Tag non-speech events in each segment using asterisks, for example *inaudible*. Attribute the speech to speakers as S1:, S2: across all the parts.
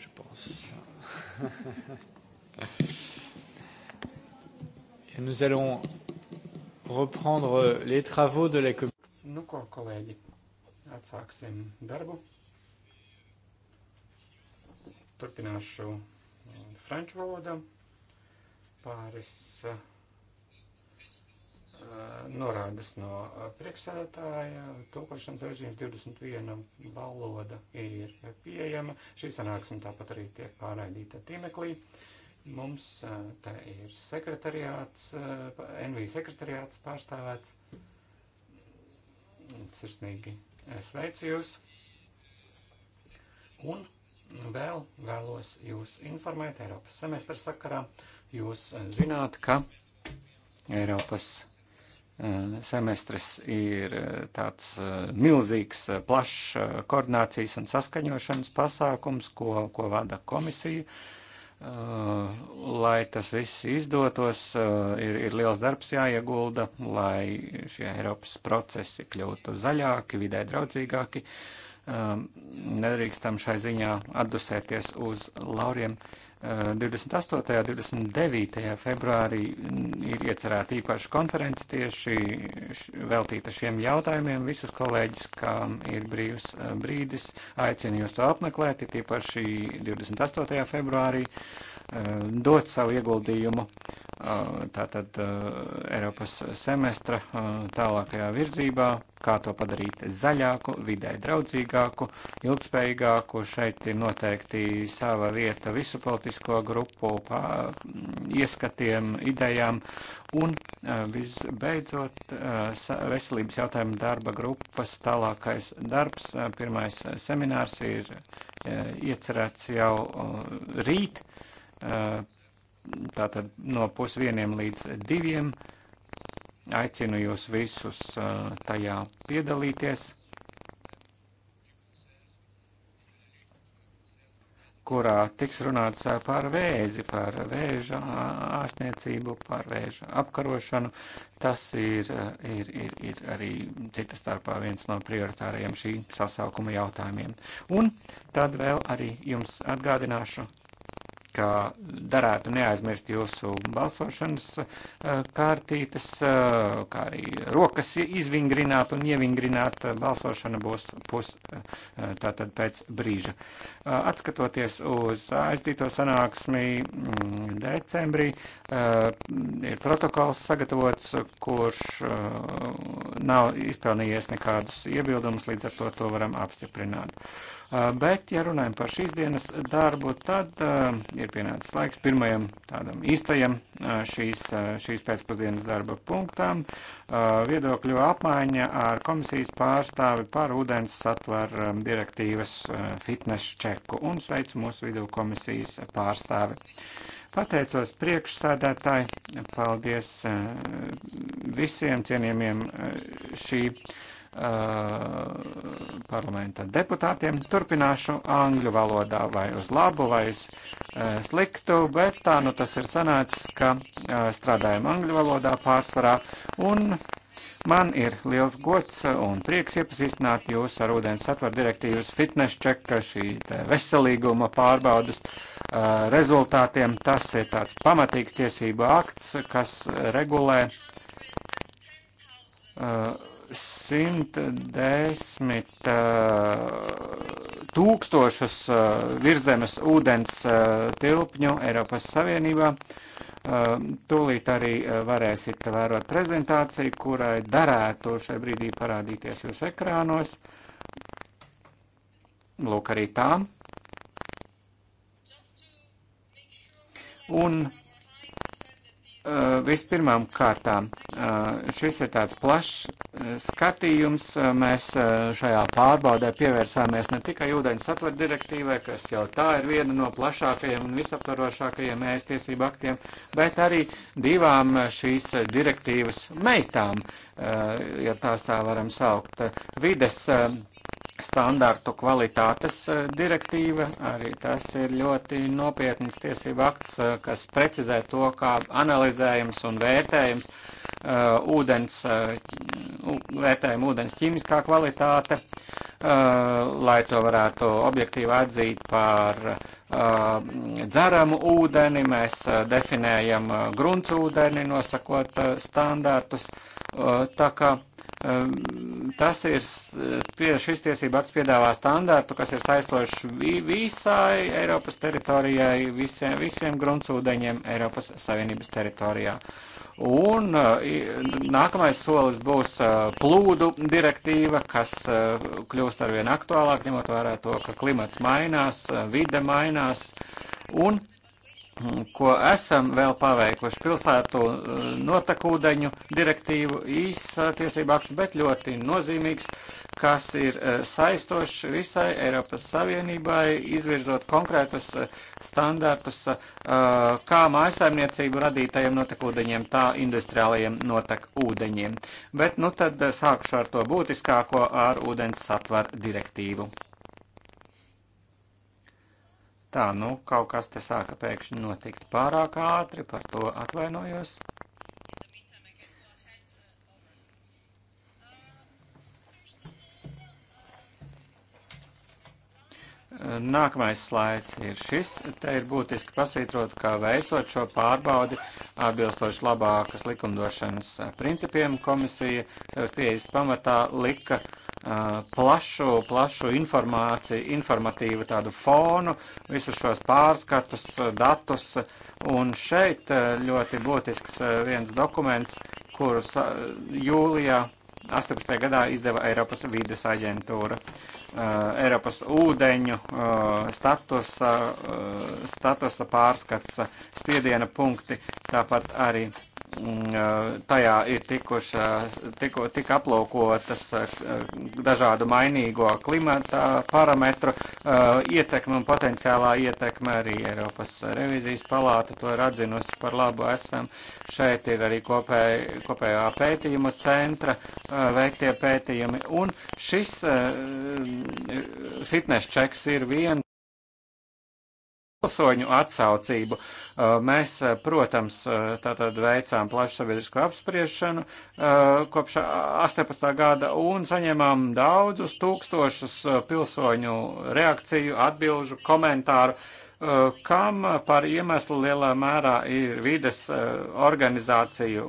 S1: je pense. *laughs* Et nous allons reprendre euh, les travaux de la commission. Nu, ko, kolēģi, atsāksim darbu. Turpināšu uh, franču valodā pāris uh, norādes no uh, priekšsēdētāja, tulkošanas režīms 21 valoda ir pieejama. Šī sanāksme tāpat arī tiek pārraidīta tīmeklī. Mums uh, te ir sekretariāts, uh, NV sekretariāts pārstāvēts. Sirsnīgi sveicu jūs. Un vēl vēlos jūs informēt Eiropas semestra sakarā. Jūs zināt, ka Eiropas Eh, Semestris ir eh, tāds eh, milzīgs, plašs koordinācijas un saskaņošanas pasākums, ko, ko vada komisija. Lai tas viss izdotos, ir, ir liels darbs jāiegulda, lai šie Eiropas procesi kļūtu zaļāki, vidē draudzīgāki. Uh, Um, nedrīkstam šai ziņā atdusēties uz lauriem. 28. un 29. februārī ir iecerēta īpaša konference tieši veltīta šiem jautājumiem. Visus kolēģus, kam ir brīvs uh, brīdis, aicinu jūs to apmeklēt, ir īpaši 28. februārī. Uh, Eh, dot savu ieguldījumu eh, tātad eh, Eiropas semestra tālākajā virzībā, kā to padarīt zaļāku, vidē draudzīgāku, ilgspējīgāku. Šeit ir noteikti sava vieta visu politisko grupu pā, mm, ieskatiem, idejām. Un visbeidzot, veselības jautājuma darba grupas tālākais darbs, pirmais seminārs ir iecerēts jau rīt. Eh, tātad no pusvieniem līdz diviem. Aicinu jūs visus eh, tajā piedalīties, kurā tiks runāts eh, par vēzi, par vēža ārstniecību, par vēža apkarošanu. Tas ir, ir, ir, ir arī cita starpā viens no prioritāriem šī sasaukuma jautājumiem. Un tad vēl arī jums atgādināšu, ka darētu neaizmirst jūsu balsošanas eh, kārtītes, eh, kā arī rokas izvingrināt un ievingrināt. Eh, balsošana būs pus tātad pēc brīža. Atskatoties uz aizdīto sanāksmi mm, decembrī, ir protokols sagatavots, kurš nav izpelnījies nekādus iebildumus, līdz ar to to varam apstiprināt. Uh, bet, ja runājam par šīs dienas darbu, tad uh, ir pienācis laiks pirmajam tādam īstajam uh, šīs, šīs pēcpusdienas darba punktam - viedokļu apmaiņa ar komisijas pārstāvi par ūdens satver um, direktīvas fitnešu čeku un sveicu mūsu vidū komisijas pārstāvi. Pateicos priekšsādātāji, paldies visiem cienījumiem šī parlamenta deputātiem. Turpināšu angļu valodā vai uz labu vai uz sliktu, bet tā nu tas ir sanācis, ka strādājam angļu valodā pārsvarā un Man ir liels gods un prieks iepazīstināt jūs ar ūdens atvaru direktīvas fitness čeka, šī veselīguma pārbaudas uh, rezultātiem. Tas ir tāds pamatīgs tiesību akts, kas regulē uh, 110 tūkstošus virzemes ūdens tilpņu Eiropas Savienībā. Tūlīt arī varēsiet vērot prezentāciju, kurai darētu šai brīdī parādīties jūsu ekrānos. Lūk, arī tā. Un Eh, vispirmām kārtām, eh, šis ir tāds plašs eh, skatījums. Mēs šajā pārbaudē pievērsāmies ne tikai ūdeņu satvaru direktīvai, kas jau tā ir viena no plašākajiem un visaptvarošākajiem ēstiesību aktiem, bet arī divām šīs direktīvas meitām, ja tās tā varam saukt, vides standartu kvalitātes eh, direktīva. Arī tas ir ļoti nopietns tiesību akts, eh, kas precizē to, kā analizējums un vērtējums uh, ūdens, uh, vērtējuma ūdens ķīmiskā kvalitāte, uh, lai to varētu objektīvi atzīt par uh, dzeramu ūdeni. Mēs uh, definējam uh, gruntsūdeni, nosakot uh, standartus. Uh, tā kā uh, Tas ir, šis tiesība akts piedāvā standārtu, kas ir saistoši visai Eiropas teritorijai, visiem, visiem gruntsūdeņiem Eiropas Savienības teritorijā. Un e, nākamais solis būs e, plūdu direktīva, kas e, kļūst arvien aktuālāk, ņemot vērā to, ka klimats mainās, vide mainās. Un ko esam vēl paveikuši pilsētu eh, notekūdeņu direktīvu īsā tiesība akts, bet ļoti nozīmīgs, kas ir eh, saistošs visai Eiropas Savienībai, izvirzot konkrētus eh, standartus, kā mājasaimniecību radītajiem notekūdeņiem, tā industriālajiem notekūdeņiem. Bet nu tad sākšu ar to būtiskāko, ar ūdens satver direktīvu. Tā, nu, kaut kas te sāka pēkšņi notikt pārāk ātri, par to atvainojos. Nākamais slaids ir šis. Te ir būtiski pasvītrot, ka veicot šo pārbaudi atbilstoši labākas likumdošanas principiem komisija savas pieejas pamatā lika uh, plašu, plašu informāciju, informatīvu tādu fonu, visus šos pārskatus, datus. Un šeit ļoti būtisks viens dokuments, kurus jūlijā 18. gadā izdeva Eiropas vīdes aģentūra. Uh, Eiropas ūdeņu uh, statusa, uh, statusa pārskats, spiediena punkti, tāpat arī Mm, tajā ir tikušas, tiku, tik aplūkotas dažādu mainīgo klimata parametru ietekme un potenciālā ietekme arī Eiropas revizijas palāta to ir atzinusi par labu esam. Šeit ir arī kopēj, kopējā pētījumu centra veiktie pētījumi un šis fitness čeks ir viena pilsoņu atsaucību. Uh, mēs, uh, protams, uh, tātad veicām plašu sabiedrisko apspriešanu kopš 18. gada un saņemām daudzus tūkstošus pilsoņu reakciju, atbilžu, komentāru, kam par iemeslu lielā mērā ir vides organizāciju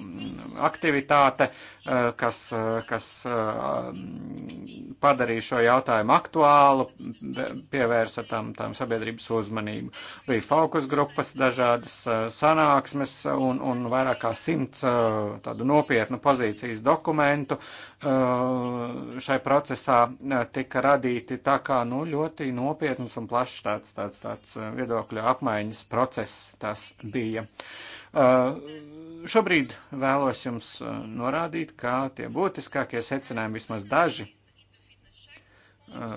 S1: aktivitāte, Eh, kas, eh, kas eh, padarīja šo jautājumu aktuālu, pievērsa tam, tam sabiedrības uzmanību. Bija fokus grupas, dažādas sanāksmes un, un vairāk kā simts tādu nopietnu pozīcijas dokumentu šai procesā tika radīti tā kā nu, ļoti nopietnas un plašs tāds, tāds, tāds viedokļu apmaiņas process tas bija. Uh, Šobrīd vēlos jums uh, norādīt, kā tie būtiskākie secinājumi, vismaz daži, uh,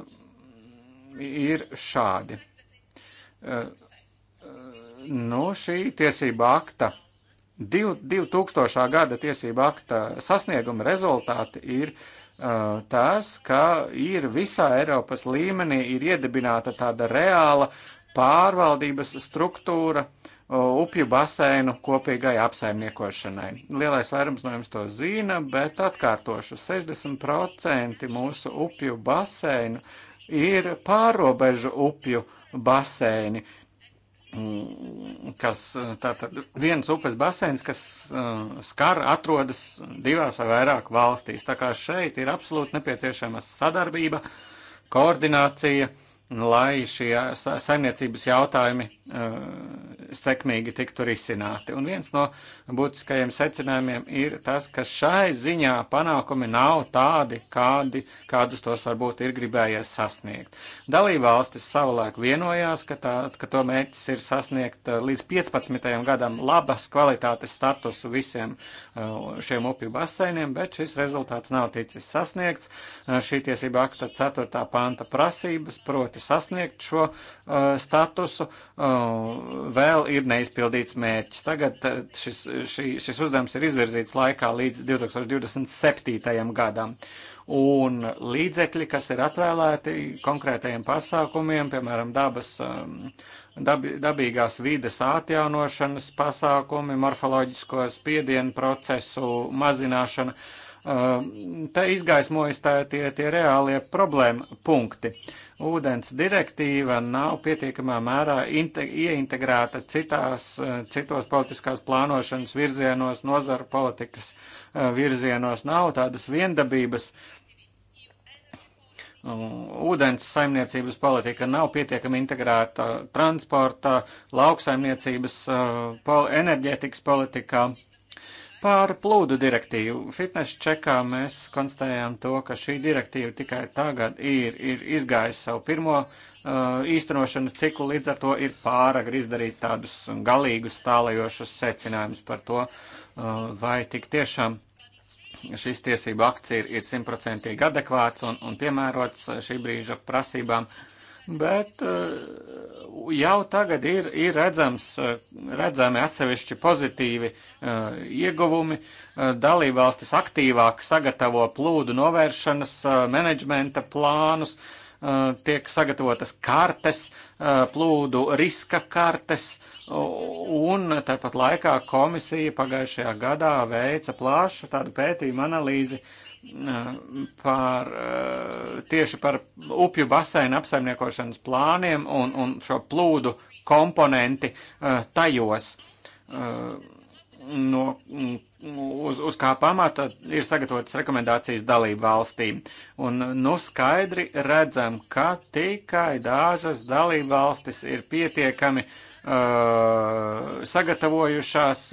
S1: ir šādi. Uh, nu, šī tiesība akta, 2000. gada tiesība akta sasnieguma rezultāti ir tas, ka ir visā Eiropas līmenī ir iedibināta tāda reāla pārvaldības struktūra, uh, upju baseinu kopīgai apsaimniekošanai. Lielais vairums no jums to zina, bet atkārtošu, 60% mūsu upju baseinu ir pārobežu upju baseini, mm, kas tātad viens upes baseins, kas mm, skar atrodas divās vai vairāk valstīs. Tā kā šeit ir absolūti nepieciešama sadarbība, koordinācija, lai šie saimniecības jautājumi Eh, sekmīgi tiktu risināti. Un viens no būtiskajiem secinājumiem ir tas, ka šai ziņā panākumi nav tādi, kādi, kādus tos varbūt ir gribējies sasniegt. Dalībvalstis savulaik vienojās, ka, tā, ka to mērķis ir sasniegt eh, līdz 15. gadam labas kvalitātes statusu visiem eh, šiem upju baseiniem, bet šis rezultāts nav ticis sasniegts. Šī tiesība akta 4. panta prasības proti sasniegt šo statusu vēl ir neizpildīts mērķis. Tagad eh, šis, šī, šis uzdevums ir izvirzīts laikā līdz 2027. gadam. Un līdzekļi, kas ir atvēlēti konkrētajiem pasākumiem, piemēram, dabas, eh, dab, dabīgās vides atjaunošanas pasākumi, morfoloģisko spiedienu procesu mazināšana, eh, te izgaismojas tā tie, tie reālie problēma punkti. Uh, ūdens direktīva nav pietiekamā mērā ieintegrēta citās, eh, citos politiskās plānošanas virzienos, nozaru politikas eh, virzienos. Nav tādas viendabības. Mm, ūdens saimniecības politika nav pietiekami integrēta transporta, lauksaimniecības, eh, enerģētikas politikā. Par plūdu direktīvu. Fitnes čekā mēs konstatējām to, ka šī direktīva tikai tagad ir, ir izgājusi savu pirmo uh, īstenošanas ciklu, līdz ar to ir pāragri izdarīt tādus galīgus tālajošus secinājumus par to, uh, vai tik tiešām šis tiesība akts ir simtprocentīgi adekvāts un, un piemērots šī brīža prasībām. Uh, bet eh, jau tagad ir, ir redzams, eh, redzami atsevišķi pozitīvi eh, ieguvumi. Dalībvalstis aktīvāk sagatavo plūdu novēršanas menedžmenta plānus, tiek sagatavotas kartes, plūdu riska kartes, un tāpat laikā komisija pagājušajā gadā veica plāšu tādu pētījumu analīzi uh, par, eh, tieši par upju baseinu apsaimniekošanas plāniem un, un šo plūdu komponenti eh, tajos, eh, no, uz, uz kā pamata ir sagatavotas rekomendācijas dalību valstīm. Un nu skaidri redzam, ka tikai dažas dalību valstis ir pietiekami uh, sagatavojušās,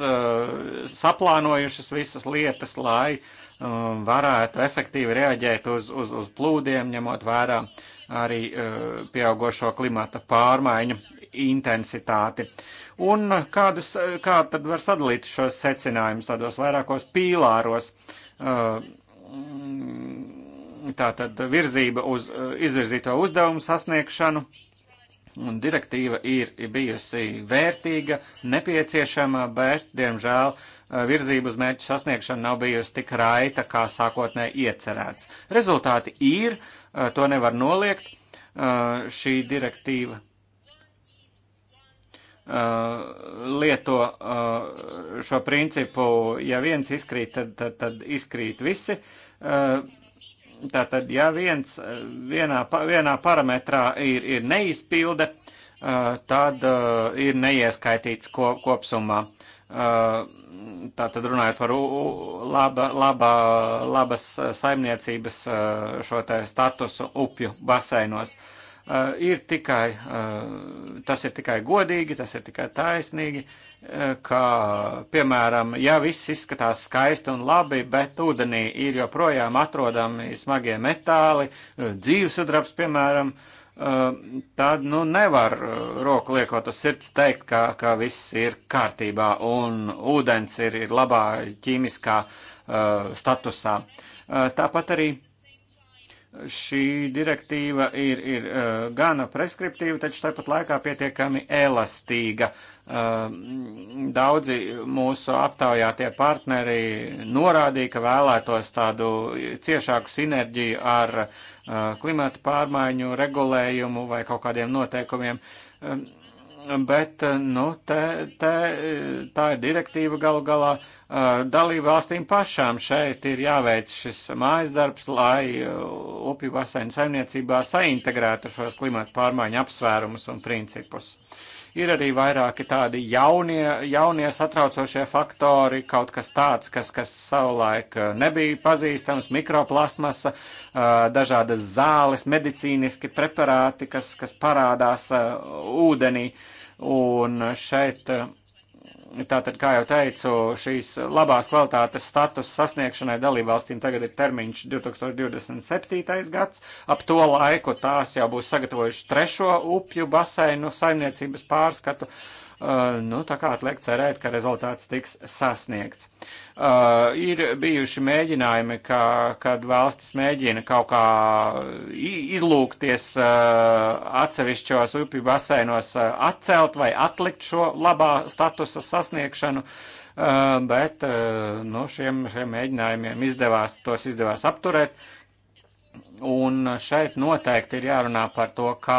S1: saplānojušas visas lietas, lai Um, varētu efektīvi reaģēt uz, uz, uz plūdiem, ņemot vērā arī uh, pieaugošo klimata pārmaiņu intensitāti. Un kādus, kā tad var sadalīt šos secinājumus tādos vairākos pīlāros? Uh, Tātad virzība uz uh, izvirzīto uzdevumu sasniegšanu, Un direktīva ir bijusi vērtīga, nepieciešama, bet, diemžēl, Eh, virzība uz mērķu sasniegšanu nav bijusi tik raita, kā sākotnēji iecerēts. Rezultāti ir, eh, to nevar noliegt, eh, šī direktīva lieto šo principu, ja viens izkrīt, tad, tad, tad izkrīt visi. Tātad, ja viens, vienā, vienā parametrā ir, ir neizpilde, tad ir neieskaitīts kopsumā. Uh, tātad runājot par laba, laba, labas eh, saimniecības eh, šo te statusu upju baseinos. Eh, ir tikai, tas ir tikai godīgi, tas ir tikai taisnīgi, ka, piemēram, ja viss izskatās skaisti un labi, bet ūdenī ir joprojām atrodami smagie metāli, dzīvesudrabs, piemēram, uh, Eh, tad nu, nevar eh, roku liekot uz sirds teikt, ka, ka viss ir kārtībā un ūdens ir, ir labā ķīmiskā uh, statusā. Uh, tāpat arī šī direktīva ir, ir uh, gana preskriptīva, taču tāpat laikā pietiekami elastīga. Daudzi mūsu aptaujātie partneri norādīja, ka vēlētos tādu ciešāku sinerģiju ar uh, Uh, klimata pārmaiņu regulējumu vai kaut kādiem noteikumiem. Um, bet uh, nu, te, te, uh, tā ir direktīva galu galā. Dalību valstīm pašām šeit ir jāveic šis mājas darbs, lai upju basēnu saimniecībā saintegrētu šos klimata pārmaiņu apsvērumus un principus. Uh, Ir arī vairāki tādi jaunie, jaunie satraucošie faktori, kaut kas tāds, kas, kas savulaik eh, nebija pazīstams, mikroplasmasa, eh, dažādas zāles, medicīniski preparāti, kas, kas parādās eh, ūdenī. Un šeit Tātad, kā jau teicu, šīs labās kvalitātes status sasniegšanai dalībvalstīm tagad ir termiņš 2027. gads. Ap to laiku tās jau būs sagatavojuši trešo upju baseinu saimniecības pārskatu. Uh, Eh, nu, tā kā atliek cerēt, ka rezultāts tiks sasniegts. Uh, ir bijuši mēģinājumi, ka, kad valstis mēģina kaut kā izlūkties uh, eh, atsevišķos upju basēnos uh, atcelt vai atlikt šo labā statusa sasniegšanu. Uh, bet uh, nu, šiem, šiem mēģinājumiem izdevās, tos izdevās apturēt. Uh, Un šeit noteikti ir jārunā par to, kā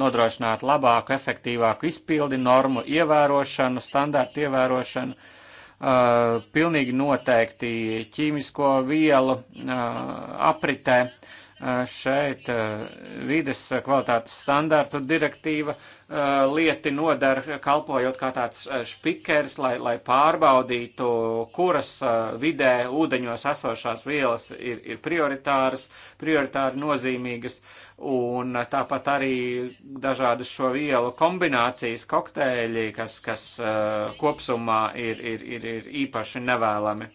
S1: nodrošināt labāku, efektīvāku izpildi, normu ievērošanu, standārtu ievērošanu. Uh, pilnīgi noteikti ķīmisko vielu uh, apritē. Uh, šeit uh, vides kvalitātes standārtu direktīva Uh, lieti nodara, kalpojot kā tāds uh, špikers, lai, lai pārbaudītu, kuras uh, vidē ūdeņos esošās vielas ir, ir prioritāras, prioritāri nozīmīgas, un tāpat arī dažādas šo vielu kombinācijas kokteļi, kas, kas kopsumā ir, ir, ir, ir īpaši nevēlami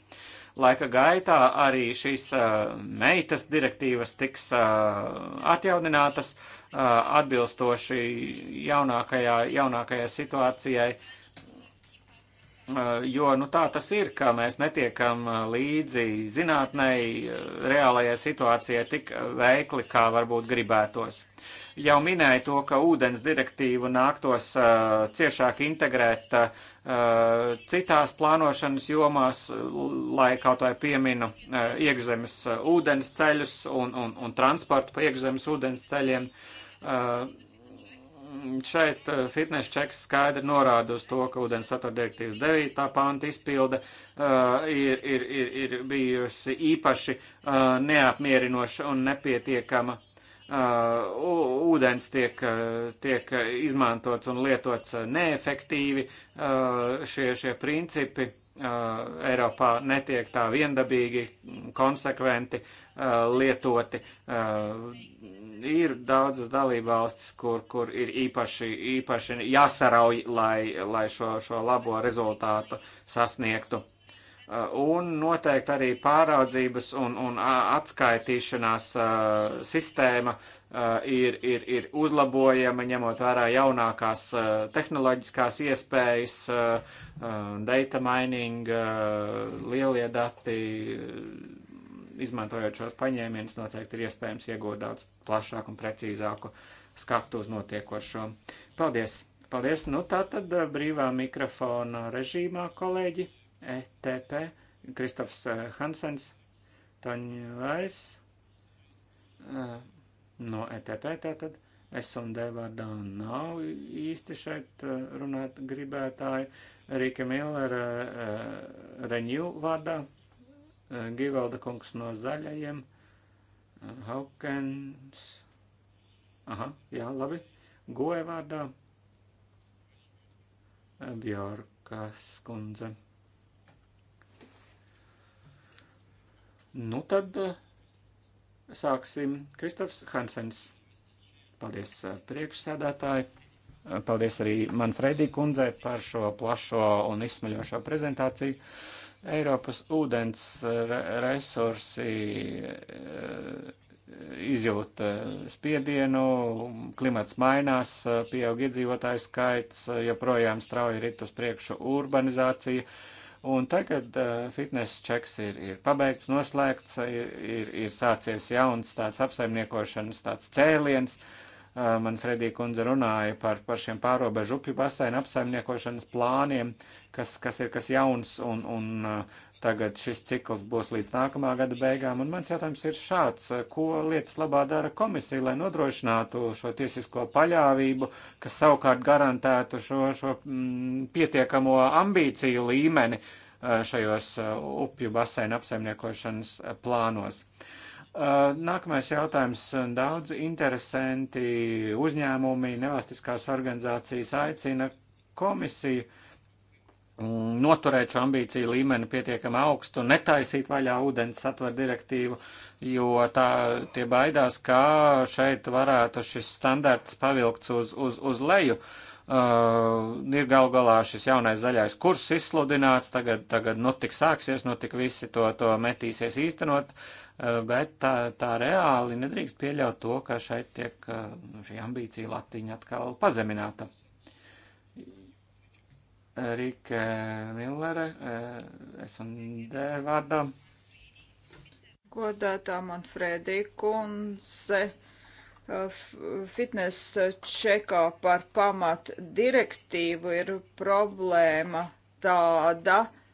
S1: laika gaitā arī šīs meitas direktīvas tiks atjauninātas, Uh, atbilstoši jaunākajā, jaunākajai situācijai, uh, jo nu, tā tas ir, ka mēs netiekam uh, līdzi zinātnei, reālajai situācijai tik veikli, kā varbūt gribētos. Jau minēju to, ka ūdens direktīvu nāktos uh, ciešāk integrēt uh, citās plānošanas jomās, lai kaut vai pieminu uh, iekšzemes ūdens ceļus un, un, un transportu pa iekšzemes ūdens ceļiem. Uh, Uh, šeit uh, fitnes čeks skaidri norāda uz to, ka ūdens satura direktīvas 9. panta izpilde uh, ir, ir, ir, ir bijusi īpaši uh, neapmierinoša un nepietiekama Uh, ūdens tiek, uh, tiek izmantots un lietots uh, neefektīvi. Uh, šie, šie principi uh, Eiropā netiek tā viendabīgi, konsekventi uh, lietoti. Ir daudzas dalībvalstis, kur, kur ir īpaši, īpaši jāsarauj, lai, lai šo, šo labo rezultātu sasniegtu. Eh, un noteikti arī pāraudzības un, un atskaitīšanās eh, sistēma eh, ir, ir, ir uzlabojama, ņemot vērā jaunākās tehnoloģiskās iespējas, data mining, lielie dati. Izmantojot šos paņēmienus, noteikti ir iespējams iegūt daudz plašāku un precīzāku skatu uz notiekošo. Paldies! Paldies! Nu, tā tad brīvā mikrofona režīmā, kolēģi! ETP, Kristofs eh, Hansens, Taņa Lais, eh, no ETP tātad, S&D vārdā nav īsti šeit eh, runāt gribētāji, Rīka Millera Renew vārdā, Givalda kungs no zaļajiem, Haukens, aha, jā, labi, Goe vārdā, Bjorkas kundze. Nu tad eh, sāksim. Kristofs Hansens. Paldies eh, priekšsēdētāji. Eh, paldies arī Manfredī kundzei par šo plašo un izsmeļošo prezentāciju. Eiropas ūdens re resursi izjūt spiedienu, klimats mainās, pieaug iedzīvotāju skaits, joprojām strauji rit uz priekšu urbanizācija, Un tagad uh, fitness čeks ir, ir pabeigts, noslēgts, ir, eh, ir, ir sācies jauns tāds apsaimniekošanas tāds cēliens. Uh, man Fredija kundze runāja par, par šiem pārobežu upju baseinu apsaimniekošanas plāniem, kas, kas ir kas jauns un, un uh, Tagad šis cikls būs līdz nākamā gada beigām, un mans jautājums ir šāds. Ko lietas labā dara komisija, lai nodrošinātu šo tiesisko paļāvību, kas savukārt garantētu šo, šo m, mm, pietiekamo ambīciju līmeni eh, šajos eh, upju basēnu apsaimniekošanas eh, plānos? Nākamais jautājums. Daudz interesanti uzņēmumi, nevalstiskās organizācijas aicina komisiju uh, noturēt šo ambīciju līmeni pietiekami augstu, netaisīt vaļā ūdens satver direktīvu, jo tā, tie baidās, ka šeit varētu šis standarts pavilkts uz, uz, uz leju. Uh, ir gal galā šis jaunais zaļais kurs izsludināts, tagad, tagad nu tik sāksies, nu tik visi to, to metīsies īstenot, uh, bet tā, tā reāli nedrīkst pieļaut to, ka šeit tiek uh, nu, šī ambīcija latiņa atkal pazemināta. Rīke Millere, eh, S&D vārdā.
S2: Godētā Manfrēdī kundze, eh, fitnes čekā par pamat direktīvu ir problēma tāda, ka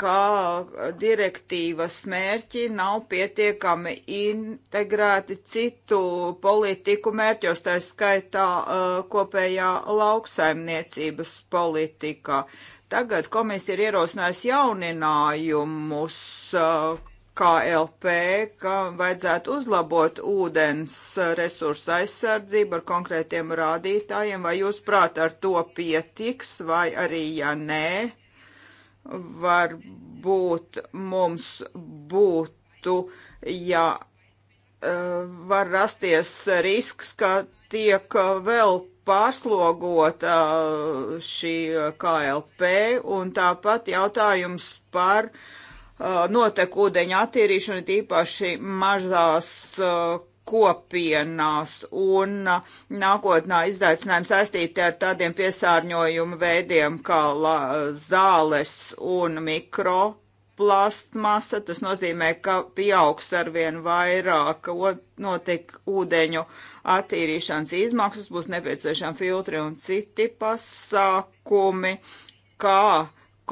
S2: ka direktīvas mērķi nav pietiekami integrēti citu politiku mērķos, tā skaitā kopējā lauksaimniecības politikā. Tagad komisija ir ierosinājusi jauninājumus KLP, ka vajadzētu uzlabot ūdens resursu aizsardzību ar konkrētiem rādītājiem, vai jūs prāt ar to pietiks, vai arī ja nē, varbūt mums būtu, ja e, var rasties risks, ka tiek vēl pārslogota e, šī KLP un tāpat jautājums par e, notekūdeņa attīrīšanu, tīpaši mazās kopienās un uh, nākotnā izaicinājums saistīti ar tādiem piesārņojumu veidiem kā la, zāles un mikro plastmasa, tas nozīmē, ka pieaugs arvien vairāk notiek ūdeņu attīrīšanas izmaksas, būs nepieciešami filtri un citi pasākumi, kā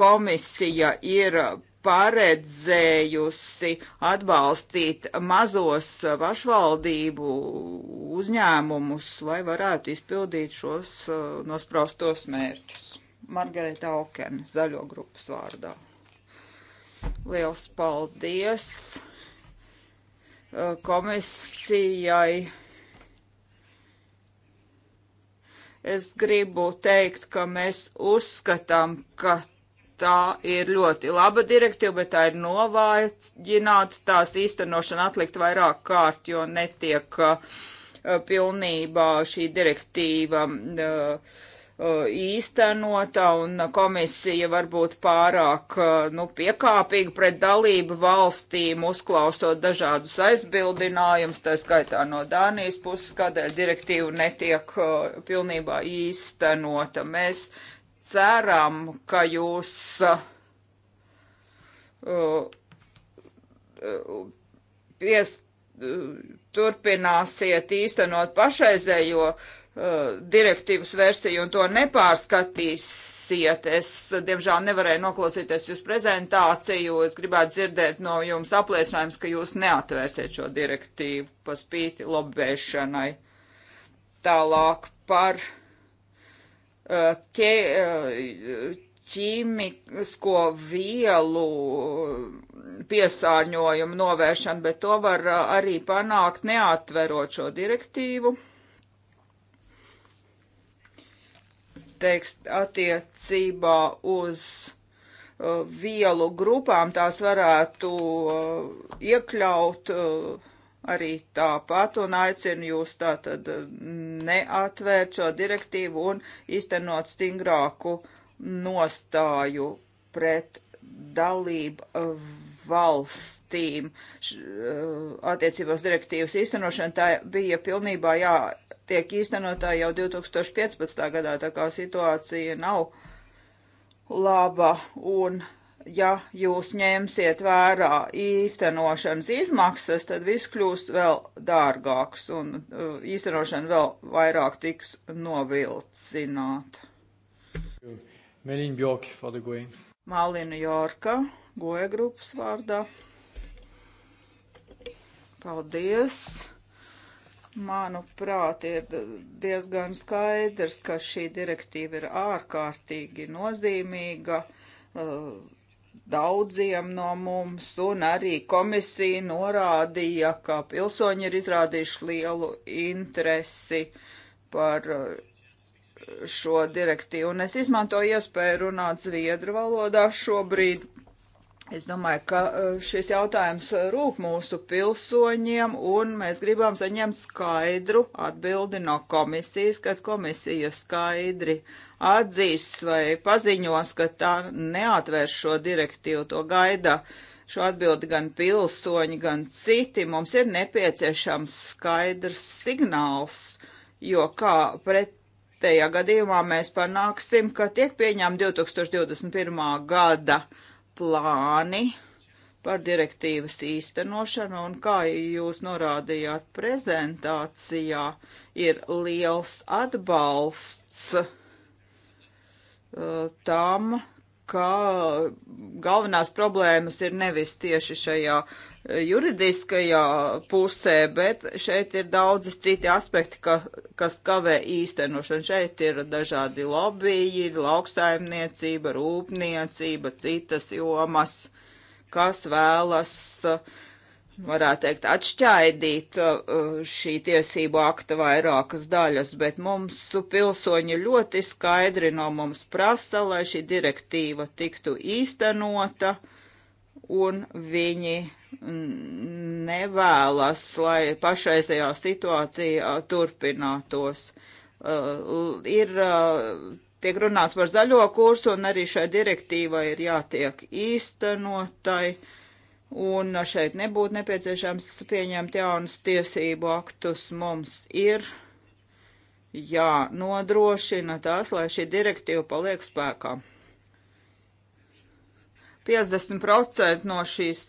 S2: komisija ir paredzējusi atbalstīt mazos pašvaldību uzņēmumus, lai varētu izpildīt šos uh, nospraustos mērķus. Margarita Aukena, zaļo grupas vārdā. Liels paldies uh, komisijai. Es gribu teikt, ka mēs uzskatām, ka tā ir ļoti laba direktīva, bet tā ir novājināta, tās īstenošana atlikt vairāk kārt, jo netiek uh, uh pilnībā šī direktīva uh, uh īstenota un komisija varbūt pārāk uh, nu, piekāpīga pret dalību valstīm, uzklausot dažādus aizbildinājumus, tā skaitā no Dānijas puses, kādēļ direktīva netiek uh, pilnībā īstenota. Mēs uh, ceram, ka jūs uh, uh, pies, turpināsiet īstenot pašreizējo uh, direktīvas versiju un to nepārskatīsiet. Es, diemžēl, nevarēju noklausīties jūsu prezentāciju. Es gribētu dzirdēt no jums apliecinājums, ka jūs neatvērsiet šo direktīvu pa spīti lobēšanai. Tālāk par ķē, ķīmisko vielu piesārņojumu novēršanu, bet to var arī panākt neatverot šo direktīvu. Teikst, attiecībā uz uh, vielu grupām tās varētu uh, iekļaut uh, arī tāpat un aicinu jūs tātad eh, neatvērt šo direktīvu un iztenot stingrāku nostāju pret dalību valstīm. Eh, Attiecībās direktīvas īstenošana tā bija pilnībā jā, tiek īstenotā jau 2015. gadā, tā kā situācija nav laba un ja jūs ņemsiet vērā īstenošanas izmaksas, tad viss kļūs vēl dārgāks un uh, īstenošana vēl vairāk tiks novilcināta.
S1: Melīna Bjork, Fada Goja.
S2: Malina Jorka, Goja grupas vārdā. Paldies! Manuprāt, ir diezgan skaidrs, ka šī direktīva ir ārkārtīgi nozīmīga. Uh, daudziem no mums, un arī komisija norādīja, ka pilsoņi ir izrādījuši lielu interesi par uh, šo direktīvu, un es izmantoju iespēju runāt zviedru valodā šobrīd Es domāju, ka eh, šis jautājums rūp mūsu pilsoņiem, un mēs gribam saņemt skaidru atbildi no komisijas, kad komisija skaidri atzīs vai paziņos, ka tā neatvērš šo direktīvu, to gaida šo atbildi gan pilsoņi, gan citi. Mums ir nepieciešams skaidrs signāls, jo kā pretējā gadījumā mēs panāksim, ka tiek pieņemta 2021. gada plāni par direktīvas īstenošanu, un kā jūs norādījāt prezentācijā, ir liels atbalsts uh, tam, ka galvenās problēmas ir nevis tieši šajā e, juridiskajā pusē, bet šeit ir daudzi citi aspekti, ka, kas kavē īstenošanu. Šeit ir dažādi lobbyji, lauksaimniecība, rūpniecība, citas jomas, kas vēlas uh, varētu teikt, atšķaidīt uh, uh, šī tiesību akta vairākas daļas, bet mums pilsoņi ļoti skaidri no mums prasa, lai šī direktīva tiktu īstenota, un viņi nevēlas, lai pašreizējā situācija turpinātos. Uh, ir tiek runāts par zaļo kursu, un arī šai direktīvai ir jātiek īstenotai. Uh, un šeit nebūtu nepieciešams pieņemt jaunus tiesību aktus. Mums ir jānodrošina tās, lai šī direktīva paliek spēkā. 50% no šīs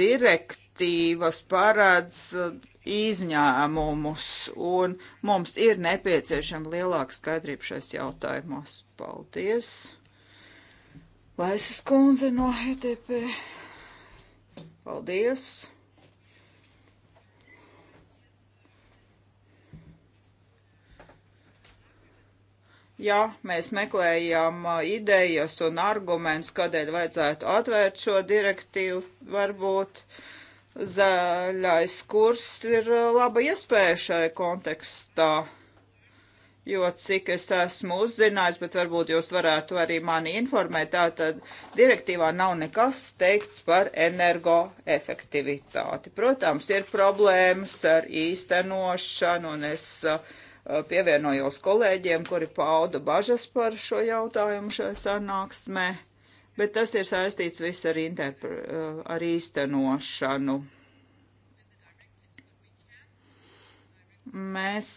S2: direktīvas parāds uh, izņēmumus, un mums ir nepieciešama lielāka skaidrība šais jautājumos. Paldies! Laisas kundze no ETP. Paldies! Ja mēs meklējam uh, idejas un argumentus, kādēļ vajadzētu atvērt šo direktīvu, varbūt zaļais kurs ir uh, laba iespēja šai kontekstā jo cik es esmu uzzinājis, bet varbūt jūs varētu arī mani informēt, tātad direktīvā nav nekas teikts par energoefektivitāti. Protams, ir problēmas ar īstenošanu, un es uh, uh, pievienojos kolēģiem, kuri pauda bažas par šo jautājumu šajā sanāksmē bet tas ir saistīts viss ar, interpre, uh, ar īstenošanu. Mēs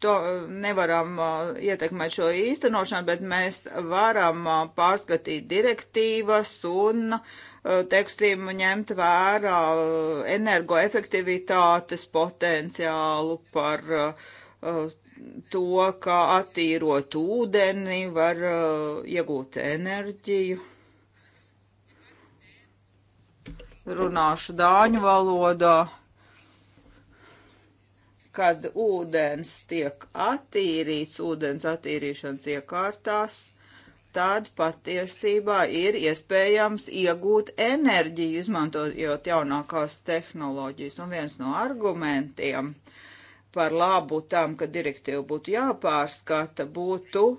S2: to nevaram ietekmēt šo īstenošanu, bet mēs varam pārskatīt direktīvas un, teiksim, ņemt vērā energoefektivitātes potenciālu par to, kā attīrot ūdeni, var iegūt enerģiju. Runāšu dāņu valodā kad ūdens tiek attīrīts ūdens attīrīšanas iekārtās, tad patiesībā ir iespējams iegūt enerģiju, izmantojot jaunākās tehnoloģijas. Un viens no argumentiem par labu tam, ka direktīva būtu jāpārskata, būtu uh,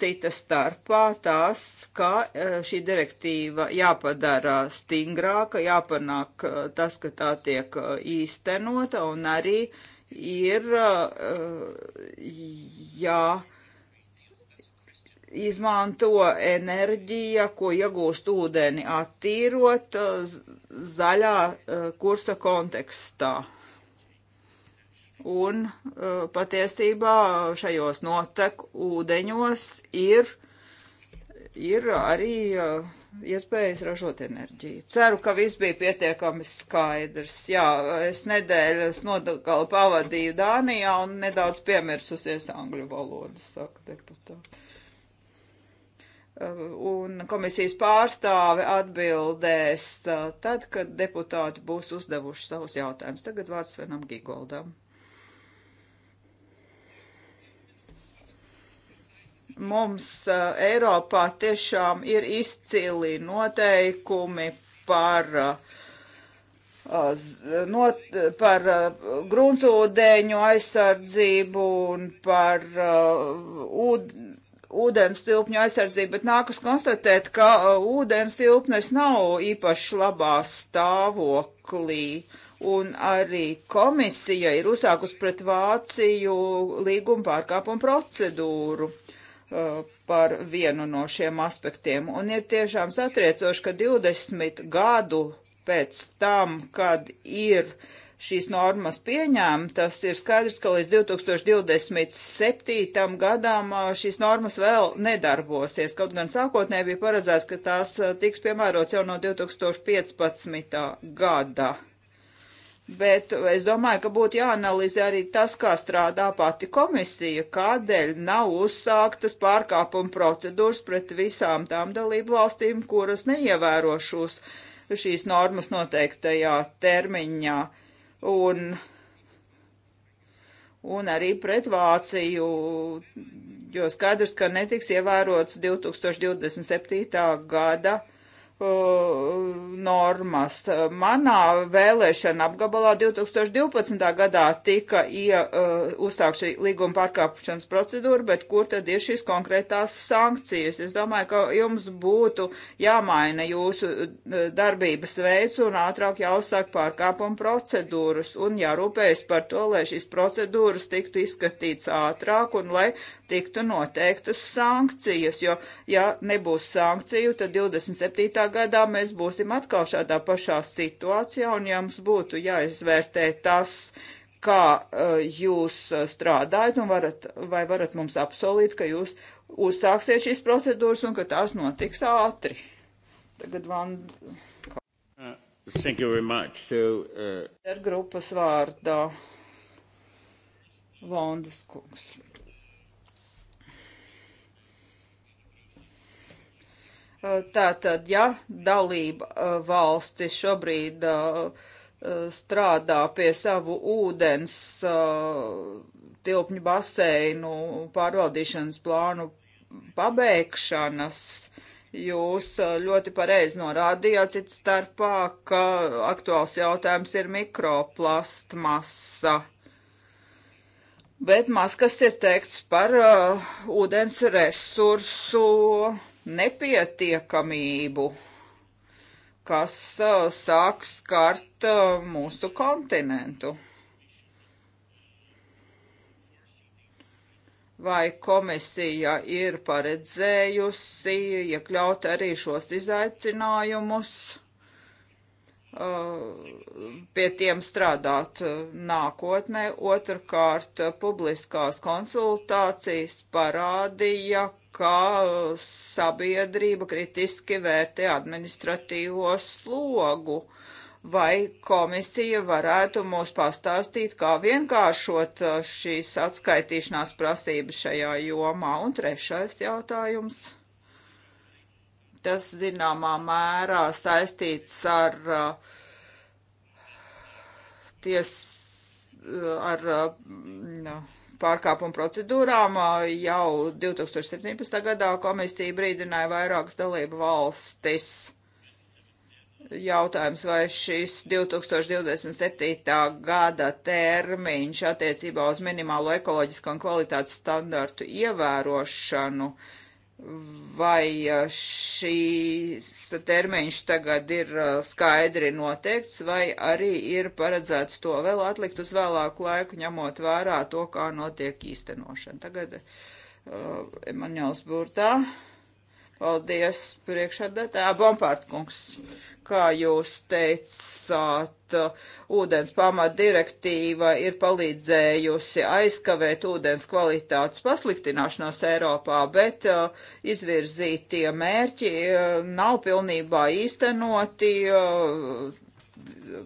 S2: Cita starpā tās, ka e, šī direktīva jāpadara stingrāka, jāpanāk e, tas, ka tā tiek e, īstenota un arī ir jā izmanto enerģija, ko iegūst ūdeni attīrot zaļā kursa kontekstā. Un uh, patiesībā šajos notek ūdeņos ir, ir arī uh, iespējas ražot enerģiju. Ceru, ka viss bija pietiekami skaidrs. Jā, es nedēļas nodaļu pavadīju Dānijā un nedaudz piemirsusies angļu valodu, saka deputāti. Uh, un komisijas pārstāve atbildēs tad, kad deputāti būs uzdevuši savus jautājumus. Tagad vārds Venam Gigoldam. Mums Eiropā tiešām ir izcili noteikumi par uh, not, par gruntsūdeņu aizsardzību un par ūd, ūdens tilpņu aizsardzību, bet nākas konstatēt, ka ūdens tilpnes nav īpaši labā stāvoklī. Un arī komisija ir uzsākus pret Vāciju līguma pārkāpumu procedūru. Eh, par vienu no šiem aspektiem. Un ir tiešām satriecoši, ka 20 gadu pēc tam, kad ir šīs normas pieņemtas, ir skaidrs, ka līdz 2027. gadam eh, šīs normas vēl nedarbosies. Kaut gan sākotnēji bija paredzēts, ka tās eh, tiks piemērots jau no 2015. gada. Bet es domāju, ka būtu jāanalizē arī tas, kā strādā pati komisija, kādēļ nav uzsāktas pārkāpuma procedūras pret visām tām dalību valstīm, kuras neievēro šos, šīs normas noteiktajā termiņā. Un, un arī pret Vāciju, jo skaidrs, ka netiks ievērots 2027. gada Uh, normas. Manā vēlēšana apgabalā 2012. gadā tika ie, uh, uzstākt šī līguma pārkāpšanas procedūra, bet kur tad ir šīs konkrētās sankcijas? Es domāju, ka jums būtu jāmaina jūsu uh, darbības veids un ātrāk jāuzsāk pārkāpuma procedūras un jārūpējas par to, lai šīs procedūras tiktu izskatīts ātrāk un lai tiktu noteiktas sankcijas, jo ja nebūs sankciju, tad 27. gadā mēs būsim atkal šādā pašā situācijā, un ja mums būtu jāizvērtē tas, kā uh, jūs strādājat, un varat, vai varat mums apsolīt, ka jūs uzsāksiet šīs procedūras un ka tās notiks ātri. Tagad van.
S1: Uh, thank you very much. So, uh...
S2: Ir grupas vārdā Vondas kungs. Eh, tātad, ja dalība eh, valstis šobrīd eh, strādā pie savu ūdens tilpņu baseinu pārvaldīšanas plānu pabeigšanas, jūs ļoti pareizi norādījāt cit starpā, ka aktuāls jautājums ir mikroplastmasa. Bet maz kas ir teikts par uh, ūdens resursu nepietiekamību, kas uh, sāk skart uh, mūsu kontinentu. Vai komisija ir paredzējusi iekļaut arī šos izaicinājumus? Uh, pie tiem strādāt uh, nākotnē. Otrakārt, uh, publiskās konsultācijas parādīja, ka sabiedrība kritiski vērtē administratīvo slogu. Vai komisija varētu mums pastāstīt, kā vienkāršot šīs atskaitīšanās prasības šajā jomā? Un trešais jautājums. Tas zināmā mērā saistīts ar uh, ties, uh, ar uh, pārkāpumu procedūrām. Jau 2017. gadā komisija brīdināja vairākas dalību valstis. Jautājums, vai šis 2027. gada termiņš attiecībā uz minimālo ekoloģisko un kvalitātes standartu ievērošanu uh, vai e, šīs termiņš tagad ir e, skaidri noteikts, vai arī ir paredzēts to vēl atlikt uz vēlāku laiku, ņemot vērā to, kā notiek īstenošana. Tagad uh, Emanuels Burtā. Uh, Paldies, priekšādātā. Ah, Bompārtkungs, kā jūs teicāt, ūdens pamata direktīva ir palīdzējusi aizkavēt ūdens kvalitātes pasliktināšanos Eiropā, bet uh, izvirzītie mērķi uh, nav pilnībā īstenoti. Uh,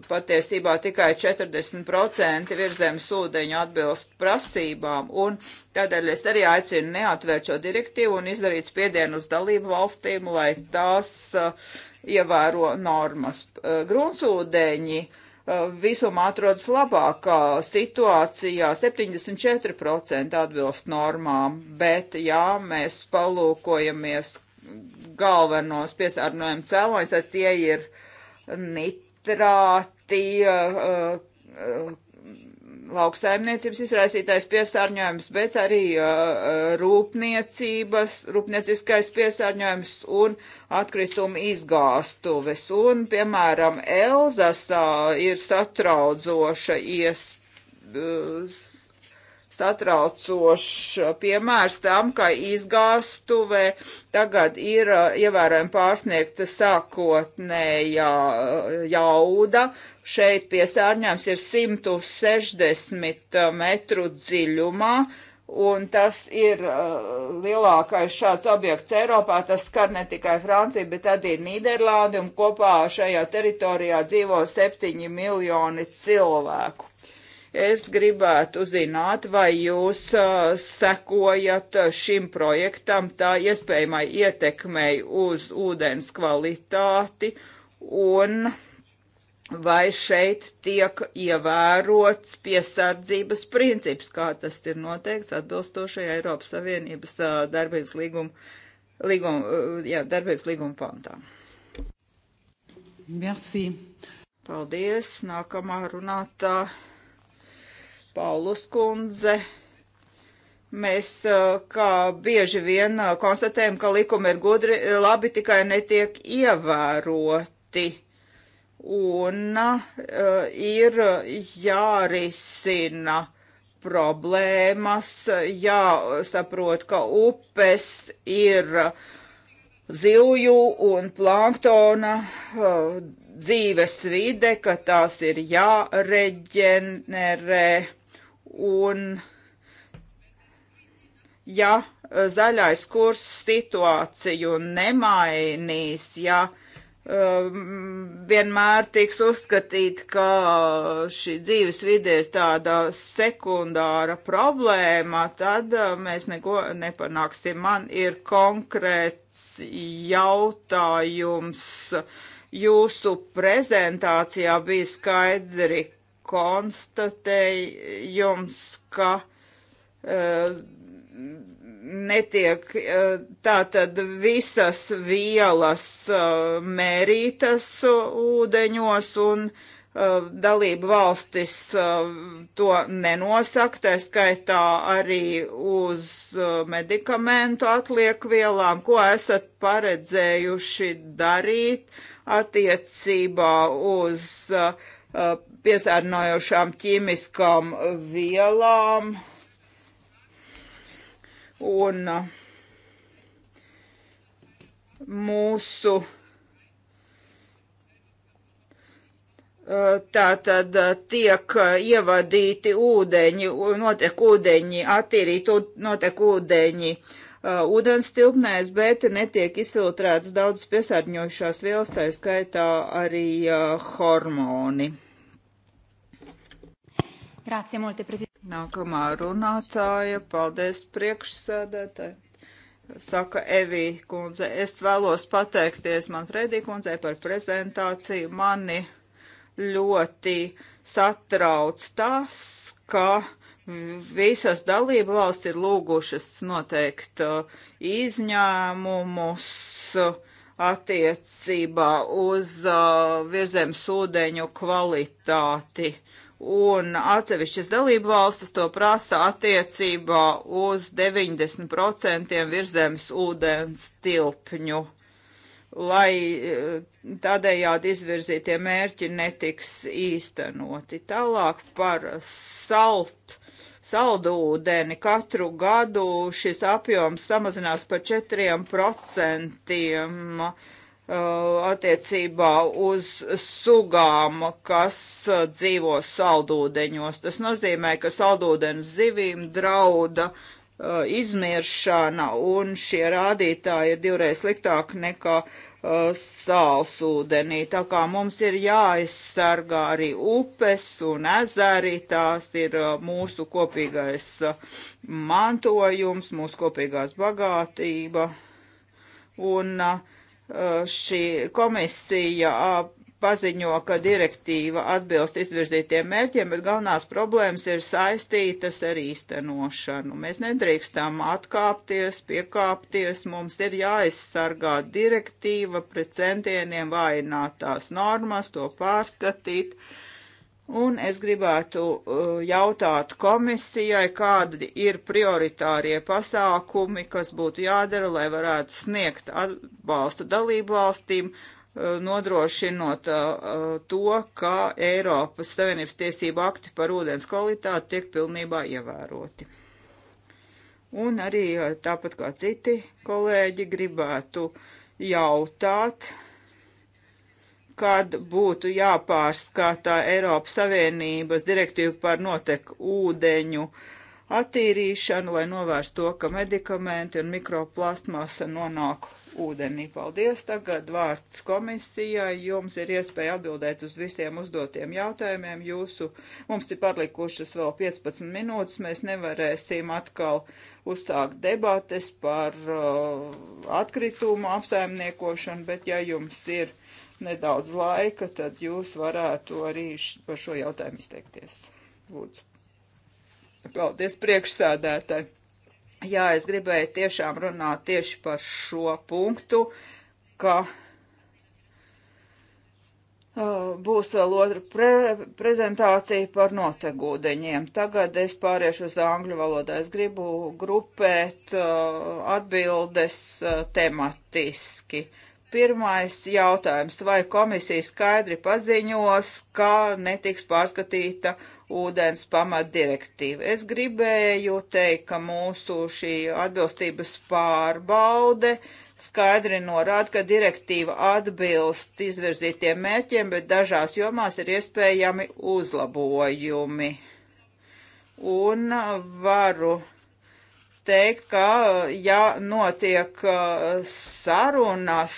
S2: patiesībā tikai 40% virzemes ūdeņu atbilst prasībām, un tādēļ es arī aicinu neatvērt šo direktīvu un izdarīt spiedienu uz dalību valstīm, lai tās uh, ievēro normas. Uh, Gruntsūdeņi uh, visumā atrodas labākā situācijā, 74% atbilst normām, bet jā, mēs palūkojamies galvenos piesārņojumu cēloņus, tad tie ir nit demonstrāti uh, uh, uh, lauksaimniecības izraisītais piesārņojums, bet arī uh, uh rūpniecības, rūpnieciskais piesārņojums un atkrituma izgāstuves. Un, piemēram, Elzasā ir satraudzoša iespēja uh, satraucošs uh, piemērs tam, ka izgāstuvē tagad ir uh, ievērojami pārsniegta sākotnējā uh, jauda. Šeit piesārņājums ir 160 metru dziļumā. Un tas ir uh, lielākais šāds objekts Eiropā. Tas skar ne tikai Franciju, bet arī Nīderlandi, un kopā šajā teritorijā dzīvo 7 miljoni cilvēku. Es gribētu zināt, vai jūs uh, sekojat šim projektam tā iespējamai ietekmei uz ūdens kvalitāti un vai šeit tiek ievērots piesardzības princips, kā tas ir noteikts atbilstoši Eiropas Savienības uh, darbības līguma, līguma, uh, jā, darbības līguma pantām. Merci. Paldies. Nākamā runātā Paulus kundze. Mēs uh, kā bieži vien uh, konstatējam, ka likumi ir gudri, labi tikai netiek ievēroti. Un uh, ir jārisina problēmas, jāsaprot, ka upes ir zivju un planktona uh, dzīves vide, ka tās ir jāreģenerē. Uh, Un ja eh, zaļais kurs situāciju nemainīs, ja eh, vienmēr tiks uzskatīt, ka šī dzīves vide ir tāda sekundāra problēma, tad eh, mēs neko nepanāksim. Man ir konkrēts jautājums. Jūsu prezentācijā bija skaidri konstatējums, ka uh, netiek e, tātad visas vielas e, mērītas ūdeņos un dalību valstis to nenosaka, tā skaitā arī uz medikamentu atliekvielām, ko esat paredzējuši darīt attiecībā uz uh, piesārņojošām ķīmiskām vielām. Un uh, mūsu uh, tātad uh, tiek ievadīti ūdeņi, notiek ūdeņi, attīrīt notiek ūdeņi ūdens tilpnēs, bet netiek izfiltrētas daudzas piesārņojušās vielas, tā skaitā arī hormoni. Grācie, molte prezidenti. Nākamā runātāja, paldies priekšsēdētāji. Saka Evī kundze, es vēlos pateikties man Fredī kundzei par prezentāciju. Mani ļoti satrauc tas, ka visas dalība valsts ir lūgušas noteikt uh, izņēmumus uh, attiecībā uz uh, virzemes ūdeņu kvalitāti un atsevišķas dalību valstis to prasa attiecībā uz 90% virzemes ūdens tilpņu, lai eh, tādējādi izvirzītie mērķi netiks īstenoti. Tālāk par salt. Saldūdeni katru gadu šis apjoms samazinās par 4%. Uh, attiecībā uz sugām, kas uh, dzīvo saldūdeņos. Tas nozīmē, ka saldūdens zivīm drauda uh, izmiršana, un šie rādītāji ir divreiz sliktāki nekā uh, sālsūdenī. Tā kā mums ir jāaizsargā arī upes un ezeri, tās ir uh, mūsu kopīgais uh, mantojums, mūsu kopīgās bagātība. Un uh, Eh, šī komisija eh, paziņo, ka direktīva atbilst izvirzītiem mērķiem, bet galvenās problēmas ir saistītas ar īstenošanu. Mēs nedrīkstam atkāpties, piekāpties, mums ir jāaizsargā direktīva pret centieniem vājināt tās normas, to pārskatīt. Uh, Un es gribētu uh, jautāt komisijai, kādi ir prioritārie pasākumi, kas būtu jādara, lai varētu sniegt atbalstu dalību valstīm, uh, nodrošinot uh, uh to, ka Eiropas Savienības tiesību akti par ūdens kvalitāti tiek pilnībā ievēroti. Un arī uh, tāpat kā citi kolēģi gribētu jautāt, uh, kad būtu jāpārskatā Eiropas Savienības direktīva par noteku ūdeņu attīrīšanu, lai novērstu to, ka medikamenti un mikroplastmasa nonāk ūdenī. Paldies! Tagad vārds komisijai. Jums ir iespēja atbildēt uz visiem uzdotiem jautājumiem. Jūsu, mums ir palikušas vēl 15 minūtes. Mēs nevarēsim atkal uzsākt debates par uh, atkritumu apsaimniekošanu, bet ja jums ir nedaudz laika, tad jūs varētu arī par šo jautājumu izteikties. Lūdzu. Paldies priekšsādētāji. Jā, es gribēju tiešām runāt tieši par šo punktu, ka būs vēl otra pre prezentācija par notegūdeņiem. Tagad es pāriešu uz angļu valodā. Es gribu grupēt atbildes tematiski. Uh, Pirmais jautājums, vai komisija skaidri paziņos, ka netiks pārskatīta ūdens pamatdirektīva. Es gribēju teikt, ka mūsu šī atbilstības pārbaude skaidri norāda, ka direktīva atbilst izvirzītiem mērķiem, bet dažās jomās ir iespējami uzlabojumi. Un varu teikt, ka ja notiek uh, sarunas,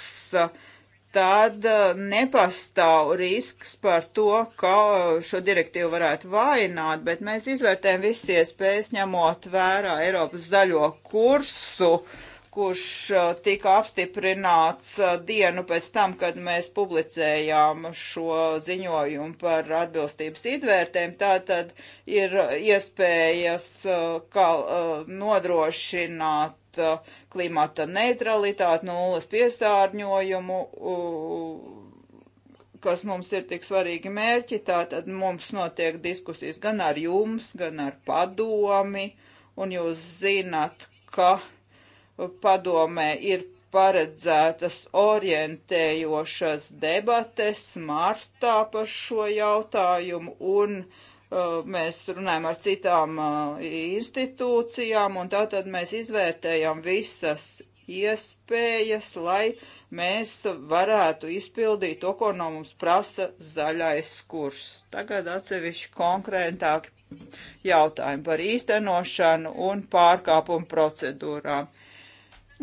S2: tad uh, nepastāv risks par to, ka uh, šo direktīvu varētu vainot, bet mēs izvērtējam visi iespējas ņemot vērā Eiropas zaļo kursu. Uh, kurš eh, tika apstiprināts eh, dienu pēc tam, kad mēs publicējām šo ziņojumu par atbilstības idvērtēm, tātad ir iespējas eh, kā, nodrošināt klimata neutralitāti, nulles piesārņojumu, kas mums ir tik svarīgi mērķi, tātad mums notiek diskusijas gan ar jums, gan ar padomi, un jūs zinat, ka padomē ir paredzētas orientējošas debates martā par šo jautājumu un uh, mēs runājam ar citām uh, institūcijām un tātad mēs izvērtējam visas iespējas, lai mēs varētu izpildīt to, ko no mums prasa zaļais kurs. Tagad atsevišķi konkrētāki jautājumi par īstenošanu un pārkāpumu procedūrām. Uh,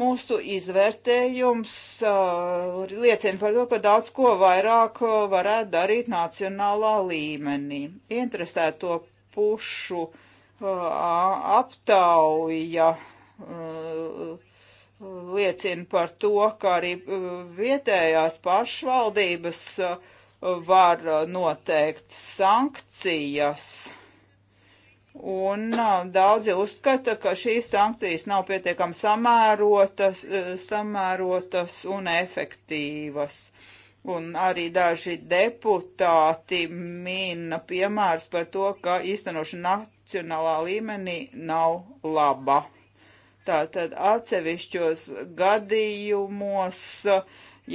S2: Mūsu izvērtējums uh, liecina par to, ka daudz ko vairāk uh, varētu darīt nacionālā līmenī. Interesēto pušu uh, aptauja uh, liecina par to, ka arī uh, vietējās pašvaldības uh, var noteikt sankcijas Un daudzi uzskata, ka šīs sankcijas nav pietiekami samērotas, samērotas un efektīvas. Un arī daži deputāti mina piemērus par to, ka īstenošana nacionālā līmenī nav laba. Tātad atsevišķos gadījumos,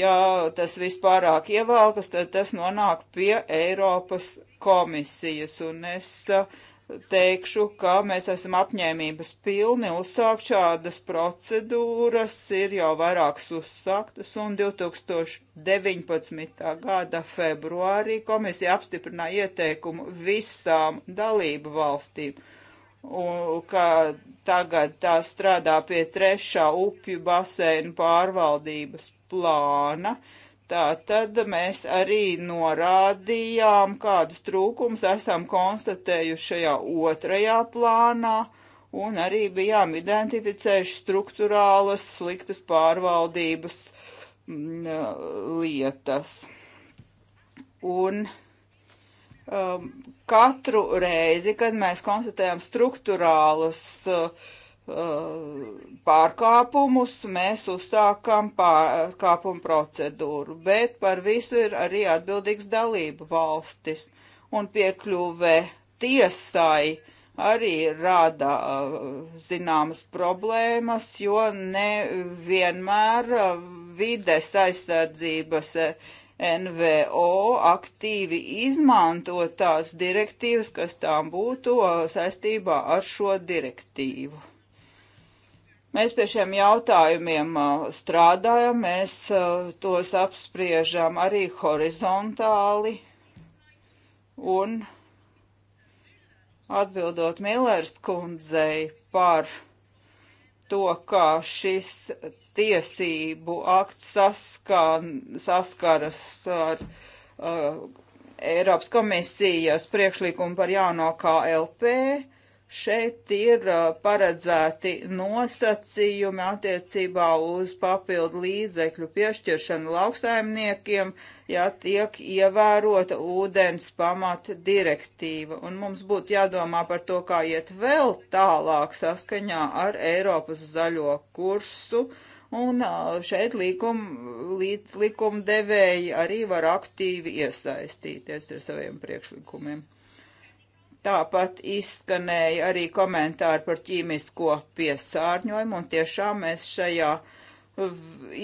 S2: ja tas viss pārāk ievelkas, tad tas nonāk pie Eiropas komisijas. Un es uh, teikšu, ka mēs esam apņēmības pilni uzsākt šādas procedūras, ir jau vairākas uzsāktas, un 2019. gada februārī komisija apstiprināja ieteikumu visām dalību valstīm, un, ka tagad tā strādā pie trešā upju baseinu pārvaldības plāna. Uh, Tā tad mēs arī norādījām, kādus trūkumus esam konstatējuši šajā otrajā plānā, un arī bijām identificējuši struktūrālas sliktas pārvaldības mm, lietas. Un um, katru reizi, kad mēs konstatējam struktūrālas uh, Uh, pārkāpumus, mēs uzsākam pārkāpumu procedūru, bet par visu ir arī atbildīgs dalību valstis. Un piekļuve tiesai arī rada uh, zināmas problēmas, jo nevienmēr uh, vides aizsardzības eh, NVO aktīvi izmanto tās direktīvas, kas tām būtu saistībā ar šo direktīvu. Mēs pie šiem jautājumiem uh, strādājam, mēs uh, tos apspriežam arī horizontāli un atbildot Millers kundzei par to, kā šis tiesību akts saskan, saskaras ar uh, Eiropas komisijas priekšlikumu par jauno KLP. Uh, Šeit ir uh, paredzēti nosacījumi attiecībā uz papildu līdzekļu piešķiršanu lauksaimniekiem, ja tiek ievērota ūdens pamata direktīva. Un mums būtu jādomā par to, kā iet vēl tālāk saskaņā ar Eiropas zaļo kursu. Un uh, šeit likum, līdz likuma devēji arī var aktīvi iesaistīties ar saviem priekšlikumiem. Tāpat izskanēja arī komentāri par ķīmisko piesārņojumu, un tiešām mēs šajā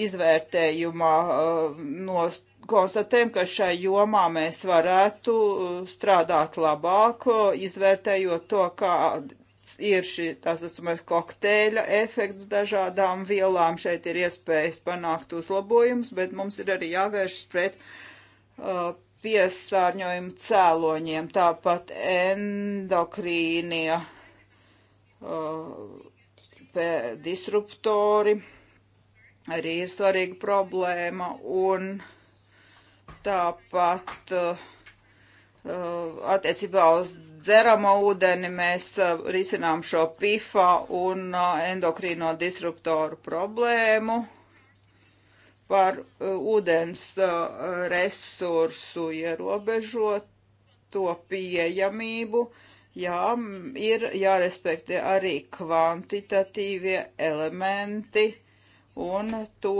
S2: izvērtējumā uh, nost konstatējam, ka šai jomā mēs varētu uh, strādāt labāk, uh, izvērtējot to, kāds ir šī, tā saucamais, kokteļa efekts dažādām vielām. Šeit ir iespējas panākt uzlabojumus, bet mums ir arī jāvēršas pret uh, piesārņojumu cēloņiem, tāpat endokrīnie uh, disruptori arī ir svarīga problēma un tāpat uh, uh, attiecībā uz dzeramo ūdeni mēs uh, risinām šo PIFA un uh, endokrīno disruptoru problēmu par uh, ūdens uh, resursu ierobežoto pieejamību. Jā, ir jārespektē arī kvantitatīvie elementi, un to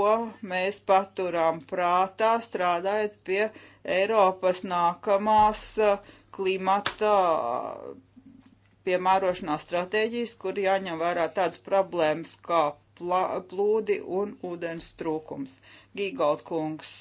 S2: mēs paturām prātā strādājot pie Eiropas nākamās uh, klimata piemērošanās stratēģijas, kur jāņem vērā tādas problēmas kā plūdi un ūdens trūkums. Gīgold kungs,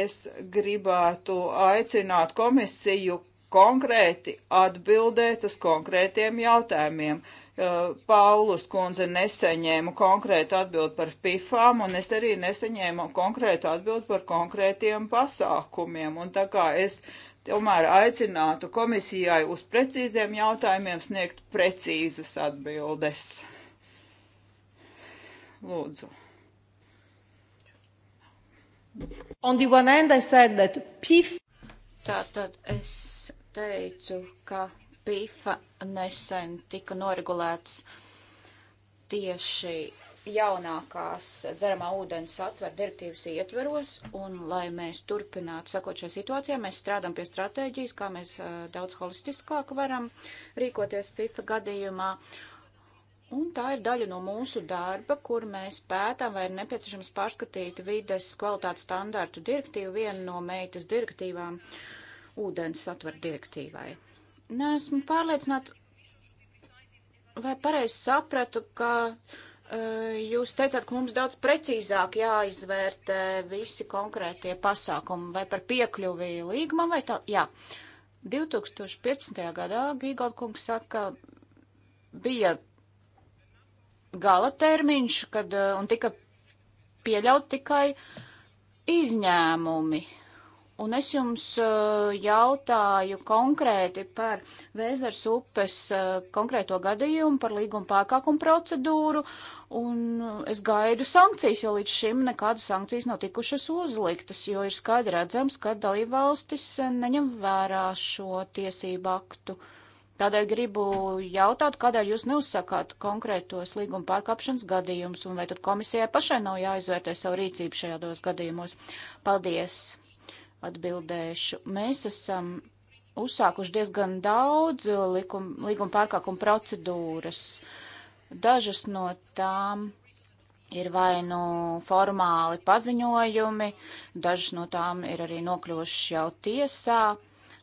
S2: es gribētu aicināt komisiju konkrēti atbildēt uz konkrētiem jautājumiem. Uh, Paulus kundze nesaņēma konkrētu atbildi par pifām, un es arī nesaņēmu konkrētu atbildi par konkrētiem pasākumiem. Un tā kā es tomēr aicinātu komisijai uz precīziem jautājumiem sniegt precīzas atbildes.
S3: Lūdzu.
S1: On the
S2: one hand I said that PIF.
S3: Tātad es teicu, ka PIF nesen tika noregulēts tieši jaunākās dzeramā ūdens atver direktīvas ietveros, un lai mēs turpinātu sakot šajā situācijā, mēs strādam pie stratēģijas, kā mēs uh, daudz holistiskāk varam rīkoties PIFA gadījumā, Un tā ir daļa no mūsu darba, kur mēs pētām, vai ir nepieciešams pārskatīt vides kvalitātes standārtu direktīvu, vienu no meitas direktīvām, ūdens atver direktīvai. Nesmu pārliecināta, vai pareizi sapratu, ka uh, jūs teicāt, ka mums daudz precīzāk jāizvērtē visi konkrētie pasākumi vai par piekļuvi līgumam vai tā. Jā. 2015. gadā Gīgaldkungs saka, bija gala termiņš, kad eh, un tika pieļaut tikai izņēmumi. Un es jums eh, jautāju konkrēti par Vēzers upes eh, konkrēto gadījumu, par līguma pārkāpumu procedūru, un es gaidu sankcijas, jo līdz šim nekādas sankcijas nav tikušas uzliktas, jo ir skaidri redzams, ka dalībvalstis neņem vērā šo tiesību aktu. Uh, Tādēļ gribu jautāt, kādēļ jūs neuzsakāt konkrētos līguma pārkāpšanas gadījumus, un vai tad komisijai pašai nav jāizvērtē savu rīcību šajādos gadījumos? Paldies! Atbildēšu. Mēs esam uzsākuši diezgan daudz likuma, līguma pārkāpuma procedūras. Dažas no tām ir vai nu formāli paziņojumi, dažas no tām ir arī nokļuvušas jau tiesā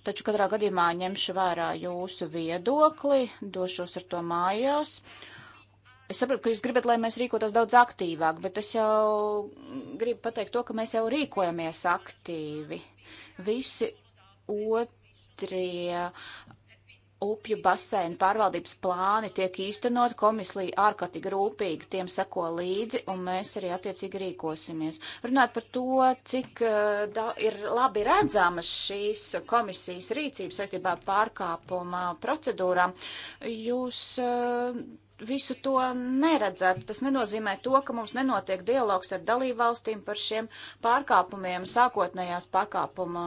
S3: taču katrā gadījumā ņemšu vērā jūsu viedokli, došos ar to mājās. Es saprotu, ka jūs gribat, lai mēs rīkotos daudz aktīvāk, bet es jau gribu pateikt to, ka mēs jau rīkojamies aktīvi. Visi otrie upju baseinu pārvaldības plāni tiek īstenot, komisija ārkārtīgi rūpīgi tiem seko līdzi, un mēs arī attiecīgi rīkosimies. Runāt par to, cik eh, da, ir labi redzamas šīs komisijas rīcības saistībā ar pārkāpuma procedūrām, jūs eh, visu to neredzētu. Tas nenozīmē to, ka mums nenotiek dialogs ar dalībvalstīm par šiem pārkāpumiem sākotnējās pārkāpuma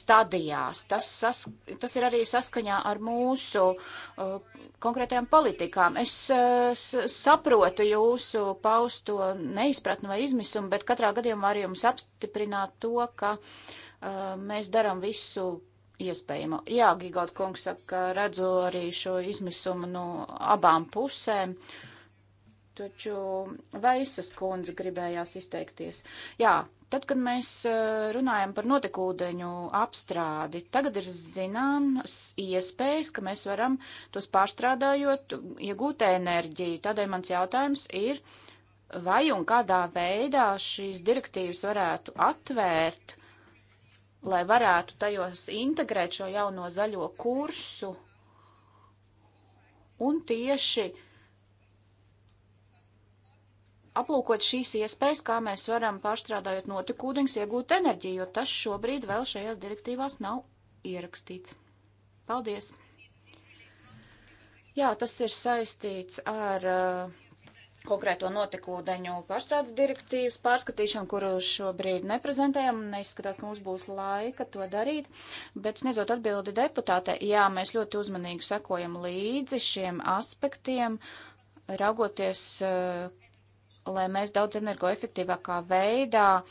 S3: stadijās. Tas, sas, tas ir arī saskaņā ar mūsu uh, konkrētajām politikām. Es uh, saprotu jūsu pausto neizpratnu vai izmisumu, bet katrā gadījumā arī jums apstiprināt to, ka uh, mēs darām visu iespējamo. Jā, Gigot kungs saka, ka redzu arī šo izmisumu no abām pusēm. Taču Vaisas kundze gribējās izteikties. Jā, tad, kad mēs e, runājam par notekūdeņu apstrādi, tagad ir zināmas iespējas, ka mēs varam tos pārstrādājot, iegūt enerģiju. Tādēļ mans jautājums ir, vai un kādā veidā šīs direktīvas varētu atvērt lai varētu tajos integrēt šo jauno zaļo kursu un tieši aplūkot šīs iespējas, kā mēs varam pārstrādājot notikūdeņus, iegūt enerģiju, jo tas šobrīd vēl šajās direktīvās nav ierakstīts. Paldies! Jā, tas ir saistīts ar uh, konkrēto notekūdeņu pārstrādes direktīvas pārskatīšanu, kuru šobrīd neprezentējam, neizskatās, ka mums būs laika to darīt, bet sniedzot atbildi deputātei, jā, mēs ļoti uzmanīgi sekojam līdzi šiem aspektiem, raugoties, eh, lai mēs daudz energoefektīvākā veidā eh,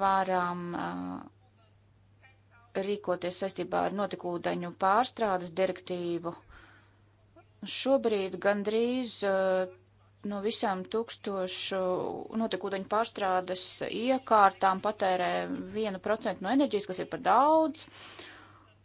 S3: varam eh, rīkoties saistībā ar notekūdeņu pārstrādes direktīvu. Šobrīd gandrīz uh, no visām tūkstošu notekūdeņu pārstrādes iekārtām patērē 1% no enerģijas, kas ir par daudz. Uh,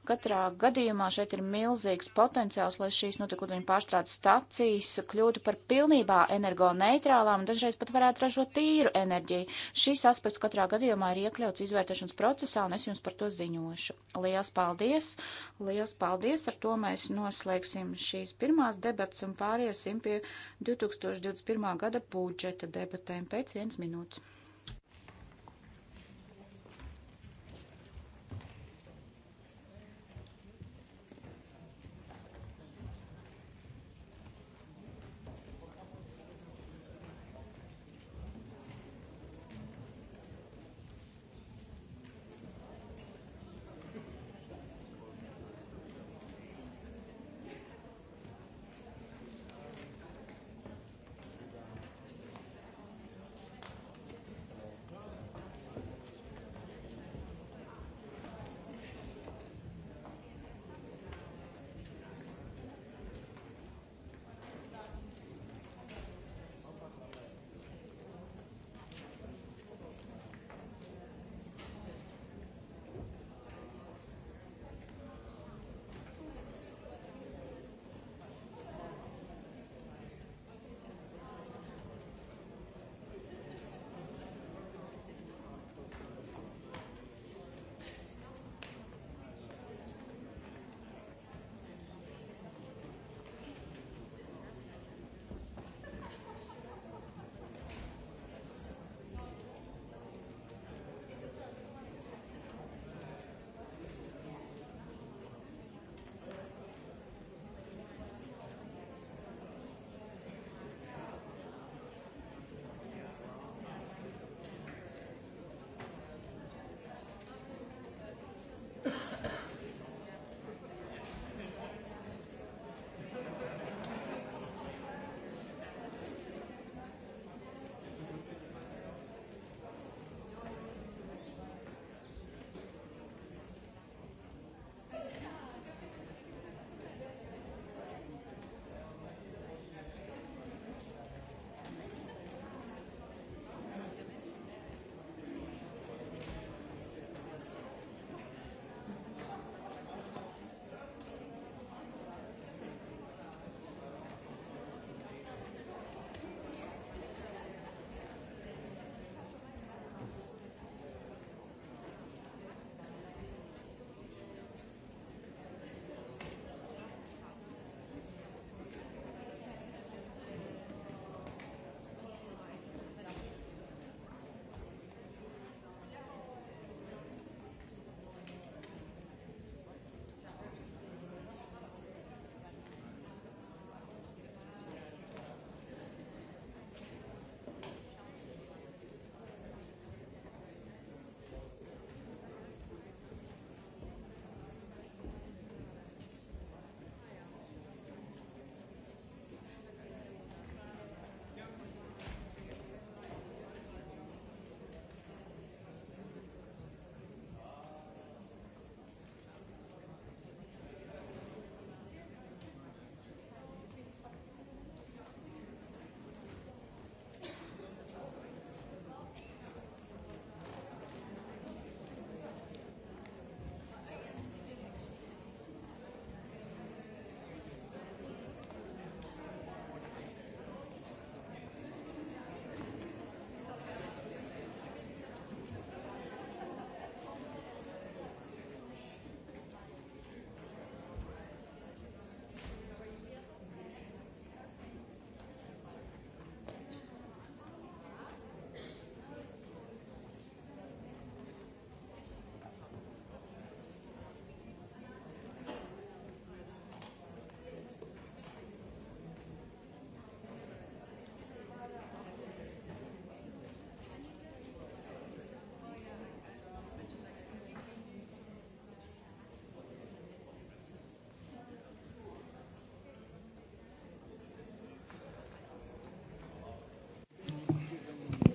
S3: Katrā gadījumā šeit ir milzīgs potenciāls, lai šīs notekūdeņu pārstrādes stacijas kļūtu par pilnībā energoneitrālām un dažreiz pat varētu ražot tīru enerģiju. Šis aspekts katrā gadījumā ir iekļauts izvērtēšanas procesā un es jums par to ziņošu. Lielas paldies! Lielas paldies! Ar to mēs noslēgsim šīs pirmās debats un pāriesim pie 2021. gada budžeta debatēm pēc viens minūtes.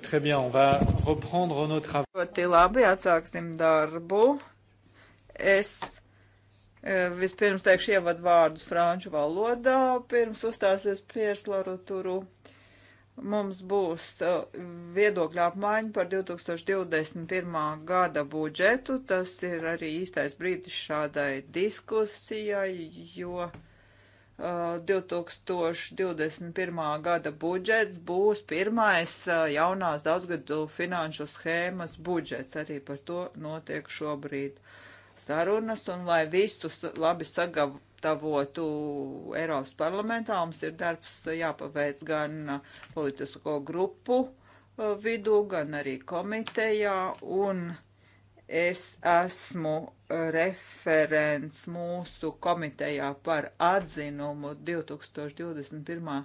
S1: Très bien, on va reprendre nos travaux.
S2: Ļoti labi, atsāksim darbu. Es eh, vispirms teikšu ievadu vārdus franču valodā, pirms uzstāsies Pierslaru turu. Mums būs eh, viedokļa apmaiņa par 2021. gada budžetu. Tas ir arī īstais brīdis šādai diskusijai, jo. 2021. Uh, gada budžets būs pirmais uh, jaunās daudzgadu finanšu schēmas budžets. Arī par to notiek šobrīd sarunas, un lai visus labi sagatavotu Eiropas parlamentā, mums ir darbs jāpaveic gan uh, politisko grupu vidū, gan arī komitejā, un es esmu referents mūsu komitejā par atzinumu 2021.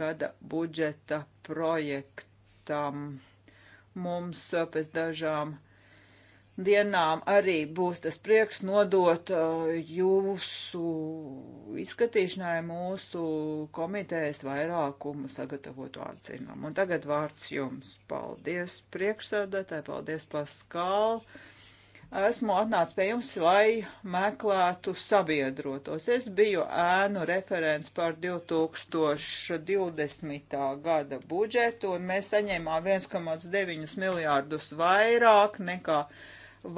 S2: gada budžeta projektam. Mums uh, pēc dažām dienām arī būs tas prieks nodot uh, jūsu izskatīšanai mūsu komitejas vairākumu sagatavotu atzinumu. Un tagad vārds jums. Paldies priekšsēdētāji, paldies Paskālu esmu atnācis pie jums, lai meklētu sabiedrotos. Es biju ēnu referents par 2020. gada budžetu, un mēs saņēmām 1,9 miljārdus vairāk nekā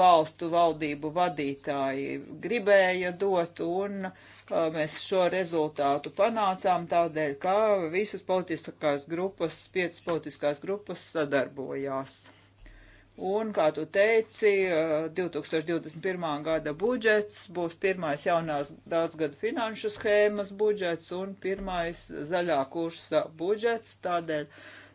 S2: valstu valdību vadītāji gribēja dot, un uh, mēs šo rezultātu panācām tādēļ, ka visas politiskās grupas, piecas politiskās grupas sadarbojās. Un, kā tu teici, 2021. Eh, gada budžets būs pirmais jaunās daudzgada finanšu schēmas budžets un pirmais zaļā kursa budžets. Tādēļ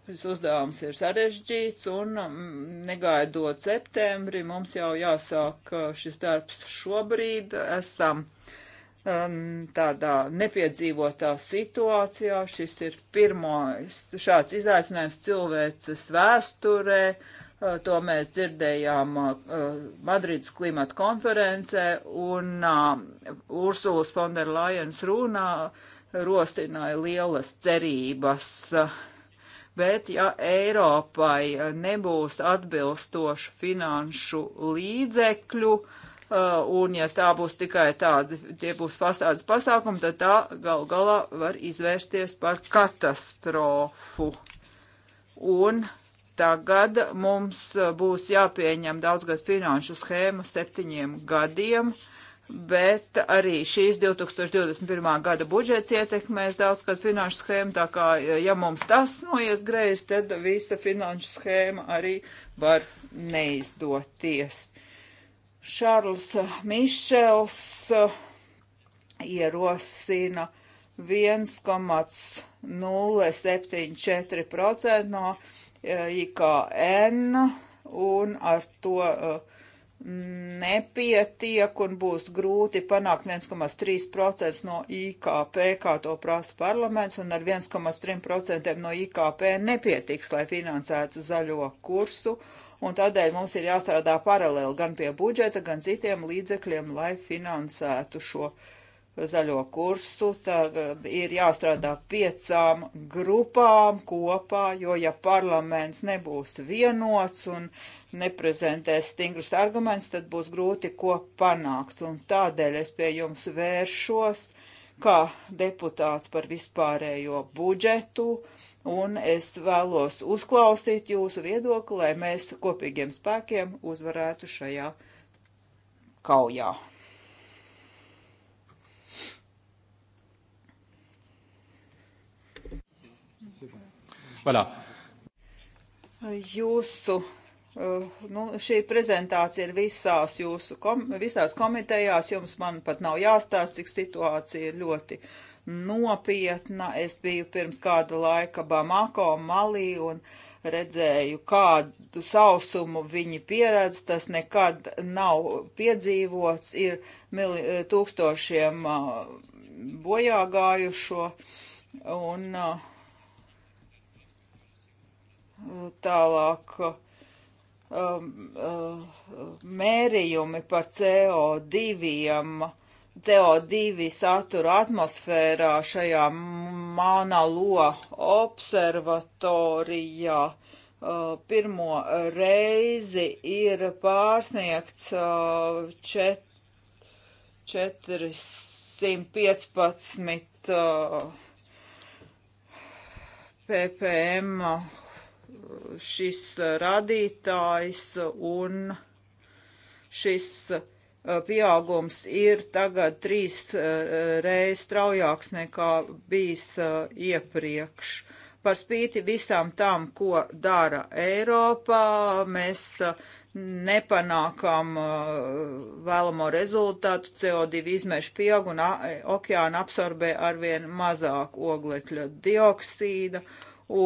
S2: šis uzdevums ir sarežģīts un mm, negaidot septembrī mums jau jāsāk eh, šis darbs šobrīd. Esam mm, tādā nepiedzīvotā situācijā. Šis ir pirmais šāds izaicinājums cilvēces vēsturē Eh, to mēs dzirdējām eh, Madrides klimata konferencē un eh, Ursulas Fonderlajens runā rosināja lielas cerības. Bet ja Eiropai nebūs atbilstošu finanšu līdzekļu, Uh, un ja tā būs tikai tāda, tie būs fasādes pasākumi, tad tā gal galā var izvērsties par katastrofu. Un Tagad mums uh, būs jāpieņem daudzgad finanšu schēmu septiņiem gadiem, bet arī šīs 2021. gada budžets ietekmēs daudzgad finanšu schēmu, tā kā uh, ja mums tas noies greiz, tad visa finanšu schēma arī var neizdoties. Šārls uh, Mišels ierosina 1,074% no IKN, un ar to uh, nepietiek un būs grūti panākt 1,3% no IKP, kā to prasa parlaments, un ar 1,3% no IKP nepietiks, lai finansētu zaļo kursu, un tādēļ mums ir jāstrādā paralēli gan pie budžeta, gan citiem līdzekļiem, lai finansētu šo kursu zaļo kursu. Tagad eh, ir jāstrādā piecām grupām kopā, jo ja parlaments nebūs vienots un neprezentēs stingrus argumentus, tad būs grūti ko panākt. Un tādēļ es pie jums vēršos kā deputāts par vispārējo budžetu. Un es vēlos uzklausīt jūsu viedokli, lai mēs kopīgiem spēkiem uzvarētu šajā kaujā. Voilà. Jūsu, eh, nu, šī prezentācija ir visās jūsu, kom, visās komitejās, jums man pat nav jāstāst, cik situācija ir ļoti nopietna. Es biju pirms kāda laika Bamako, Malī un redzēju, kādu sausumu viņi pieredz, tas nekad nav piedzīvots, ir mili, eh, tūkstošiem eh, bojā gājušo un uh, Tālāk um, uh, mērījumi par CO2, CO2 satura atmosfērā šajā Manalo observatorijā uh, pirmo reizi ir pārsniegts 415 uh, ppm šis uh, radītājs un šis uh, pieaugums ir tagad trīs uh, reizes straujāks nekā bijis iepriekš. Par spīti visām tām, ko dara Eiropā, mēs nepanākam vēlamo rezultātu, CO2 izmešu pieaug un okeāna absorbē arvien mazāk oglekļa dioksīda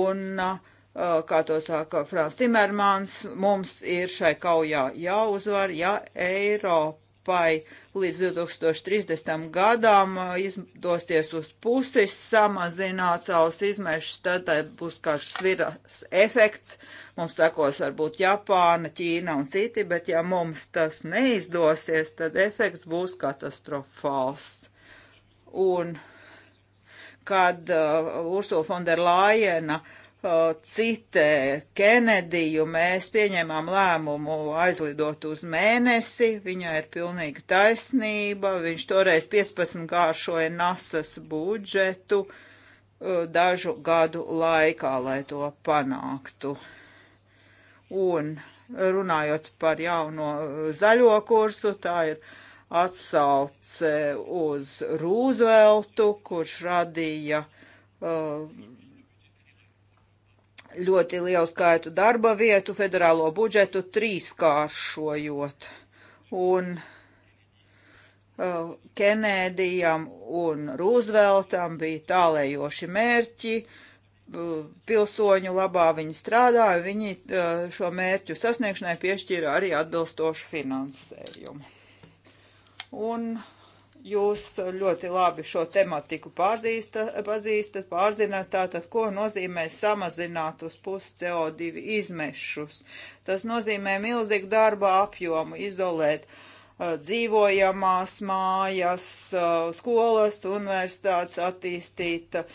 S2: un uh, kā to saka Frans Timermans, mums ir šai kaujā jāuzvar, ja Eiropai līdz 2030. gadam izdosies uz puses samazināt savus izmešus, tad būs kāds sviras efekts. Mums sakos varbūt Japāna, Ķīna un citi, bet ja mums tas neizdosies, tad efekts būs katastrofāls. Un kad uh, Ursula von der Lajena uh, citē Kenediju, mēs pieņēmām lēmumu aizlidot uz mēnesi, viņai ir pilnīga taisnība, viņš toreiz 15 kāršoja NASAS budžetu dažu gadu laikā, lai to panāktu. Un runājot par jauno zaļo kursu, tā ir atsauce uz Rūzveltu, kurš radīja uh, ļoti lielu skaitu darba vietu, federālo budžetu trīskāršojot. Un uh, Kenēdijam un Rūzveltam bija tālējoši mērķi, uh, pilsoņu labā viņi strādāja, viņi uh, šo mērķu sasniegšanai piešķīra arī atbilstošu finansējumu. Un uh, Jūs ļoti labi šo tematiku pārzīsta, pazīstat, pārzināt tātad, ko nozīmē samazināt uz pus CO2 izmešus. Tas nozīmē milzīgu darba apjomu, izolēt uh, Uh, dzīvojamās mājas, uh, skolas, universitātes, attīstīt uh,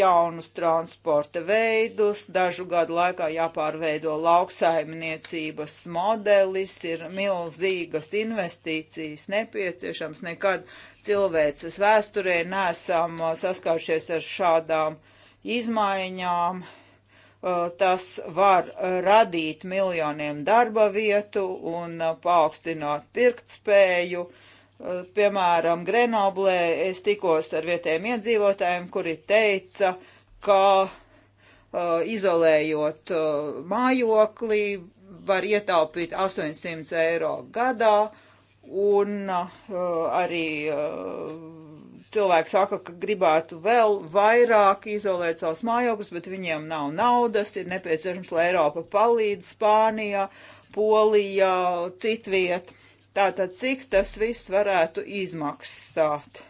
S2: jaunus transporta veidus. Dažu gadu laikā jāpārveido lauksaimniecības modelis, ir milzīgas investīcijas nepieciešams. Nekad cilvēces vēsturē nesam saskāršies ar šādām izmaiņām. Uh, tas var radīt miljoniem darba vietu un uh, paaugstināt pirktspēju. Uh, piemēram, Grenoblē es tikos ar vietējiem iedzīvotājiem, kuri teica, ka izolējot mājokli var ietaupīt 800 eiro gadā un arī cilvēki saka, ka gribētu vēl vairāk izolēt savus mājokļus, bet viņiem nav naudas, ir nepieciešams, lai Eiropa palīdz Spānijā, Polijā, citviet. Tātad, cik tas viss varētu izmaksāt?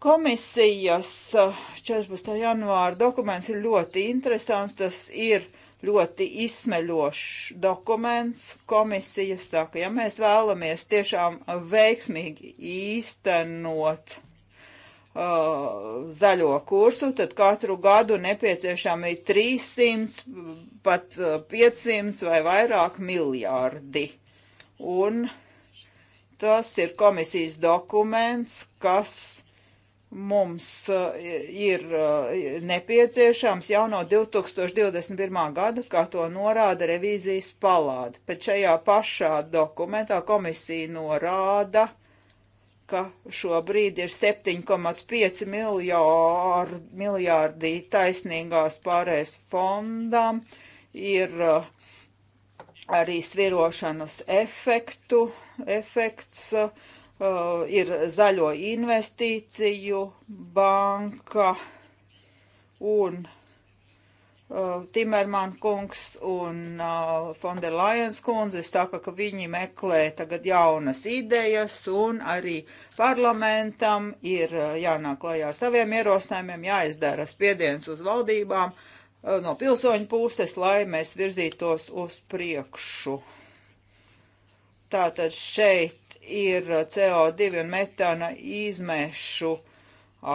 S2: Komisijas 14. Eh, janvāra dokuments ir ļoti interesants. Tas ir uh, ļoti izsmeļošs dokuments. Komisija saka, ja mēs vēlamies tiešām veiksmīgi īstenot uh, zaļo kursu, tad katru gadu nepieciešami 300, pat 500 uh, vai vairāk miljārdi. Un tas ir komisijas dokuments, kas mums eh, ir eh, nepieciešams jau no 2021. gada, kā to norāda revīzijas palāda. Bet šajā pašā dokumentā komisija norāda, ka šobrīd ir 7,5 miljārdi, miljārdi taisnīgās pārējais fondām, ir eh, arī svirošanas efektu, efekts, uh, uh, ir zaļo investīciju banka un uh, Timerman kungs un uh, eh, Fonderlajens kundze saka, ka viņi meklē tagad jaunas idejas un arī parlamentam ir uh, jānāk klajā ar saviem ierosinājumiem, jāizdara spiediens uz valdībām uh, no pilsoņu puses, lai mēs virzītos uz priekšu. Tātad šeit ir CO2 metāna izmešu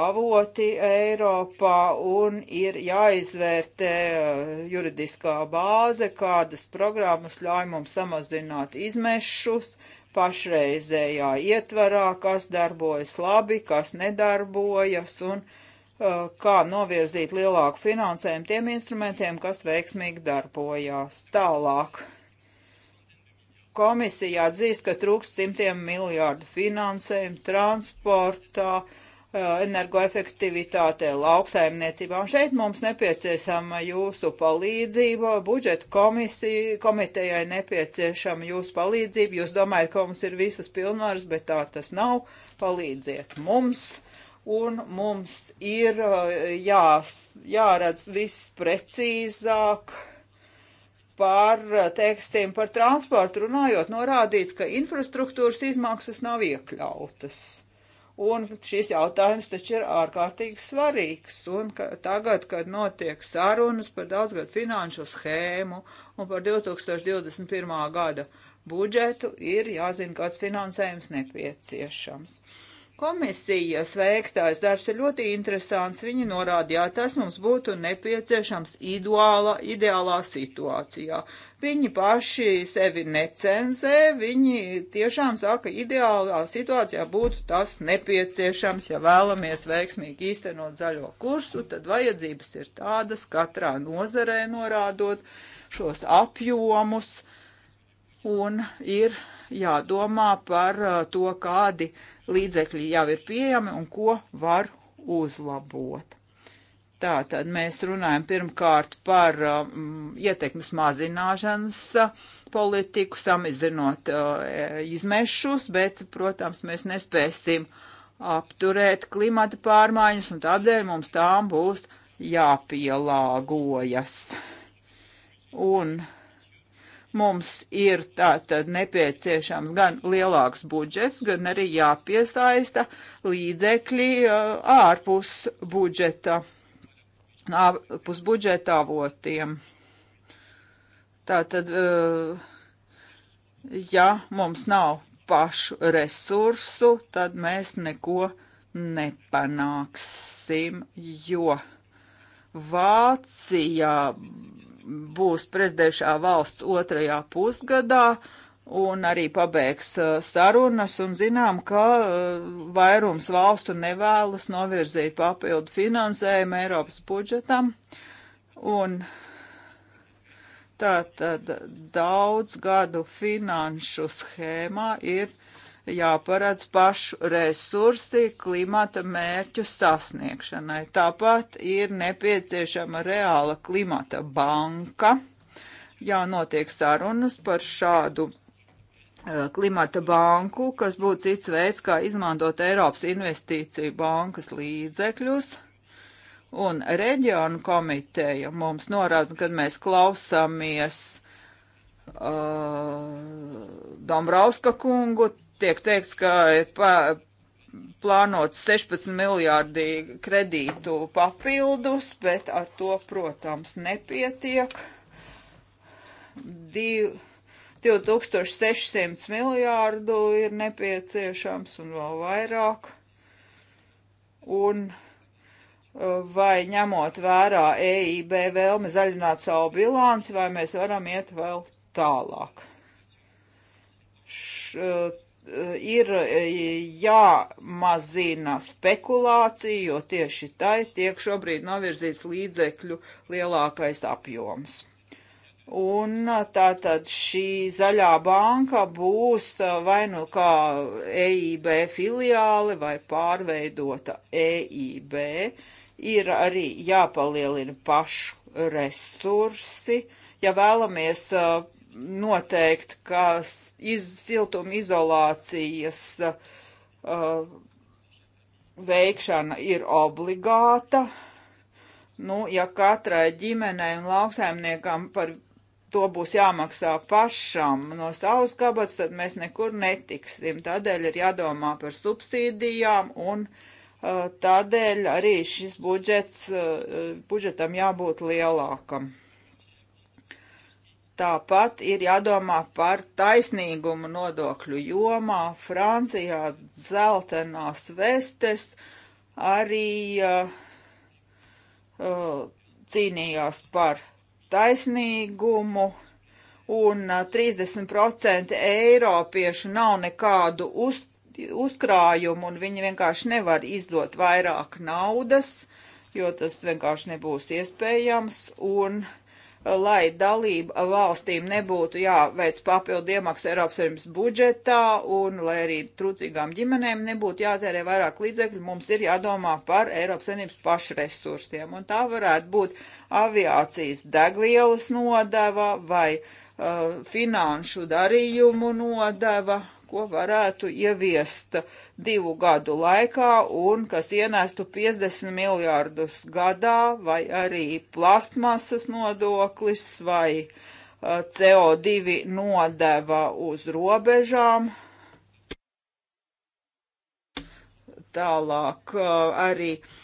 S2: avoti Eiropā un ir jāizvērtē eh, juridiskā bāze, kādas programmas ļauj mums samazināt izmešus pašreizējā ietvarā, kas darbojas labi, kas nedarbojas un uh, kā novirzīt lielāku finansējumu tiem instrumentiem, kas veiksmīgi darbojās. Tālāk Komisija atzīst, ka trūkst simtiem miljārdu finansējumu transportā, eh, energoefektivitātē, lauksaimniecībā. Un šeit mums nepieciešama jūsu palīdzība, budžeta komisija, komitejai nepieciešama jūsu palīdzība. Jūs domājat, ka mums ir visas pilnvaras, bet tā tas nav. Palīdziet mums! Un mums ir eh, jā, jāredz viss precīzāk, par, eh, teiksim, par transportu runājot, norādīts, ka infrastruktūras izmaksas nav iekļautas. Un šis jautājums taču ir ārkārtīgi svarīgs. Un ka tagad, kad notiek sarunas par daudzgad finanšu schēmu un par 2021. gada budžetu, ir jāzina, kāds finansējums nepieciešams. Uh, Komisijas veiktais darbs ir ļoti interesants. Viņi norādīja, tas mums būtu nepieciešams ideāla, ideālā situācijā. Viņi paši sevi necenzē, viņi tiešām saka, ideālā situācijā būtu tas nepieciešams. Ja vēlamies veiksmīgi īstenot zaļo kursu, tad vajadzības ir tādas katrā nozarē norādot šos apjomus un ir jādomā par uh, to, kādi līdzekļi jau ir pieejami un ko var uzlabot. Tātad mēs runājam pirmkārt par um, ietekmes mazināšanas uh, politiku, samazinot uh, izmešus, bet, protams, mēs nespēsim apturēt klimata pārmaiņas, un tādēļ mums tām būs jāpielāgojas. Un uh, Mums ir tātad nepieciešams gan lielāks budžets, gan arī jāpiesaista līdzekļi uh, ārpus budžeta, ārpus budžeta avotiem. Tātad, uh, ja mums nav pašu resursu, tad mēs neko nepanāksim, jo Vācija būs prezidējušā valsts otrajā pusgadā un arī pabeigs uh, sarunas, un zinām, ka uh, vairums valstu nevēlas novirzīt papildu finansējumu Eiropas budžetam, un tā tad daudz gadu finanšu schēmā ir jāparedz pašu resursi klimata mērķu sasniegšanai. Tāpat ir nepieciešama reāla klimata banka. Jānotiek sarunas par šādu eh, klimata banku, kas būtu cits veids, kā izmantot Eiropas investīciju bankas līdzekļus. Un reģionu komiteja mums norāda, kad mēs klausāmies uh, eh, Dombrauska kungu, tiek teikts, ka pa, plānot 16 miljārdi kredītu papildus, bet ar to, protams, nepietiek. Div, 2600 miljārdu ir nepieciešams un vēl vairāk. Un uh, vai ņemot vērā EIB vēlme zaļināt savu bilanci, vai mēs varam iet vēl tālāk. Š, uh, ir eh, jāmazina spekulācija, jo tieši tai tiek šobrīd novirzīts līdzekļu lielākais apjoms. Un eh, tātad šī zaļā banka būs eh, vai nu kā EIB filiāli vai pārveidota EIB. Ir arī jāpalielina pašu resursi, ja vēlamies noteikt, ka iz, siltuma izolācijas uh, veikšana ir obligāta. Nu, ja katrai ģimenei un lauksaimniekam par to būs jāmaksā pašam no savas kabatas, tad mēs nekur netiksim. Tādēļ ir jādomā par subsīdijām un uh, tādēļ arī šis budžets, uh, budžetam jābūt lielākam. Tāpat ir jādomā par taisnīgumu nodokļu jomā. Francijā zeltenās vestes arī uh, uh, cīnījās par taisnīgumu, un uh, 30% eiropiešu nav nekādu uz, uzkrājumu, un viņi vienkārši nevar izdot vairāk naudas, jo tas vienkārši nebūs iespējams. Un, uh, lai dalība valstīm nebūtu jāveic papildu iemaksas Eiropas Savienības budžetā un lai arī trūcīgām ģimenēm nebūtu jātērē vairāk līdzekļu, mums ir jādomā par Eiropas Savienības pašresursiem. Un tā varētu būt aviācijas degvielas nodeva vai uh, finanšu darījumu nodeva ko varētu ieviest divu gadu laikā un kas ienestu 50 miljārdus gadā, vai arī plastmasas nodoklis, vai uh, CO2 nodeva uz robežām. Tālāk uh, arī uh,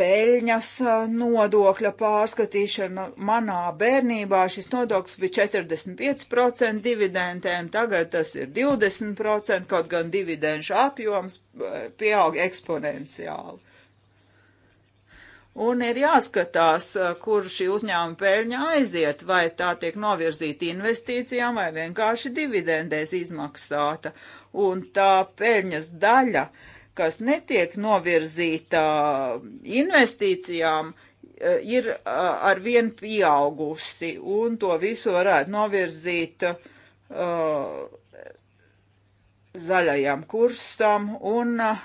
S2: peļņas nodokļa pārskatīšana. Manā bērnībā šis nodoklis bija 45% dividendēm, tagad tas ir 20%, kaut gan dividendžu apjoms pieaug eksponenciāli. Un ir jāskatās, kur šī uzņēmuma peļņa aiziet, vai tā tiek novirzīta investīcijām, vai vienkārši dividendēs izmaksāta. Un tā peļņas daļa uh, kas netiek novirzīta investīcijām, e, ir ar vien pieaugusi, un to visu varētu novirzīt uh, zaļajam kursam, un uh,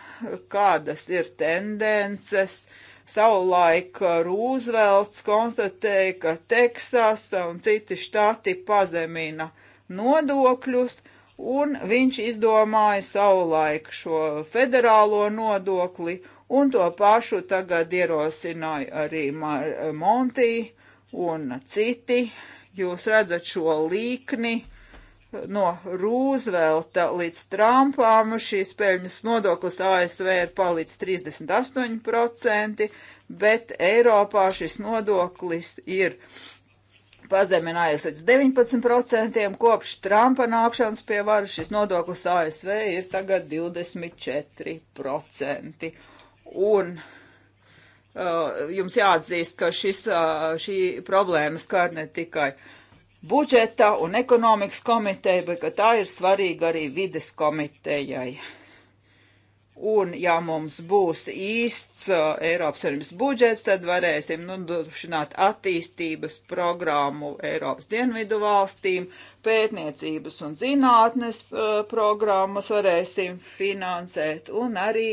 S2: kādas ir tendences. Savulaik Rūzvelts konstatēja, ka Teksasa un citi štati pazemina nodokļus, uh, un viņš izdomāja savulaik šo federālo nodokli, un to pašu tagad ierosināja arī Monti un citi. Jūs redzat šo līkni no Rūzvelta līdz Trumpām. Šīs peļņas nodoklis ASV ir palicis 38%, bet Eiropā šis nodoklis ir 20% pazeminājies līdz 19%, kopš Trumpa nākšanas pie varas šis nodoklis ASV ir tagad 24%. Un uh, jums jāatzīst, ka šis, uh, šī problēma skar ne tikai budžeta un ekonomikas komiteju, bet ka tā ir svarīga arī vides komitejai. Uh, Un, ja mums būs īsts uh, Eiropas Savienības budžets, tad varēsim nodrošināt attīstības programmu Eiropas dienvidu valstīm, pētniecības un zinātnes uh, programmas varēsim finansēt, un arī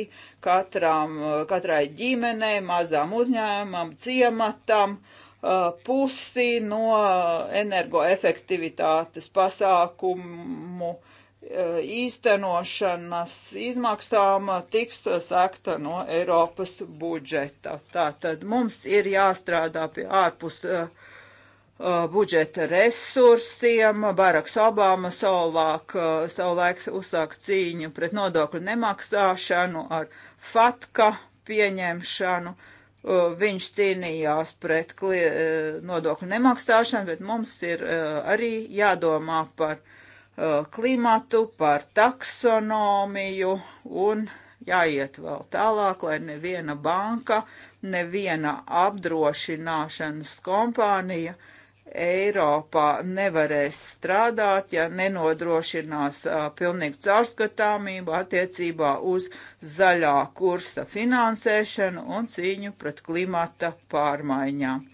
S2: katram, uh, katrai ģimenei, mazām uzņēmumam, ciematam uh, pusi no uh, energoefektivitātes pasākumu uh, Eh, īstenošanas izmaksām tiks sekta no Eiropas budžeta. Tātad mums ir jāstrādā pie ārpus uh, budžeta resursiem. Baraks Obama savulāk, uh, savulaik uzsāk cīņu pret nodokļu nemaksāšanu ar FATKA pieņemšanu. Uh, viņš cīnījās pret nodokļu nemaksāšanu, bet mums ir arī jādomā par uh, Uh, klimatu, par taksonomiju un jāiet vēl tālāk, lai neviena banka, neviena apdrošināšanas kompānija Eiropā nevarēs strādāt, ja nenodrošinās uh, pilnīgu caurskatāmību attiecībā uz zaļā kursa finansēšanu un cīņu pret klimata pārmaiņām.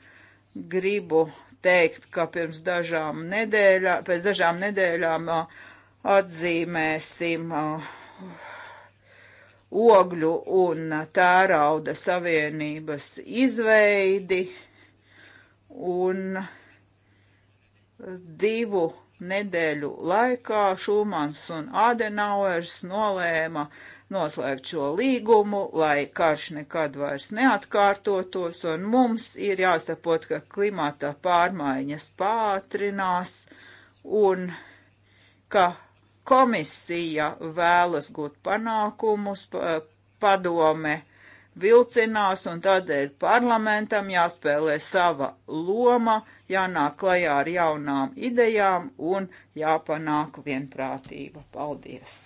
S2: Gribu teikt, ka pirms dažām nedēļām, pēc dažām nedēļām atzīmēsim ogļu un tērauda savienības izveidi un divu nedēļu laikā Šumans un Adenauers nolēma uh, noslēgt šo līgumu, lai karš nekad vairs neatkārtotos, un mums ir jāsaprot, ka klimata pārmaiņas pātrinās un ka komisija vēlas gūt panākumus, padome vilcinās, un tādēļ parlamentam jāspēlē sava loma, jānāk klajā ar jaunām idejām un jāpanāk vienprātība.
S1: Paldies!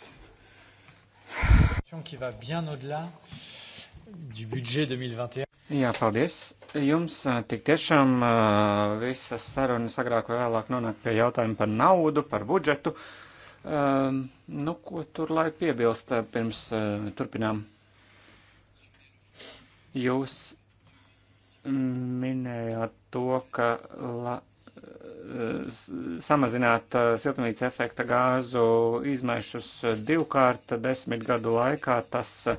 S1: Jā, paldies. Jums eh, tik tiešām eh, visas sarunas agrāk vai vēlāk nonāk pie jautājuma par naudu, par budžetu. Um, nu, ko tur lai piebilst eh, pirms uh, turpinām? Jūs mm, minējāt to, ka. La, samazināt uh, siltumnīca efekta gāzu izmešus divkārt desmit gadu laikā. Tas uh,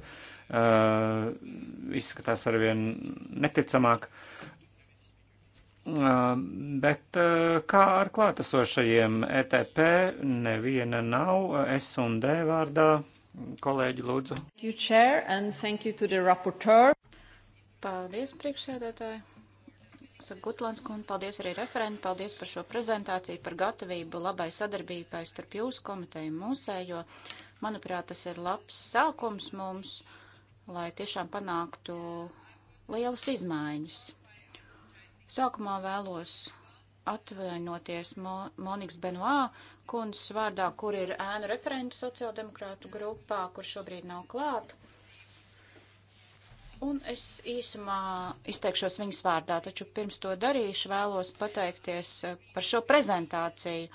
S1: izskatās arvien neticamāk. Uh, bet uh, kā ar klātesošajiem ETP, neviena nav S un D vārdā. Kolēģi, lūdzu.
S3: Thank you, Chair, and thank you to the rapporteur. Paldies, priekšsēdētāji. Saka Gutlans kundze, paldies arī referenti, paldies par šo prezentāciju, par gatavību labai sadarbībai starp jūsu komiteju un mūsējo. Manuprāt, tas ir labs sākums mums, lai tiešām panāktu lielas izmaiņas. Sākumā vēlos atvainoties Mo Monikas Benoā kundzes vārdā, kur ir ēnu referenti sociāldemokrātu grupā, kur šobrīd nav klāta. Un es īsumā izteikšos viņas vārdā, taču pirms to darīšu vēlos pateikties eh, par šo prezentāciju.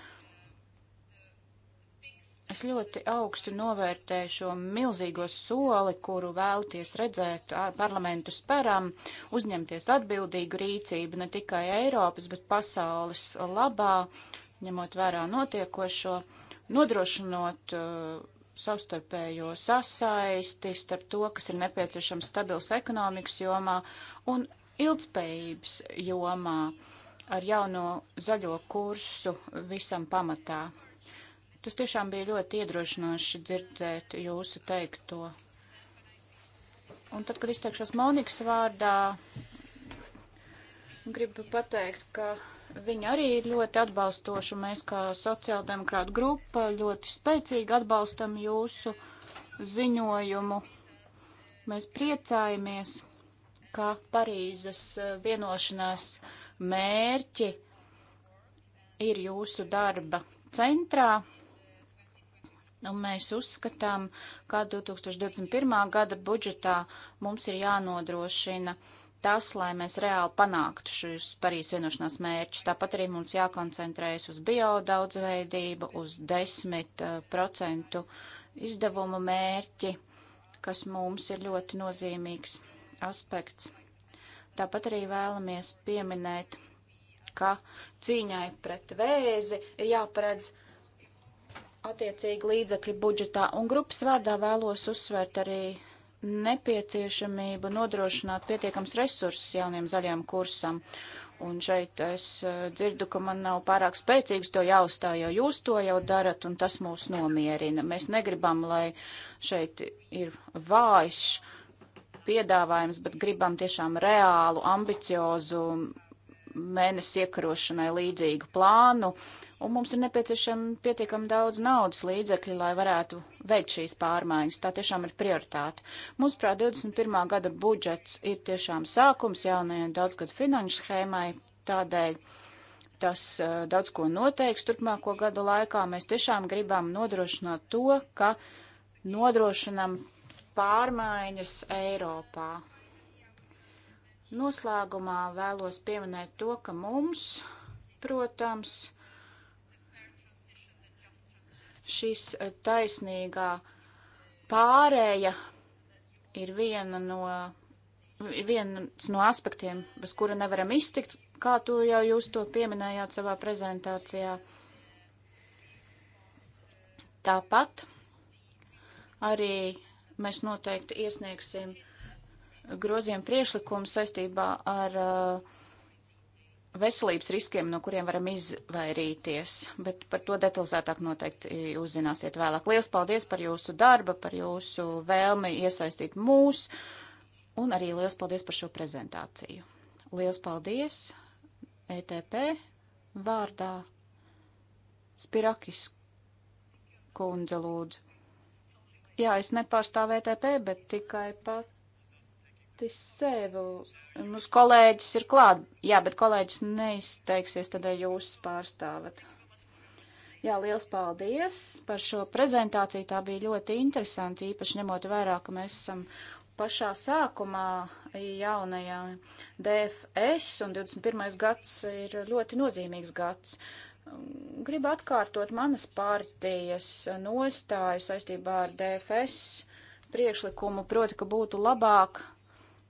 S3: Es ļoti augstu novērtēju šo milzīgo soli, kuru vēlties redzēt parlamentu speram, uzņemties atbildīgu rīcību ne tikai Eiropas, bet pasaules labā, ņemot vērā notiekošo, nodrošinot uh, savstarpējo sasaisti starp to, kas ir nepieciešams stabils ekonomikas jomā un ilgspējības jomā ar jauno zaļo kursu visam pamatā. Tas tiešām bija ļoti iedrošinoši dzirdēt jūsu teikto. Un tad, kad izteikšos Monikas vārdā, gribu pateikt, ka Viņi arī ir ļoti atbalstoši. Mēs, kā sociāldemokrāta grupa, ļoti spēcīgi atbalstam jūsu ziņojumu. Mēs priecājamies, ka Parīzes e, vienošanās mērķi ir jūsu darba centrā. Un mēs uzskatām, ka 2021. gada budžetā mums ir jānodrošina uh, tas, lai mēs reāli panāktu šīs Parīzes vienošanās mērķus. Tāpat arī mums jākoncentrējas uz biodaudzveidību, uz 10% eh, izdevumu mērķi, kas mums ir ļoti nozīmīgs aspekts. Tāpat arī vēlamies pieminēt, ka cīņai pret vēzi ir jāparedz attiecīgi līdzekļi budžetā, un grupas vārdā vēlos uzsvērt arī nepieciešamība nodrošināt pietiekams resursus jauniem zaļajam kursam. Un šeit es eh, dzirdu, ka man nav pārāk spēcīgs to jāuzstāj, jo jūs to jau darat, un tas mūs nomierina. Mēs negribam, lai šeit ir vājš piedāvājums, bet gribam tiešām reālu, ambiciozu mēnesi iekarošanai līdzīgu plānu, uh, un mums ir nepieciešama pietiekami daudz naudas līdzekļu, lai varētu veikt šīs pārmaiņas. Tā tiešām ir prioritāte. Mūsuprāt, 21. gada budžets ir tiešām sākums jaunajai daudzgadu finanšu schēmai, tādēļ tas uh, daudz ko noteiks turpmāko gadu laikā. Mēs tiešām gribam nodrošināt to, ka nodrošinam pārmaiņas Eiropā. Noslēgumā vēlos pieminēt to, ka mums, protams, šis e, taisnīgā pārēja ir viena no, viens no aspektiem, bez kura nevaram iztikt, kā tu jau jūs to pieminējāt savā prezentācijā. Tāpat arī mēs noteikti iesniegsim grozījumu priešlikumu saistībā ar uh, veselības riskiem, no kuriem varam izvairīties, bet par to detalizētāk noteikti uzzināsiet vēlāk. Lielas paldies par jūsu darba, par jūsu vēlmi iesaistīt mūs, un arī liels paldies par šo prezentāciju. Liels paldies ETP vārdā Spirakis kundze lūdzu. Jā, es nepārstāvu ETP, bet tikai pati sevi Mums kolēģis ir klāt, jā, bet kolēģis neizteiksies, tad jūs pārstāvat. Jā, liels paldies par šo prezentāciju. Tā bija ļoti interesanti, īpaši ņemot vērā, ka mēs esam pašā sākumā jaunajā DFS un 21. gads ir ļoti nozīmīgs gads. Gribu atkārtot manas partijas nostāju saistībā ar DFS priekšlikumu, proti, ka būtu labāk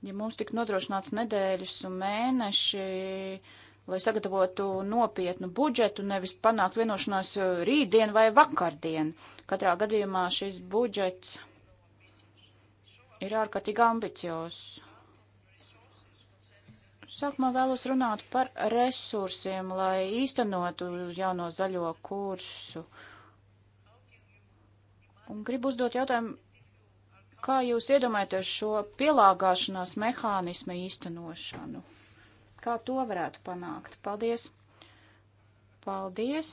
S3: Ja mums tik nodrošināts nedēļas un mēneši, lai sagatavotu nopietnu budžetu, nevis panākt vienošanās uh, rītdien vai vakardien. Katrā gadījumā šis budžets ir ārkārtīgi ambiciozs. Sākumā vēlos runāt par resursiem, lai īstenotu jauno zaļo kursu. Un gribu uzdot jautājumu, Kā jūs iedomājaties šo pielāgāšanās mehānismu īstenošanu? Kā to varētu panākt? Paldies! Paldies!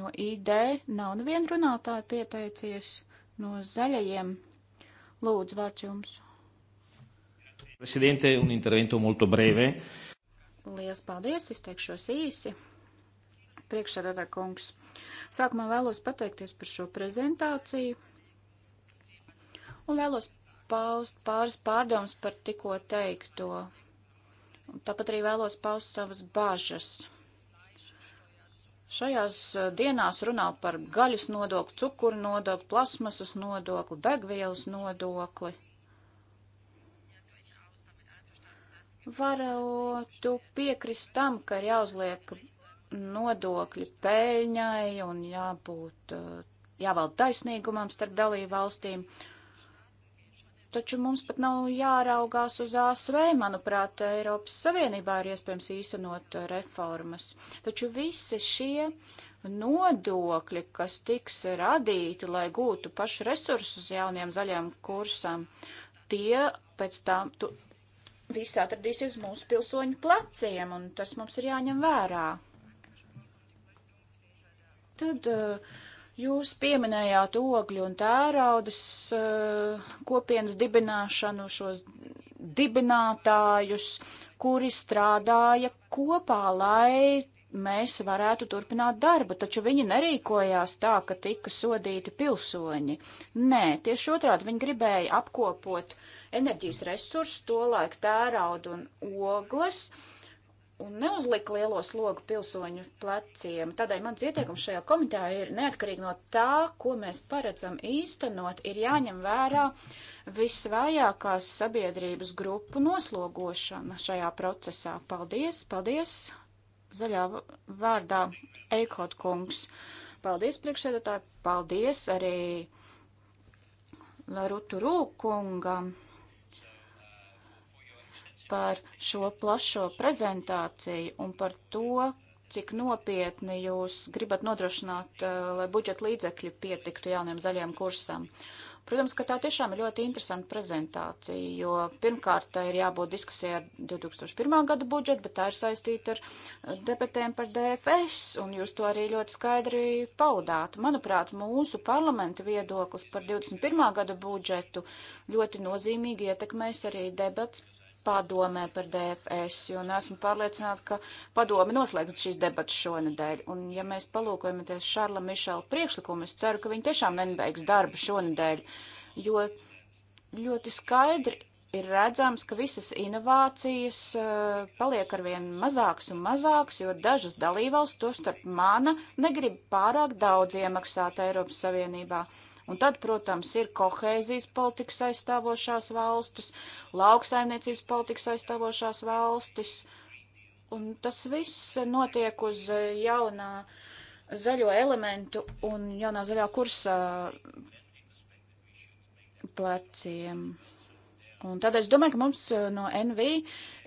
S3: No ID nav neviena runātāja pieteicies no zaļajiem. Lūdzu, vārds jums.
S1: Presidente, un intervento molto breve.
S3: Lielas paldies, izteikšos īsi. Priekšsēdētā kungs, sākumā vēlos pateikties par šo prezentāciju un vēlos paust pāris pārdomas par tikko teikto. Un tāpat arī vēlos paust savas bažas. Šajās eh, dienās runā par gaļas nodokli, cukuru nodokli, plasmasas nodokli, degvielas nodokli. Varētu piekrist tam, ka ir jāuzliek nodokļi peļņai un jābūt, eh, jāvalda taisnīgumam starp dalību valstīm. Uh, Taču mums pat nav jāraugās uz ASV, manuprāt, Eiropas Savienībā ir iespējams īstenot reformas. Taču visi šie nodokļi, kas tiks radīti, lai gūtu pašu resursus jauniem zaļiem kursam, tie pēc tam tu, visi atradīsies mūsu pilsoņu pleciem, un tas mums ir jāņem vērā. Tad uh, Jūs pieminējāt ogļu un tēraudas eh, kopienas dibināšanu, šos dibinātājus, kuri strādāja kopā, lai mēs varētu turpināt darbu, taču viņi nerīkojās tā, ka tika sodīti pilsoņi. Nē, tieši otrādi viņi gribēja apkopot enerģijas resursus, tolaik tērauda un ogles, uh, un neuzlika lielo slogu pilsoņu pleciem. Tādēļ mans ieteikums šajā komitē ir neatkarīgi no tā, ko mēs paredzam īstenot, ir jāņem vērā visvājākās sabiedrības grupu noslogošana šajā procesā. Paldies, paldies, zaļā vārdā Eikot kungs. Paldies, priekšsēdētāji, paldies arī Larutu Rūkungam par šo plašo prezentāciju un par to, cik nopietni jūs gribat nodrošināt, eh, lai budžeta līdzekļi pietiktu jauniem zaļiem kursam. Protams, ka tā tiešām ir ļoti interesanta prezentācija, jo pirmkārt tā ir jābūt diskusijai ar 2001. gada budžetu, bet tā ir saistīta ar eh, debatēm par DFS, un jūs to arī ļoti skaidri paudāt. Manuprāt, mūsu parlamenta viedoklis par 21. gada budžetu ļoti nozīmīgi ietekmēs arī debats padomē par DFS, jo esmu pārliecināta, ka padome noslēgs šīs debatas šonadēļ. Un, ja mēs palūkojamies Šarla Mišela priekšlikumu, es ceru, ka viņi tiešām nenobeigs darbu šonadēļ, jo ļoti skaidri ir redzams, ka visas inovācijas uh, paliek arvien mazāks un mazāks, jo dažas dalībvalsts, tostarp mana, negrib pārāk daudz iemaksāt Eiropas Savienībā. Uh, Un tad, protams, ir kohēzijas politikas aizstāvošās valstis, lauksaimniecības politikas aizstāvošās valstis. Un tas viss notiek uz eh, jaunā zaļo elementu un jaunā zaļā kursa eh, pleciem. Un tad es domāju, ka mums eh, no NV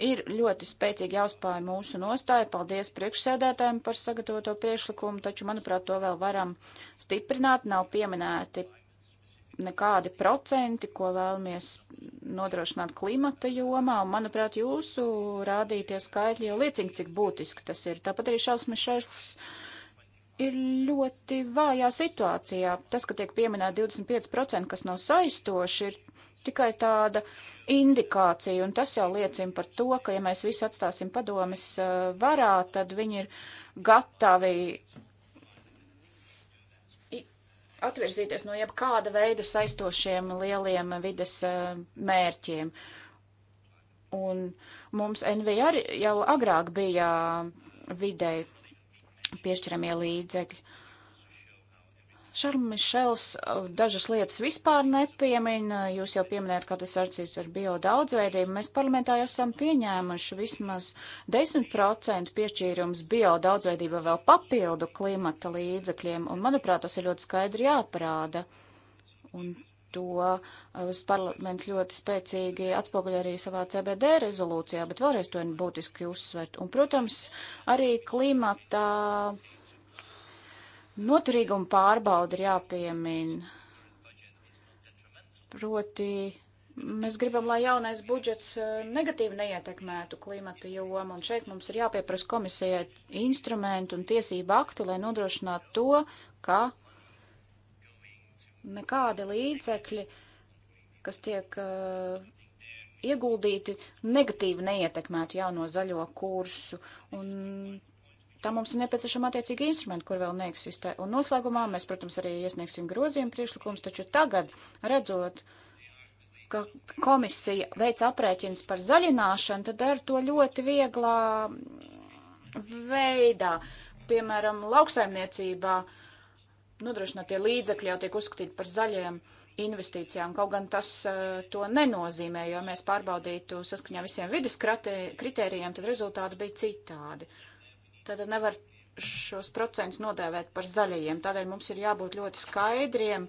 S3: ir ļoti spēcīgi jāuzpāja mūsu nostāja. Paldies priekšsēdētājiem par sagatavoto priekšlikumu, taču, manuprāt, to vēl varam stiprināt. Nav pieminēti nekādi procenti, ko vēlamies nodrošināt klimata jomā, un, manuprāt, jūsu rādītie skaitļi jau liecina, cik būtiski tas ir. Tāpat arī Šāls Mišels ir ļoti vājā situācijā. Tas, ka tiek pieminēta 25%, kas nav saistoši, ir tikai tāda indikācija, un tas jau liecina par to, ka ja mēs visu atstāsim padomis eh, varā, tad viņi ir gatavi atvirzīties no jebkāda veida saistošiem lieliem vides eh, mērķiem. Un mums NVR jau agrāk bija eh, videi piešķiramie līdzekļi. Šarls Mišels uh, dažas lietas vispār nepiemina. Jūs jau pieminējat, kā tas arcīts ar biodaudzveidību. Mēs parlamentā jau esam pieņēmuši vismaz 10% piešķīrums biodaudzveidība vēl papildu klimata līdzekļiem, un manuprāt, tas ir ļoti skaidri jāparāda. Un to uh, parlaments ļoti spēcīgi atspoguļ arī savā CBD rezolūcijā, bet vēlreiz to ir būtiski uzsvert. Un, protams, arī klimata. Uh, Noturīguma pārbauda ir jāpiemina. Proti, mēs gribam, lai jaunais budžets eh, negatīvi neietekmētu klimata jomu, un šeit mums ir jāpieprasa komisijai instrumentu un tiesību aktu, lai nodrošinātu to, ka nekādi līdzekļi, kas tiek uh, ieguldīti, negatīvi neietekmētu jauno zaļo kursu. Un Tā mums ir nepieciešama attiecīga instrumenta, kur vēl neeksistē. Un noslēgumā mēs, protams, arī iesniegsim grozījumu priekšlikumus, taču tagad, redzot, ka komisija veic aprēķins par zaļināšanu, tad ar to ļoti vieglā veidā, piemēram, lauksaimniecībā nodrošinātie līdzekļi jau tiek uzskatīti par zaļiem investīcijām, kaut gan tas eh, to nenozīmē, jo mēs pārbaudītu saskaņā visiem vidas kritērijiem, tad rezultāti bija citādi. Uh, Tad nevar šos procentus nodēvēt par zaļajiem. Tādēļ mums ir jābūt ļoti skaidriem,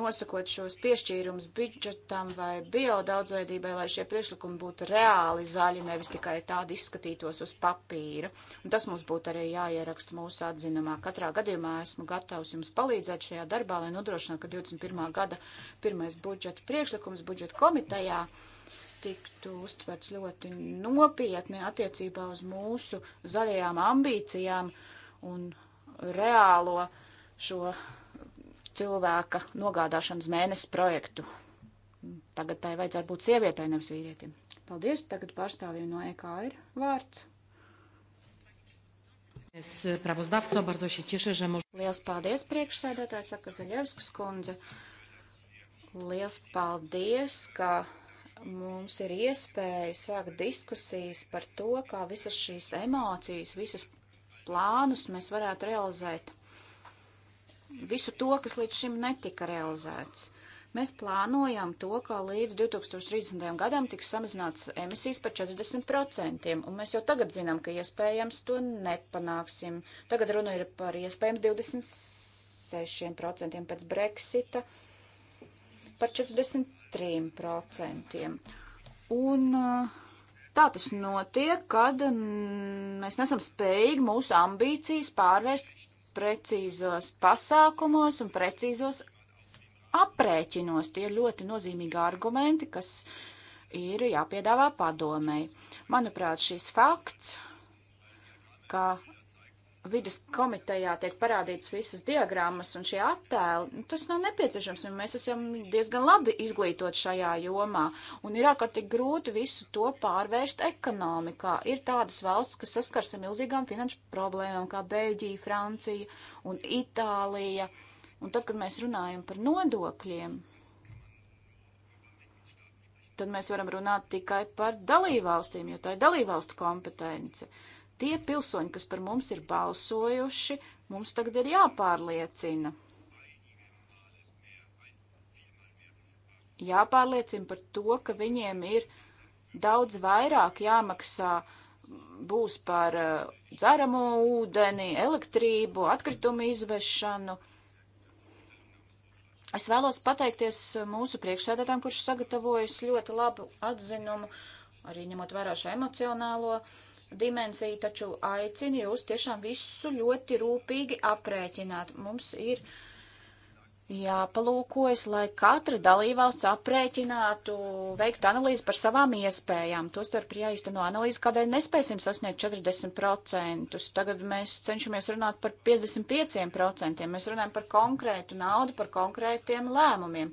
S3: nosakot šos piešķīrums budžetam vai biodaudzveidībai, lai šie priešlikumi būtu reāli zaļi, nevis tikai tādi izskatītos uz papīra. Un tas mums būtu arī jāieraksta mūsu atzinumā. Katrā gadījumā esmu gatavs jums palīdzēt šajā darbā, lai nodrošinātu, ka 21. gada pirmais budžeta priekšlikums budžeta komitejā. Mm tiktu uztverts ļoti nopietni attiecībā uz mūsu zaļajām ambīcijām un reālo šo cilvēka nogādāšanas mēnesi projektu. Tagad tai vajadzētu būt sievietei, nevis vīrietim. Paldies, tagad pārstāvjiem no EKR vārds. Sprawozdawco, eh, bardzo się cieszę, że może... Liels paldies, priekšsēdētāji, saka Zaļevskas kundze. Liels paldies, ka mums ir iespēja sākt diskusijas par to, kā visas šīs emocijas, visus plānus mēs varētu realizēt. Visu to, kas līdz šim netika realizēts. Mēs plānojam to, ka līdz 2030. gadam tiks samazināts emisijas par 40%, un mēs jau tagad zinām, ka iespējams to nepanāksim. Tagad runa ir par iespējams 26% pēc Brexita, par 40 3%. Un eh, tā tas notiek, kad mm, mēs nesam spējīgi mūsu ambīcijas pārvērst precīzos pasākumos un precīzos aprēķinos. Tie ir ļoti nozīmīgi argumenti, kas ir jāpiedāvā padomēji. Manuprāt, šis fakts, ka vidas komitejā tiek parādītas visas diagrammas un šie attēli, nu, tas nav nepieciešams, un mēs esam diezgan labi izglītot šajā jomā, un ir ārkārtīgi grūti visu to pārvērst ekonomikā. Ir tādas valsts, kas saskars ar milzīgām finanšu problēmām, kā Beļģija, Francija un Itālija, un tad, kad mēs runājam par nodokļiem, tad mēs varam runāt tikai par dalībvalstīm, jo tā ir dalībvalstu kompetence. Uh, Tie pilsoņi, kas par mums ir balsojuši, mums tagad ir jāpārliecina. Jāpārliecina par to, ka viņiem ir daudz vairāk jāmaksā būs par uh, dzeramo ūdeni, elektrību, atkritumu izvešanu. Es vēlos pateikties mūsu priekšsēdētājiem, kurš sagatavojas ļoti labu atzinumu, arī ņemot vērā šo emocionālo uh, dimensija taču aicina jūs tiešām visu ļoti rūpīgi aprēķināt. Mums ir jāpalūkojas, lai katra dalībvalsts aprēķinātu, veiktu analīzi par savām iespējām. Tostarp ir jāizteno analīze, kādēļ nespēsim sasniegt 40%. Tagad mēs cenšamies runāt par 55%. Mēs runājam par konkrētu naudu, par konkrētiem lēmumiem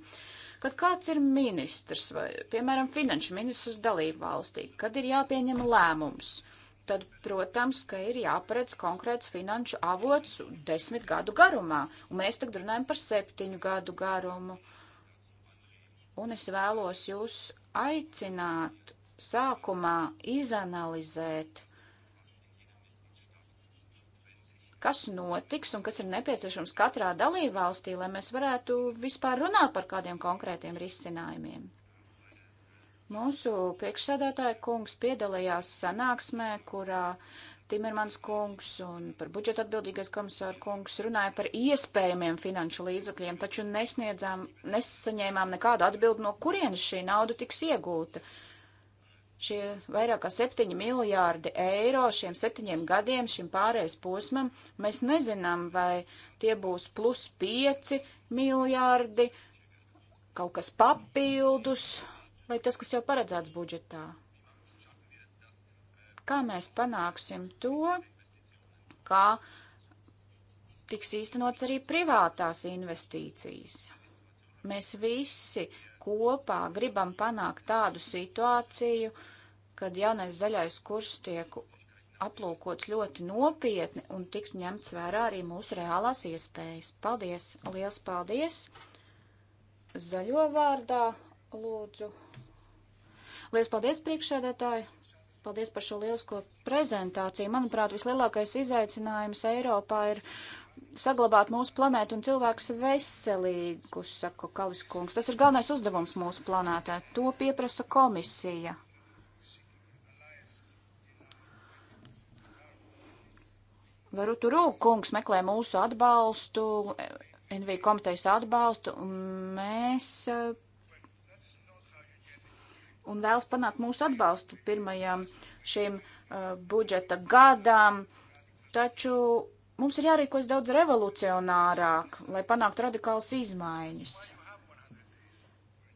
S3: kad kāds ir ministrs vai, piemēram, finanšu ministrs dalību valstī, kad ir jāpieņem lēmums tad, protams, ka ir jāparedz konkrēts finanšu avots desmit gadu garumā, un mēs tagad runājam par septiņu gadu garumu. Un es vēlos jūs aicināt sākumā izanalizēt, kas notiks un kas ir nepieciešams katrā dalībvalstī, lai mēs varētu vispār runāt par kādiem konkrētiem risinājumiem. Mūsu priekšsēdētāja kungs piedalījās sanāksmē, kurā Timermans kungs un par budžeta atbildīgais komisāra kungs runāja par iespējamiem finanšu līdzakļiem, taču nesniedzām, nesaņēmām nekādu atbildi, no kurienes šī nauda tiks iegūta šie vairāk kā 7 miljārdi eiro šiem septiņiem gadiem, šim pārējais posmam, mēs nezinām, vai tie būs plus 5 miljārdi, kaut kas papildus, vai tas, kas jau paredzēts budžetā? Kā mēs panāksim to, kā tiks īstenots arī privātās investīcijas? Mēs visi kopā gribam panākt tādu situāciju, kad jaunais zaļais kurs tiek aplūkots ļoti nopietni un tiktu ņemts vērā arī mūsu reālās iespējas. Paldies! Liels paldies! Zaļo vārdā lūdzu. Lielas paldies, priekšsēdētāji! Paldies par šo lielisko prezentāciju. Manuprāt, vislielākais izaicinājums Eiropā ir saglabāt mūsu planētu un cilvēkus veselīgus, saka Kaliskungs. Tas ir galvenais uzdevums mūsu planētā. To pieprasa komisija. Varu tur kungs meklē mūsu atbalstu, NV komitejas atbalstu, un mēs un vēlas panākt mūsu atbalstu pirmajam šim uh, budžeta gadam. Taču mums ir jārīkojas daudz revolucionārāk, lai panāktu radikālas izmaiņas.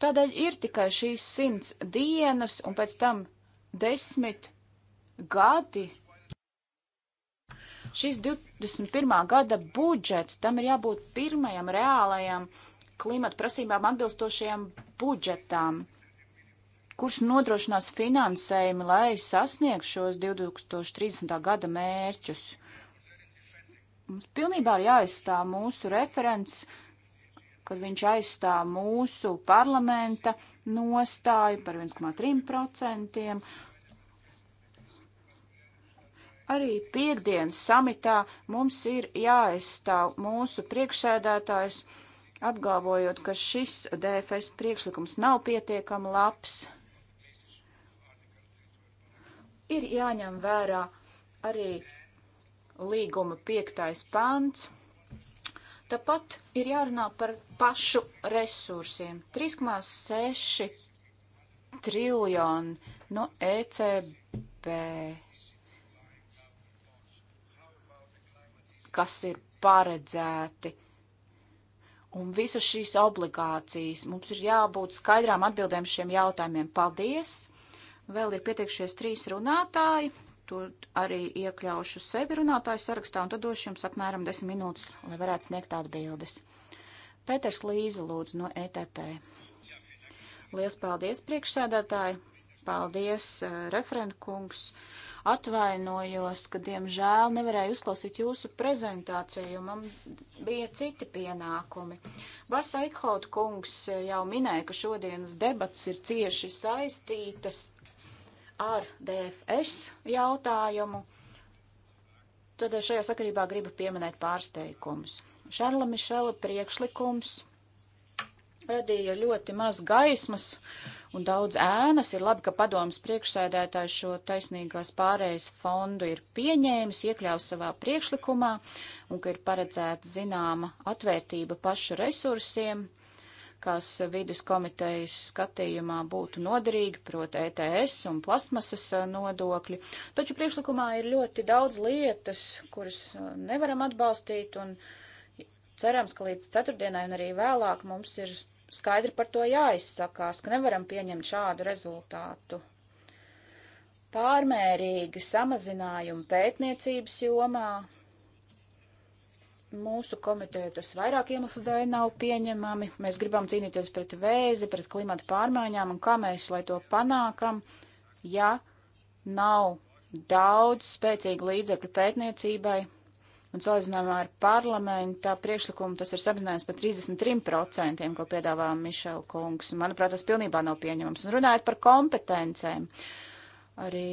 S3: Tādēļ ir tikai šīs simts dienas un pēc tam desmit gadi. Šis 21. gada budžets, tam ir jābūt pirmajam reālajam klimata prasībām atbilstošajam budžetām. Uh, kurš nodrošinās finansējumu, lai sasniegtu šos 2030. gada mērķus. Mums pilnībā ir jāaizstāv mūsu referents, kad viņš aizstāv mūsu parlamenta nostāju par 1,3%. Arī piekdienas samitā mums ir jāaizstāv mūsu priekšsēdētājs, apgalvojot, ka šis DFS priekšlikums nav pietiekami labs ir jāņem vērā arī līguma piektais pants. Tāpat ir jārunā par pašu resursiem. 3,6 triljoni no ECB, kas ir paredzēti. Un visas šīs obligācijas mums ir jābūt skaidrām atbildēm šiem jautājumiem. Paldies! Vēl ir pieteikšies trīs runātāji. To arī iekļaušu sevi runātāju sarakstā, un tad došu jums apmēram desmit minūtes, lai varētu sniegt atbildes. Pēters Līza lūdzu no ETP. Lielas paldies, priekšsēdētāji! Paldies, eh, referentkungs! Atvainojos, ka diemžēl nevarēju uzklausīt jūsu prezentāciju, jo man bija citi pienākumi. Vasa Ikhaut kungs eh, jau minēja, ka šodienas debats ir cieši saistītas ar DFS jautājumu, tad šajā sakarībā gribu pieminēt pārsteikumus. Šarla Mišela priekšlikums radīja ļoti maz gaismas un daudz ēnas. Ir labi, ka padomas priekšsēdētājs šo taisnīgās pārējas fondu ir pieņēmis, iekļaus savā priekšlikumā un ka ir paredzēta zināma atvērtība pašu resursiem kas vidus komitejas skatījumā būtu noderīgi, proti ETS un plasmasas eh, nodokļi. Taču priekšlikumā ir ļoti daudz lietas, kuras eh, nevaram atbalstīt, un cerams, ka līdz ceturtdienai un arī vēlāk mums ir skaidri par to jāizsakās, ka nevaram pieņemt šādu rezultātu pārmērīgi samazinājumi pētniecības jomā, mūsu komiteja tas vairāk iemeslu dēļ nav pieņemami. Mēs gribam cīnīties pret vēzi, pret klimata pārmaiņām, un kā mēs lai to panākam, ja nav daudz spēcīgu līdzekļu pētniecībai, un salīdzinājumā ar parlamenta priekšlikumu tas ir samazinājums par 33%, ko piedāvā Mišela kungs. Manuprāt, tas pilnībā nav pieņemams. Un runājot par kompetencēm, arī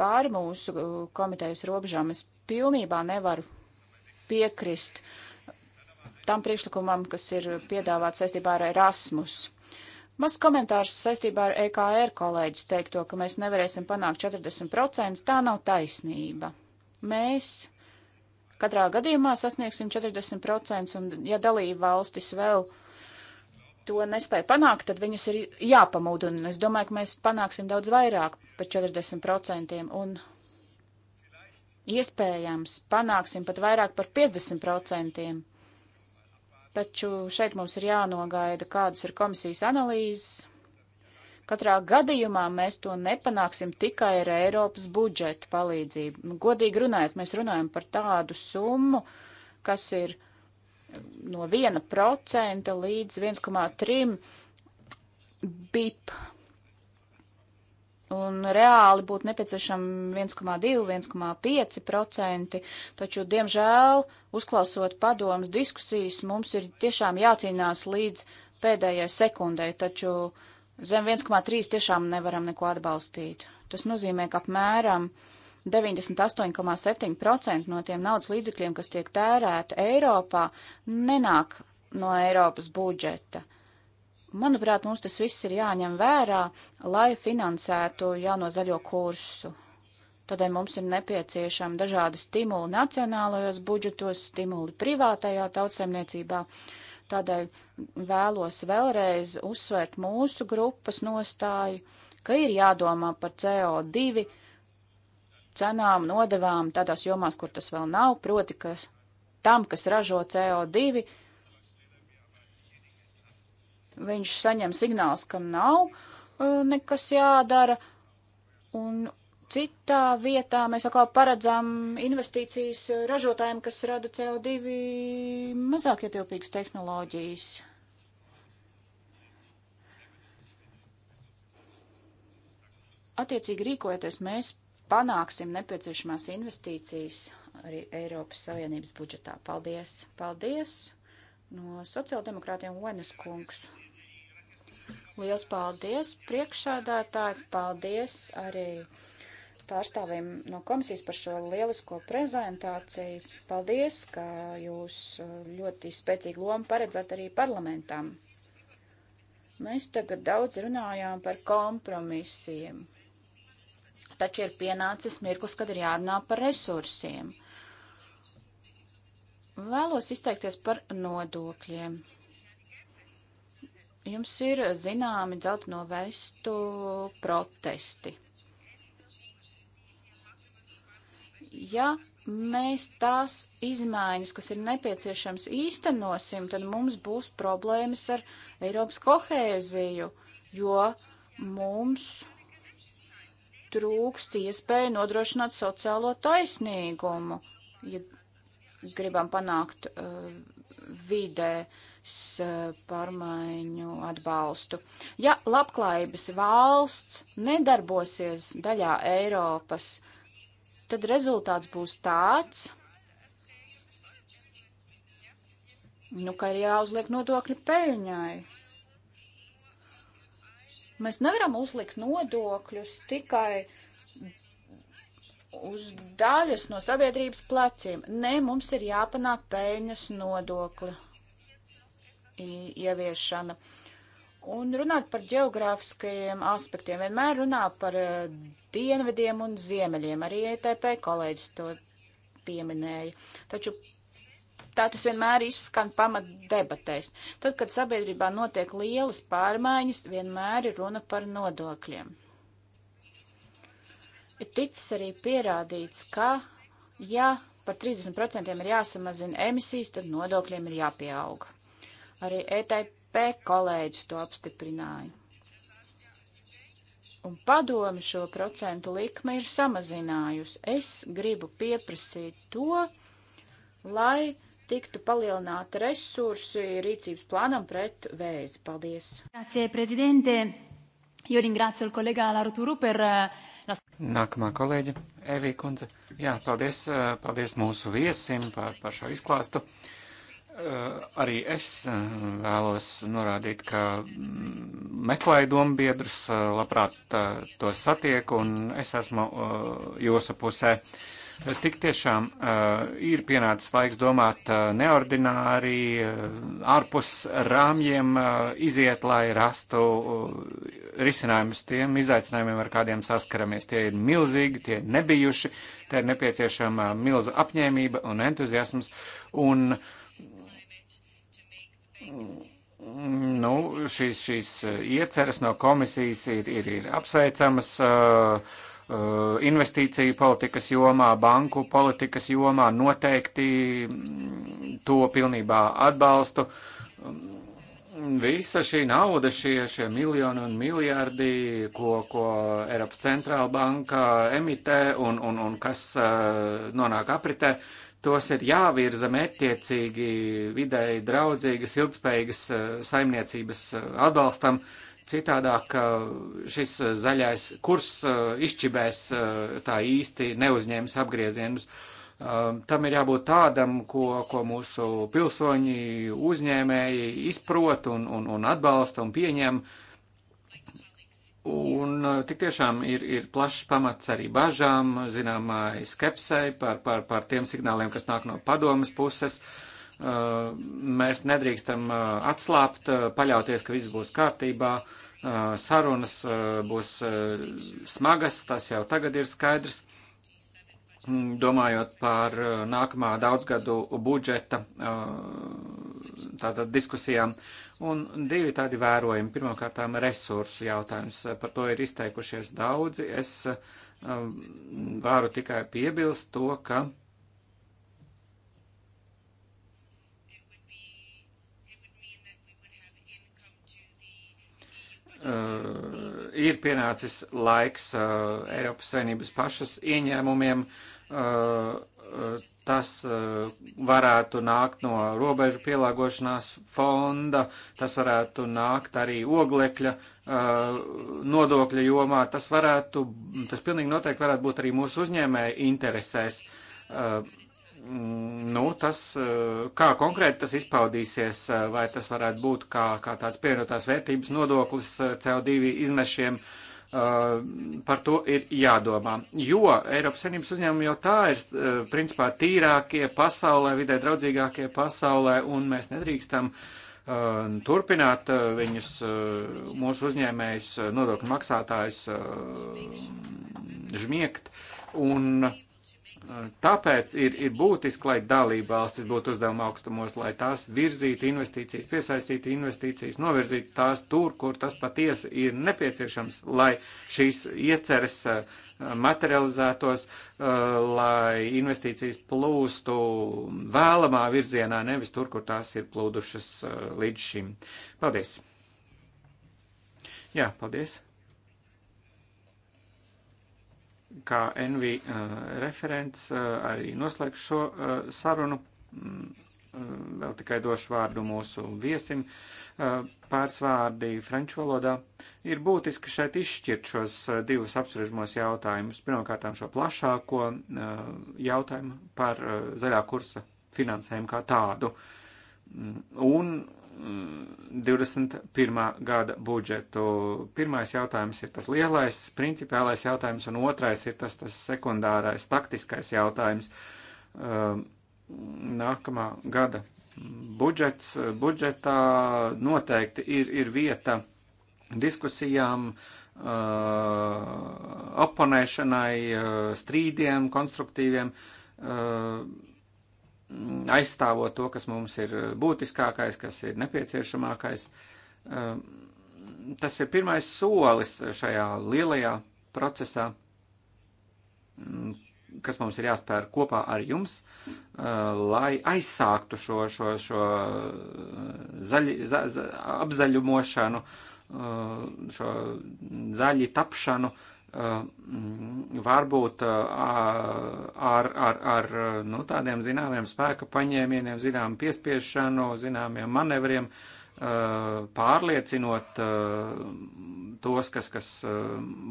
S3: pāri mūsu uh, komitejas robežām es pilnībā nevaru piekrist tam priekšlikumam, kas ir piedāvāts saistībā ar Erasmus. Mazs komentārs saistībā ar EKR kolēģis teikto, ka mēs nevarēsim panākt 40%, tā nav taisnība. Mēs katrā gadījumā sasniegsim 40%, un ja dalība valstis vēl to nespēja panākt, tad viņas ir jāpamūd, un es domāju, ka mēs panāksim daudz vairāk par 40%, un iespējams panāksim pat vairāk par 50%. Taču šeit mums ir jānogaida, kādas ir komisijas analīzes. Katrā gadījumā mēs to nepanāksim tikai ar Eiropas budžeta palīdzību. Nu, godīgi runājot, mēs runājam par tādu summu, kas ir no 1% līdz 1,3 BIP un reāli būtu nepieciešami 1,2-1,5%, taču, diemžēl, uzklausot padomas diskusijas, mums ir tiešām jācīnās līdz pēdējai sekundē, taču zem 1,3 tiešām nevaram neko atbalstīt. Tas nozīmē, ka apmēram 98,7% no tiem naudas līdzekļiem, kas tiek tērēta Eiropā, nenāk no Eiropas budžeta. Uh, Manuprāt, mums tas viss ir jāņem vērā, lai finansētu jauno zaļo kursu. Tādēļ mums ir nepieciešama dažādi stimuli nacionālajos budžetos, stimuli privātajā tautsaimniecībā. Tādēļ vēlos vēlreiz uzsvērt mūsu grupas nostāju, ka ir jādomā par CO2 cenām, nodevām tādās jomās, kur tas vēl nav, proti, ka tam, kas ražo CO2, viņš saņem signāls, ka nav uh, nekas jādara, un citā vietā mēs atkal paredzam investīcijas ražotājiem, kas rada CO2 mazāk ietilpīgas tehnoloģijas. Attiecīgi rīkojoties, mēs panāksim nepieciešamās investīcijas arī Eiropas Savienības budžetā. Paldies! Paldies! No sociāldemokrātiem Oenas kungs. Liels paldies priekšsādātāji, paldies arī pārstāvim no komisijas par šo lielisko prezentāciju. Paldies, ka jūs uh, ļoti spēcīgu lomu paredzat arī parlamentam. Mēs tagad daudz runājām par kompromisiem, taču ir pienācis mirklis, kad ir jārunā par resursiem. Vēlos izteikties par nodokļiem. Jums ir zināmi dzelteno vestu protesti. Ja mēs tās izmaiņas, kas ir nepieciešams, īstenosim, tad mums būs problēmas ar Eiropas kohēziju, jo mums trūkst iespēja nodrošināt sociālo taisnīgumu, ja gribam panākt uh, vidē. Uh, Eh, pārmaiņu atbalstu. Ja labklājības valsts nedarbosies daļā Eiropas, tad rezultāts būs tāds, nu, ka ir jāuzliek nodokļi peļņai. Mēs nevaram uzlikt nodokļus tikai uz daļas no sabiedrības pleciem. Nē, mums ir jāpanāk peļņas nodokli ieviešana. Un runāt par geogrāfiskajiem aspektiem. Vienmēr runā par eh, dienvidiem un ziemeļiem. Arī ETP kolēģis to pieminēja. Taču tā tas vienmēr izskan pamat debatēs. Tad, kad sabiedrībā notiek lielas pārmaiņas, vienmēr ir runa par nodokļiem. Ir ticis arī pierādīts, ka, ja par 30% ir jāsamazina emisijas, tad nodokļiem ir jāpieauga. Arī ETP kolēģis to apstiprināja. Un padomi šo procentu likme ir samazinājusi. Es gribu pieprasīt to, lai tiktu palielināti resursi rīcības plānam pret vēzi. Paldies! Grazie, prezidente! Jo ringrazio il collega Laruturu per eh,
S1: Nākamā kolēģa, Evija Kundze. Jā, paldies, eh, paldies mūsu viesim par, par šo izklāstu. Uh, Eh, arī es eh, vēlos norādīt, ka mm, meklēju dombiedrus, eh, labprāt to satieku, un es esmu jūsu pusē. Tik tiešām ir pienācis laiks domāt neordināri, ārpus rāmjiem iziet, lai rastu risinājumus tiem izaicinājumiem, ar kādiem saskaramies. Tie ir milzīgi, tie ir nebijuši, te ir nepieciešama milzu apņēmība un entuziasms. Un, uh, nu, šīs, šīs eh, ieceras no komisijas ir, ir, ir apsveicamas uh, investīciju politikas jomā, banku politikas jomā. Noteikti mm, to pilnībā atbalstu. Um, visa šī nauda, šie, šie miljoni un miljardi, ko, ko Eiropas centrāla banka emitē un, un, un kas uh, nonāk apritē, tos ir jāvirza mērķtiecīgi vidēji draudzīgas, ilgspējīgas uh, saimniecības uh, atbalstam. Citādāk šis zaļais kurs izčibēs tā īsti neuzņēmis apgriezienus. Uh, Um, tam ir jābūt tādam, ko, ko mūsu pilsoņi, uzņēmēji izprot un, un, un atbalsta un pieņem. Un uh, tik tiešām ir, ir plašs pamats arī bažām, zināmai skepsei par, par, par tiem signāliem, kas nāk no padomas puses. Uh, mēs nedrīkstam uh, atslāpt, paļauties, ka viss būs kārtībā. Sarunas būs smagas, tas jau tagad ir skaidrs Mm, domājot par uh, nākamā daudzgadu budžeta uh, tātad diskusijām. Un divi tādi vērojumi. Pirmkārt, resursu jautājums. Par to ir izteikušies daudzi. Es uh, um, varu tikai piebilst to, ka. Uh, ir pienācis laiks uh, Eiropas Savienības pašas ieņēmumiem uh, Uh, uh, tas uh, varētu nākt no robežu pielāgošanās fonda, tas varētu nākt arī oglekļa nodokļa jomā, tas varētu, tas pilnīgi noteikti varētu būt arī mūsu uzņēmēja interesēs. Nu, tas, kā konkrēti tas izpaudīsies, vai tas varētu būt kā, kā tāds pievienotās vērtības nodoklis CO2 izmešiem, uh, Uh, par to ir jādomā. Jo Eiropas Savienības uzņēmumi jau tā ir, uh, principā, tīrākie pasaulē, vidē draudzīgākie pasaulē, un mēs nedrīkstam uh, turpināt uh, viņus, uh, mūsu uzņēmējus, uh, nodokļu maksātājus žmiegt. Un Tāpēc ir, ir būtiski, lai dalība valstis būtu uzdevuma augstumos, lai tās virzītu investīcijas, piesaistītu investīcijas, novirzītu tās tur, kur tas patiesi ir nepieciešams, lai šīs ieceres eh, materializētos, eh, lai investīcijas plūstu vēlamā virzienā, nevis tur, kur tās ir plūdušas eh, līdz šim. Paldies! Jā, paldies! kā NV uh, referents uh, arī noslēgšu šo uh, sarunu. Mm, vēl tikai došu vārdu mūsu viesim. Pārsvārdi franču valodā. Ir būtiski šeit izšķirt šos divus apspriežamos jautājumus. Pirmkārt, šo plašāko jautājumu par zaļā kursa finansējumu kā tādu. Mm, un 21. Mm, gada budžetu. Pirmais jautājums ir tas lielais, principiālais jautājums, un otrais ir tas, tas sekundārais, taktiskais jautājums. Um, nākamā gada budžets, budžetā noteikti ir, ir vieta diskusijām, uh, oponēšanai, uh, strīdiem, konstruktīviem. Uh, Mm, aizstāvot to, kas mums ir būtiskākais, kas ir nepieciešamākais. Um, tas ir pirmais solis šajā lielajā procesā, mm, kas mums ir jāspēr kopā ar jums, uh, lai aizsāktu šo, šo, šo uh, zaļi, za, za, apzaļumošanu, uh, šo zaļi tapšanu, uh, Mm, varbūt ar, ar, ar nu, tādiem zināmiem spēka paņēmieniem, zinām piespiešanu, zināmiem manevriem pārliecinot tos, kas, kas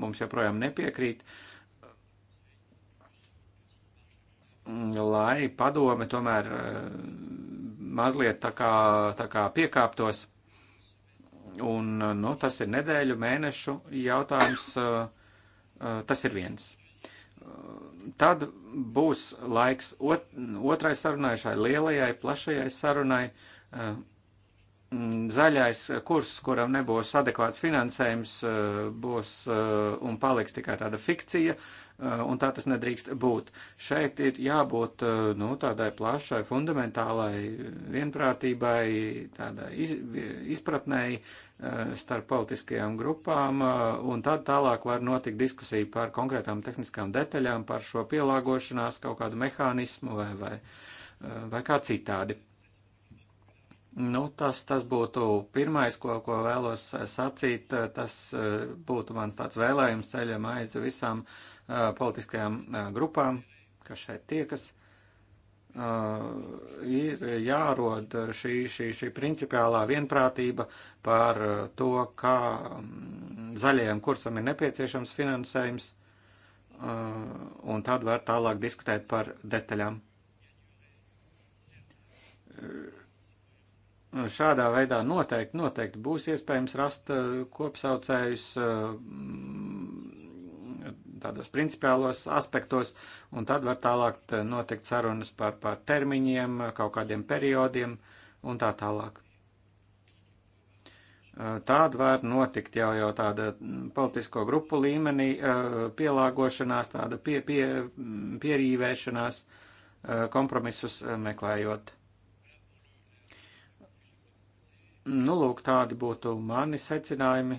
S1: mums joprojām nepiekrīt, lai padome tomēr mazliet tā kā, tā kā piekāptos. Un, nu, tas ir nedēļu, mēnešu jautājums. Uh, Eh, tas ir viens. Eh, tad būs laiks ot, otrai sarunai, šai lielajai, plašajai sarunai. Eh, zaļais kurs, kuram nebūs adekvāts finansējums, būs un paliks tikai tāda fikcija, un tā tas nedrīkst būt. Šeit ir jābūt nu, tādai plašai, fundamentālai vienprātībai, tādai iz, izpratnēji Eh, starp politiskajām grupām, eh, un tad tālāk var notikt diskusija par konkrētām tehniskām detaļām, par šo pielāgošanās kaut kādu mehānismu vai, vai, eh, vai kā citādi. Nu, tas, tas būtu pirmais, ko, ko vēlos sacīt. Tas būtu mans tāds vēlējums ceļam aiz visām politiskajām grupām, kas šeit tiekas. Uh, ir jārod šī, šī, šī principiālā vienprātība par uh, to, kā um, zaļajam kursam ir nepieciešams finansējums, uh, un tad var tālāk diskutēt par detaļām. Šādā veidā noteikti, noteikti būs iespējams rast kopsaucējus tādos principiālos aspektos, un tad var tālāk notikt sarunas par, par termiņiem, kaut kādiem periodiem un tā tālāk. Tāda var notikt jau, jau tāda politisko grupu līmenī, pielāgošanās, tāda pie, pie, pierīvēšanās, kompromisus meklējot. Nu, lūk, tādi būtu mani secinājumi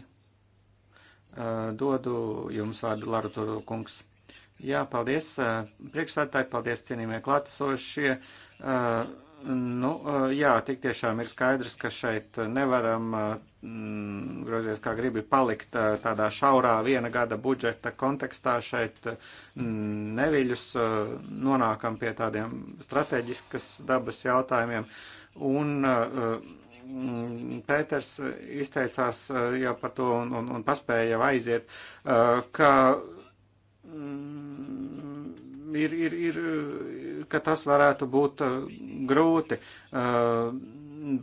S1: Eh, dodu jums vārdu, Laru Turu kungs. Jā, paldies eh, priekšsētāji, paldies cienījumie klātesošie. Eh, nu, jā, tik tiešām ir skaidrs, ka šeit nevaram mm, grozies kā gribi palikt tādā šaurā viena gada budžeta kontekstā. Šeit mm, neviļus nonākam pie tādiem strateģiskas dabas jautājumiem. Un Mm, Pēters izteicās eh, jau par to un, un, un paspēja jau aiziet, eh, ka, mm, ir, ir, ir, ka tas varētu būt eh, grūti,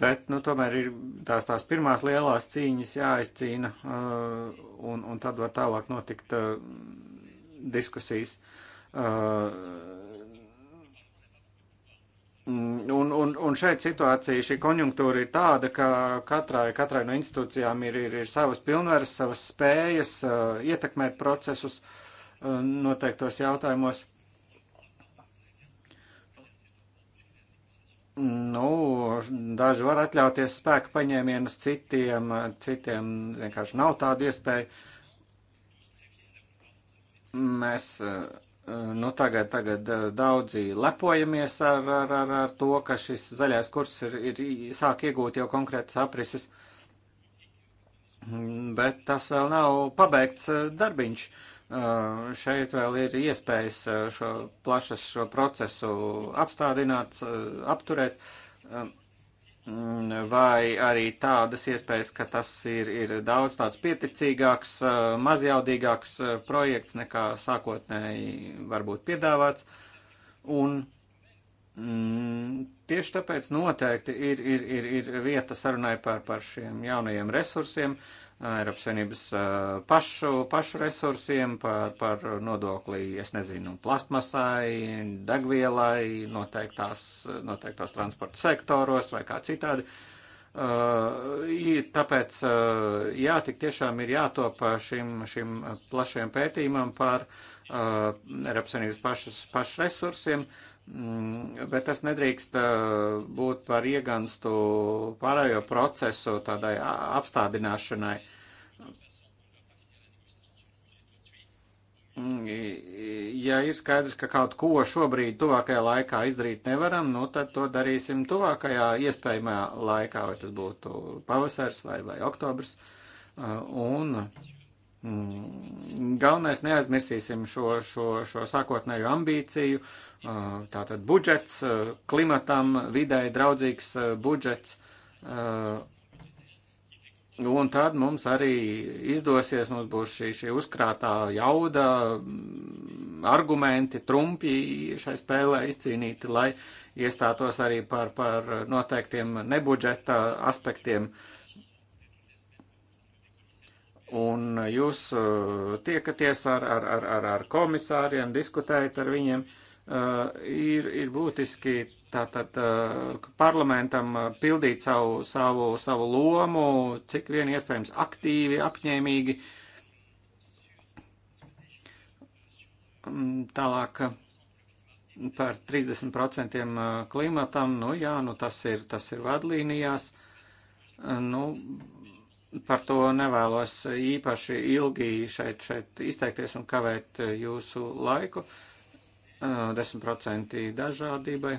S1: bet nu, tomēr ir tās, tās pirmās lielās cīņas jāizcīna un, un tad var tālāk notikt diskusijas. Uh, Mm, un, un, un šeit situācija, šī konjunktūra ir tāda, ka katrai, katrai no institūcijām ir, ir, ir savas pilnvaras, savas spējas uh, ietekmēt procesus uh, noteiktos jautājumos. Nu, daži var atļauties spēka paņēmienus citiem, uh, citiem vienkārši nav tādu iespēju. Mēs uh, Eh, nu tagad, tagad eh, daudzi lepojamies ar, ar, ar, ar to, ka šis zaļais kurs ir, ir sāk iegūt jau konkrētas aprises, mm, bet tas vēl nav pabeigts eh, darbiņš. Šeit vēl ir iespējas šo plašas šo procesu apstādināt, apturēt vai arī tādas iespējas, ka tas ir, ir daudz tāds pieticīgāks, mazjaudīgāks projekts nekā sākotnēji varbūt piedāvāts. Un mm, tieši tāpēc noteikti ir, ir, ir, ir vieta sarunai par, par šiem jaunajiem resursiem. Uh, Eiropas Savienības pašu, pašu resursiem, par, par nodoklī, es nezinu, plastmasai, degvielai, noteiktās, noteiktās transporta sektoros vai kā citādi. Tāpēc, jā, tik tiešām ir jātop šim, šim plašajam pētījumam par Eiropas Savienības pašas, pašu resursiem, mm, bet tas nedrīkst būt par iegānstu pārējo procesu tādai apstādināšanai. Mm, ja ir skaidrs, ka kaut ko šobrīd, tuvākajā laikā izdarīt nevaram, nu tad to darīsim tuvākajā iespējamajā laikā, vai tas būtu pavasars vai, vai oktobrs. Uh, un mm, galvenais neaizmirsīsim šo, šo, šo sākotnēju ambīciju, uh, tātad budžets uh, klimatam, videi draudzīgs budžets Un tad mums arī izdosies, mums būs šī, šī uzkrātā jauda, mm, argumenti, trumpi šai spēlē izcīnīti, lai iestātos arī par, par noteiktiem nebudžeta aspektiem. Un jūs uh, tiekaties ar, ar, ar, ar komisāriem, diskutējat ar viņiem. Uh, Eh, ir, ir būtiski tātad eh, parlamentam eh, pildīt savu, savu, savu lomu, cik vien iespējams aktīvi, apņēmīgi. Mm, tālāk par 30% klimatam, nu jā, nu tas ir, tas ir vadlīnijās. Nu, par to nevēlos īpaši ilgi šeit, šeit izteikties un kavēt jūsu laiku. Uh, 10% dažādībai.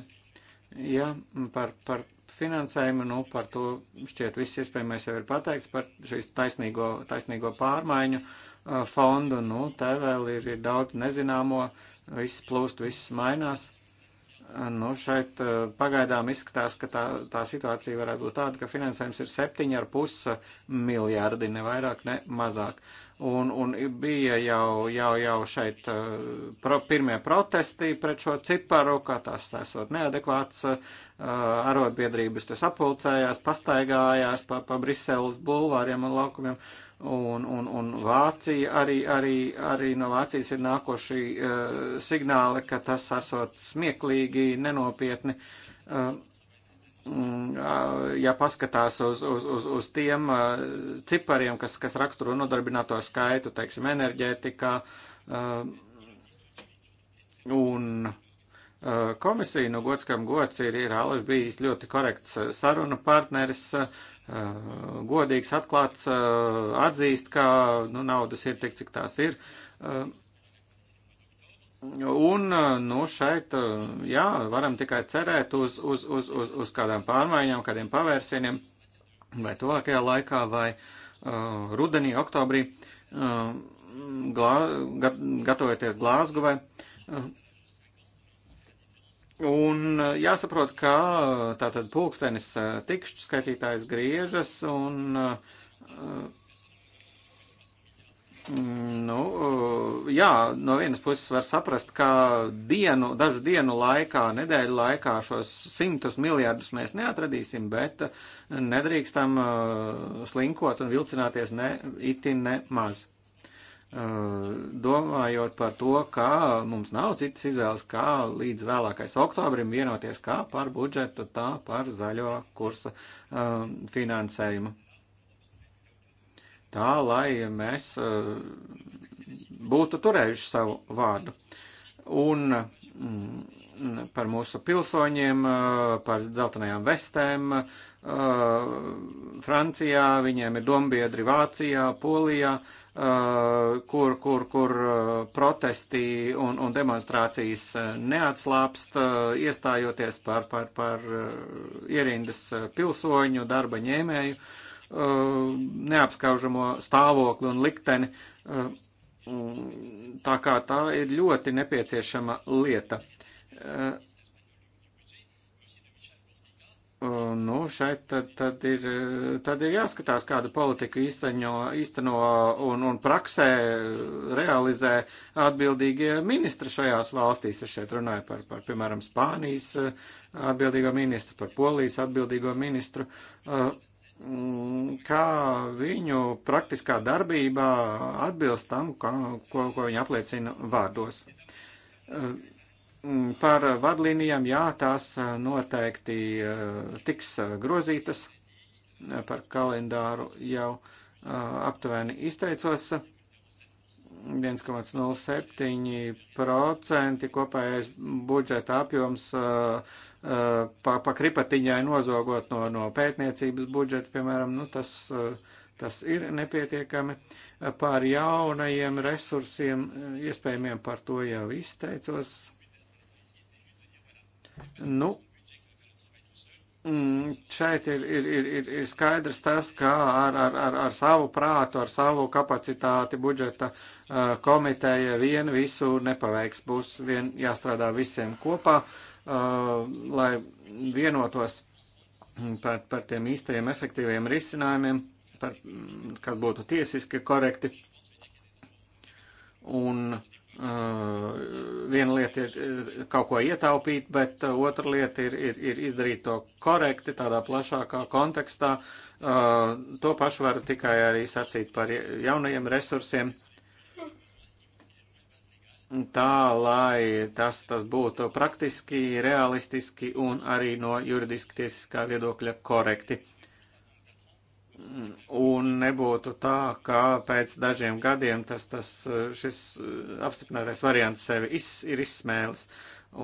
S1: Ja par, par finansējumu, nu par to šķiet viss iespējamais jau ir pateikts, par šīs taisnīgo, taisnīgo pārmaiņu fondu, nu te vēl ir, ir daudz nezināmo, viss plūst, viss mainās. Nu, šeit pagaidām izskatās, ka tā, tā situācija varētu būt tāda, ka finansējums ir 7,5 miljardi, ne vairāk, ne mazāk. Un, un bija jau, jau, jau šeit uh, pro, pirmie protesti pret šo ciparu, kā tās esot neadekvāts, uh, arotbiedrības tas apulcējās, pastaigājās pa, pa Briseles bulvāriem un laukumiem, un, un, un Vācija arī, arī, arī no Vācijas ir nākoši uh, signāli, ka tas esot smieklīgi, nenopietni. Uh, Mm, ja paskatās uz, uz, uz, uz tiem uh, cipariem, kas, kas raksturo nodarbināto skaitu, teiksim, enerģētikā, uh, un uh, komisija, nu, gods kam gods, ir, ir Alaž bijis ļoti korekts saruna partneris, godīgs, atklāts, atzīst, ka, nu, naudas ir tik, cik tās ir. Uh, Un, eh, nu, šeit, eh, jā, varam tikai cerēt uz, uz, uz, uz, uz kādām pārmaiņām, kādiem pavērsieniem, vai tuvākajā laikā, vai uh, rudenī, oktobrī, uh, glā, gat, gatavoties Glāzgovai. Uh, Un jāsaprot, ka tātad pulkstenis tikšķu skaitītājs griežas un uh, Nu, eh, jā, no vienas puses var saprast, ka dienu, dažu dienu laikā, nedēļu laikā šos simtus miljardus mēs neatradīsim, bet eh, nedrīkstam eh, slinkot un vilcināties ne itin ne maz. Domājot par to, ka mums nav citas izvēles, kā līdz vēlākais oktobrim vienoties kā par budžetu, tā par zaļo kursa finansējumu tā lai mēs eh, būtu turējuši savu vārdu. Un mm, par mūsu pilsoņiem, eh, par dzeltenajām vestēm. Eh, Francijā, viņiem ir dombiedri Vācijā, Polijā, kur, kur, kur protesti un, un demonstrācijas neatslāpst, iestājoties par, par, par ierindas pilsoņu, darba ņēmēju Eh, neapskaužamo stāvokli un likteni. Eh, tā kā tā ir ļoti nepieciešama lieta. Eh, nu, šeit tad, tad, ir, tad ir jāskatās, kādu politiku īsteno, īsteno un, un praksē realizē atbildīgie ministri šajās valstīs. Es šeit runāju par, par piemēram, Spānijas atbildīgo ministru, par Polijas atbildīgo ministru. Uh, Mm, kā viņu praktiskā darbībā atbilst tam, kā, ko, ko viņi apliecina vārdos. Mm, par vadlīnijām, jā, tās noteikti eh, tiks eh, grozītas, par kalendāru jau eh, aptuveni izteicos. 1,07% kopējais budžeta apjoms uh, pa, pa kripatiņai nozogot no, no pētniecības budžeta, piemēram, nu, tas, eh, tas ir nepietiekami. Par jaunajiem resursiem, eh, iespējamiem par to jau izteicos. Nu, mm, šeit ir, ir, ir, ir, ir skaidrs tas, ka ar, ar, ar, ar savu prātu, ar savu kapacitāti budžeta eh, komiteja vien visu nepaveiks. Būs vien jāstrādā visiem kopā. Uh, Uh, lai vienotos par, par tiem īstajiem efektīviem risinājumiem, par, mm, kas būtu tiesiski korekti. Un Uh, viena lieta ir uh, kaut ko ietaupīt, bet uh, otra lieta ir, ir, ir izdarīt to korekti tādā plašākā kontekstā. Uh, to pašu var tikai arī sacīt par jaunajiem resursiem. Uh, tā, lai tas, tas būtu praktiski, realistiski un arī no juridiski tiesiskā viedokļa korekti. Un nebūtu tā, ka pēc dažiem gadiem tas, tas šis eh, apstiprinātais variants sevi iz, ir izsmēlis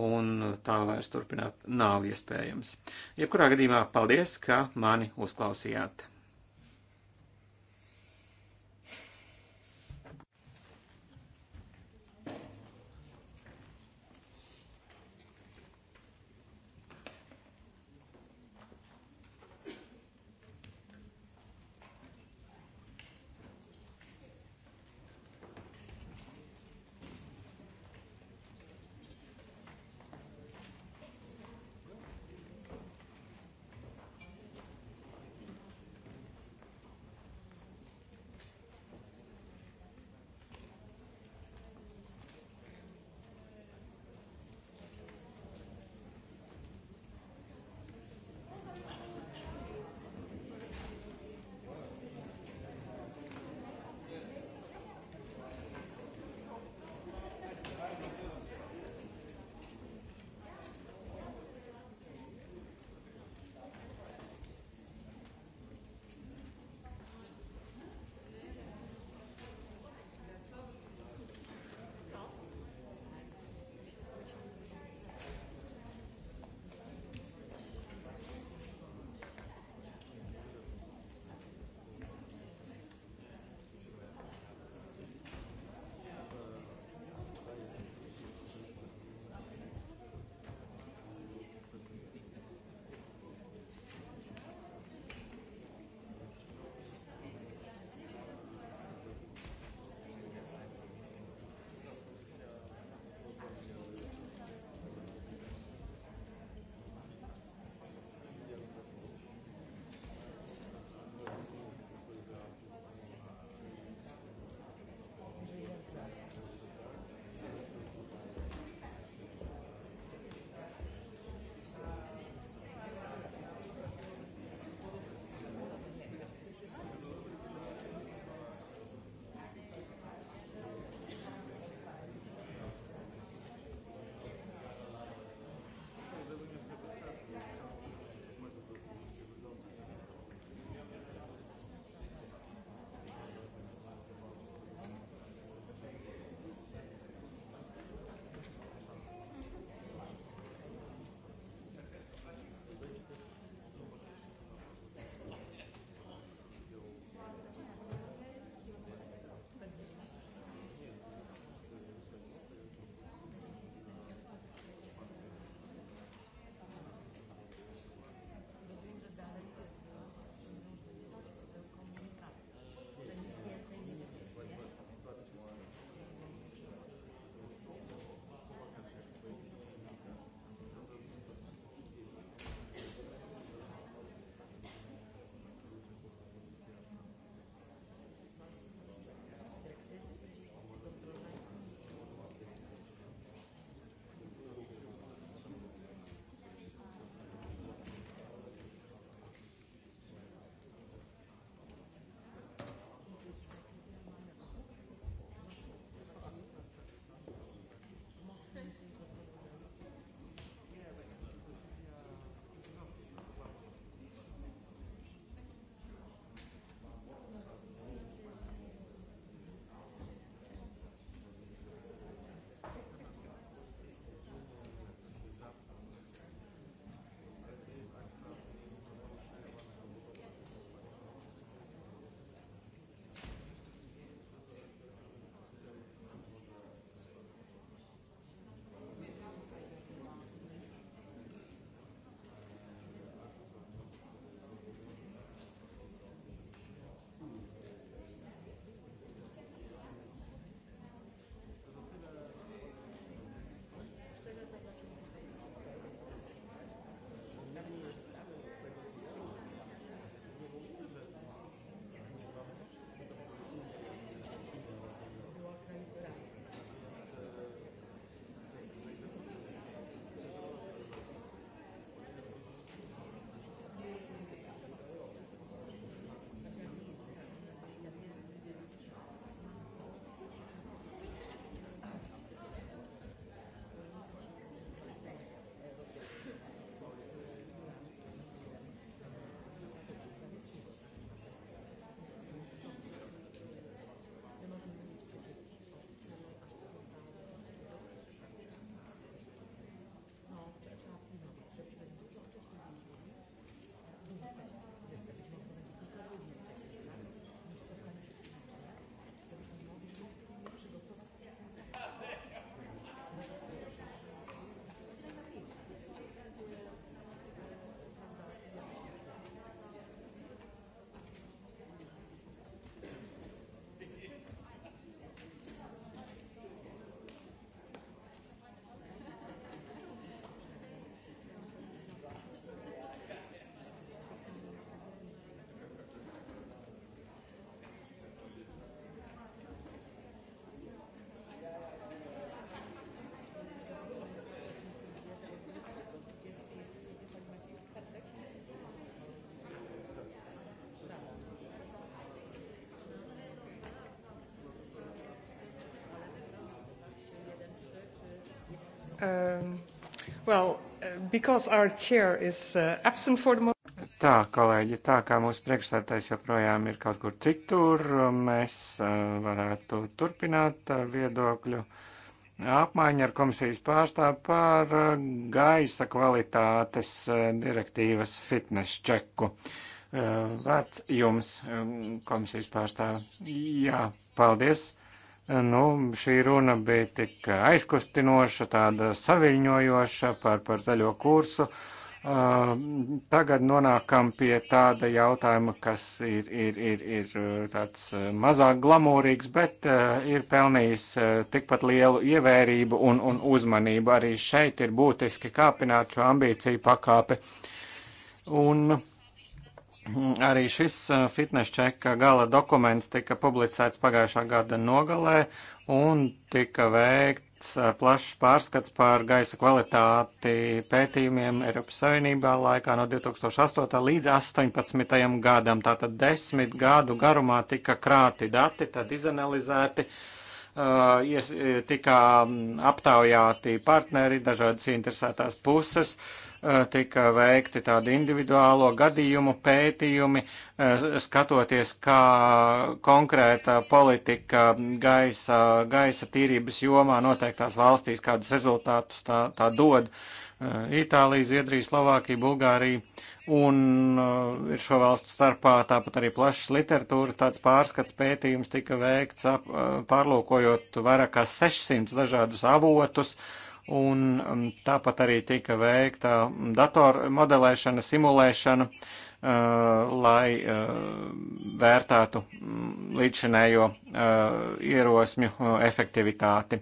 S1: un tā vairs turpināt nav iespējams. Jebkurā gadījumā paldies, ka mani uzklausījāt. Um, well, uh, because our chair is uh, absent for the moment. Tā, kolēģi, tā kā mūsu priekšstādājs joprojām ir kaut kur citur, mēs uh, varētu turpināt uh, viedokļu apmaiņu ar komisijas pārstāvu par uh, gaisa kvalitātes uh, direktīvas fitness čeku. Uh, vārds jums, um, komisijas pārstāve. Jā, paldies. Uh, Nu, šī runa bija tik aizkustinoša, tāda saviļņojoša par, par zaļo kursu. Uh, tagad nonākam pie tāda jautājuma, kas ir, ir, ir, ir tāds uh, mazāk glamūrīgs, bet uh, ir pelnījis uh, tikpat lielu ievērību un, un uzmanību. Arī šeit ir būtiski kāpināt šo ambīciju pakāpi. Un Arī šis eh, fitnes čeka gala dokuments tika publicēts pagājušā gada nogalē un tika veikts eh, plašs pārskats par gaisa kvalitāti pētījumiem Eiropas Savienībā laikā no 2008. līdz 2018. gadam. Tātad desmit gadu garumā tika krāti dati, tad izanalizēti eh, tika mm, aptaujāti partneri, dažādas interesētās puses, Eh, tika veikti tādi individuālo gadījumu pētījumi, eh, skatoties, kā konkrēta politika gaisa, gaisa tīrības jomā noteiktās valstīs, kādus rezultātus tā, tā dod. Eh, Itālija, Zviedrija, Slovākija, Bulgārija un ir šo valstu starpā tāpat arī plašs literatūras tāds pārskats pētījums tika veikts, ap, pārlūkojot vairāk kā 600 dažādus avotus, uh, un um, tāpat arī tika veikta dator modelēšana, simulēšana. Uh, Uh, lai uh, vērtātu mm, līdzinējo uh, ierosmju efektivitāti.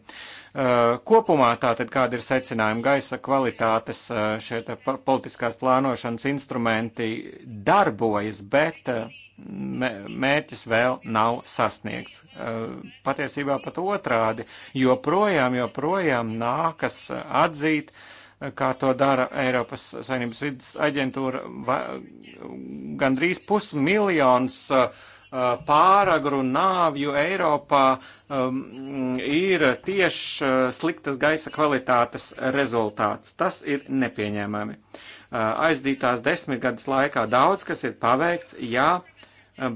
S1: Kopumā tātad kāda ir secinājuma gaisa kvalitātes šie politiskās plānošanas instrumenti darbojas, bet mērķis vēl nav sasniegts. Patiesībā pat otrādi, joprojām, joprojām nākas atzīt, kā to dara Eiropas Savienības vidas aģentūra, va, gandrīz pusmiljons uh, uh, pāragru nāvju Eiropā um, ir tieši uh, sliktas gaisa kvalitātes rezultāts. Tas ir nepieņēmami. Aizdītās desmitgades laikā daudz kas ir paveikts, jā,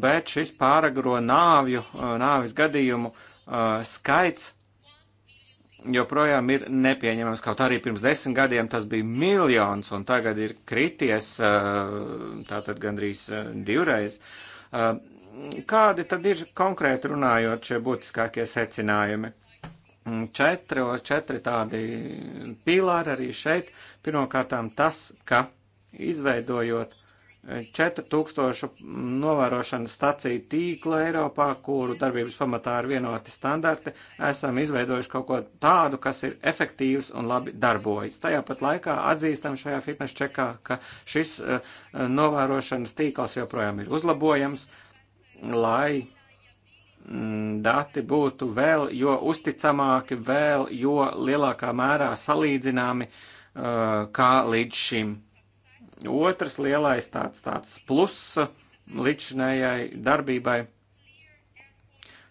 S1: bet šis pāragro nāvju, nāvis gadījumu uh, skaits joprojām ir nepieņemams. Kaut arī pirms desmit gadiem tas bija miljons, un tagad ir krities tātad gandrīz divreiz. Kādi tad ir konkrēti runājot šie būtiskākie secinājumi? Mm, četri, četri tādi pīlāri arī šeit. Pirmkārtām tas, ka izveidojot 4000 novērošanas staciju tīklu Eiropā, kuru darbības pamatā ir vienoti standarti, esam izveidojuši kaut ko tādu, kas ir efektīvs un labi darbojas. Tajā pat laikā atzīstam šajā fitnes čekā, ka šis uh, novērošanas tīkls joprojām ir uzlabojams, lai mm, dati būtu vēl jo uzticamāki, vēl jo lielākā mērā salīdzināmi uh, kā līdz šim. Otrs lielais tāds, tāds pluss līdzinējai darbībai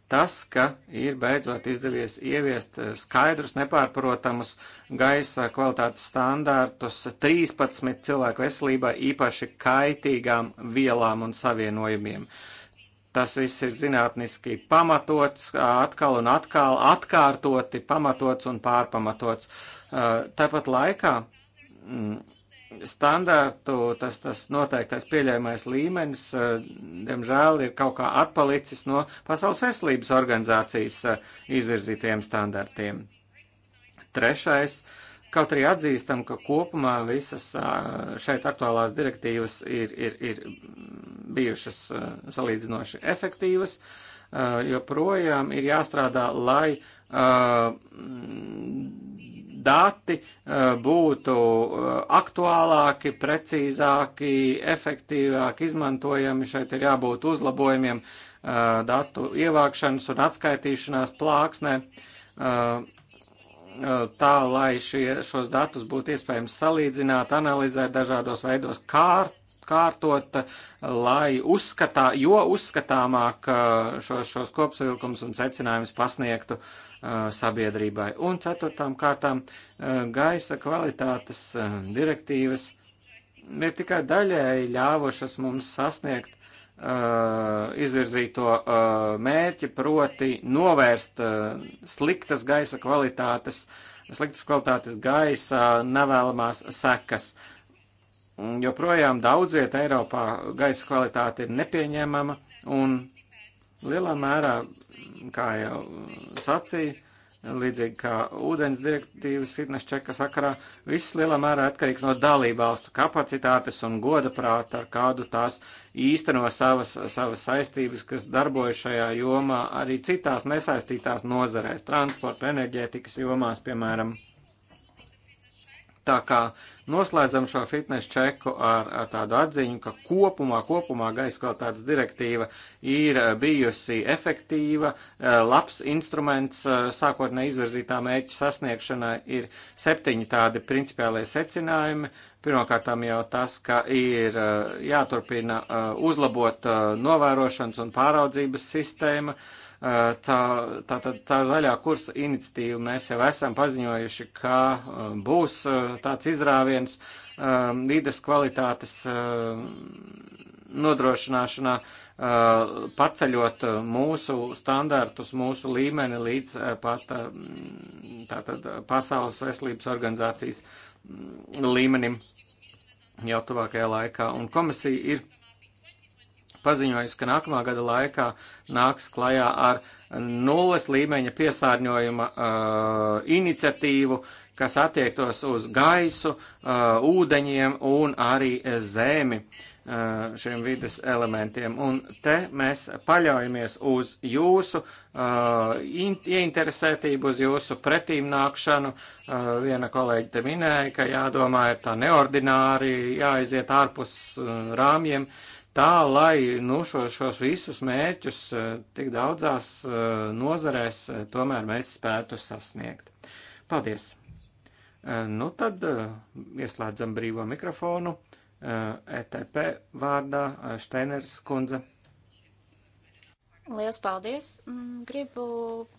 S1: tas, ka ir beidzot izdevies ieviest skaidrus, nepārprotamus gaisa kvalitātes standārtus 13 cilvēku veselībai īpaši kaitīgām vielām un savienojumiem. Tas viss ir zinātniski pamatots, atkal un atkal atkārtoti pamatots un pārpamatots. Tāpat laikā mm, standārtu, tas, tas noteiktais pieļaujamais līmenis, eh, diemžēl, ir kaut kā atpalicis no Pasaules veselības organizācijas eh, izvirzītiem standartiem. Trešais. Kaut arī atzīstam, ka kopumā visas eh, šeit aktuālās direktīvas ir, ir, ir bijušas salīdzinoši efektīvas, joprojām ir jāstrādā, lai dati eh, būtu eh, aktuālāki, precīzāki, efektīvāk izmantojami. Šeit ir jābūt uzlabojumiem eh, datu ievākšanas un atskaitīšanās plāksnē, tā lai šie, šos datus būtu iespējams salīdzināt, analizēt dažādos veidos kārt atkārtot, lai uzskatā, jo uzskatāmāk uh, šo, šos kopsavilkums un secinājumus pasniegtu uh, sabiedrībai. Un ceturtām kārtām uh, gaisa kvalitātes direktīvas ir tikai daļēji ļāvušas mums sasniegt Uh, izvirzīto uh, mērķi, proti novērst uh, sliktas gaisa kvalitātes, sliktas kvalitātes gaisa nevēlamās sekas joprojām daudz viet Eiropā gaisa kvalitāte ir nepieņemama un lielā mērā, kā jau sacīja, līdzīgi kā ūdens direktīvas fitnes čeka sakarā, viss lielā mērā atkarīgs no dalībvalstu kapacitātes un goda prāta, ar kādu tās īsteno savas, savas saistības, kas darbojas šajā jomā, arī citās nesaistītās nozarēs, transporta, enerģētikas jomās, piemēram. Tā kā noslēdzam šo fitnes čeku ar, ar tādu atziņu, ka kopumā, kopumā gaisa kvalitātes direktīva ir eh, bijusi efektīva, eh, labs instruments eh, sākotnē izvirzītā mērķa sasniegšanai ir septiņi tādi principiālie secinājumi. Pirmkārtām jau tas, ka ir jāturpina uzlabot novērošanas un pāraudzības sistēmu tā, tā, tā, tā zaļā kursa iniciatīva. Mēs jau esam paziņojuši, ka būs tāds izrāviens vides kvalitātes nodrošināšanā, paceļot mūsu standartus, mūsu līmeni līdz pat tātad Pasaules veselības organizācijas līmenim jau tuvākajā laikā. Un komisija ir paziņojusi, ka nākamā gada laikā nāks klajā ar nulles līmeņa piesārņojuma uh, iniciatīvu, kas attiektos uz gaisu, uh, ūdeņiem un arī zemi uh, šiem vidas elementiem. Un te mēs paļaujamies uz jūsu uh, ieinteresētību, uz jūsu pretīmnākšanu. Uh, viena kolēģi te minēja, ka jādomā ir tā neordināri, jāaiziet ārpus uh, rāmjiem. Uh, tā, lai nu, šo, šos visus mērķus eh, tik daudzās eh, nozarēs eh, tomēr mēs spētu sasniegt. Paldies! Nu tad ieslēdzam brīvo mikrofonu. ETP e vārdā Šteiners kundze.
S3: Lielas paldies! Mm, gribu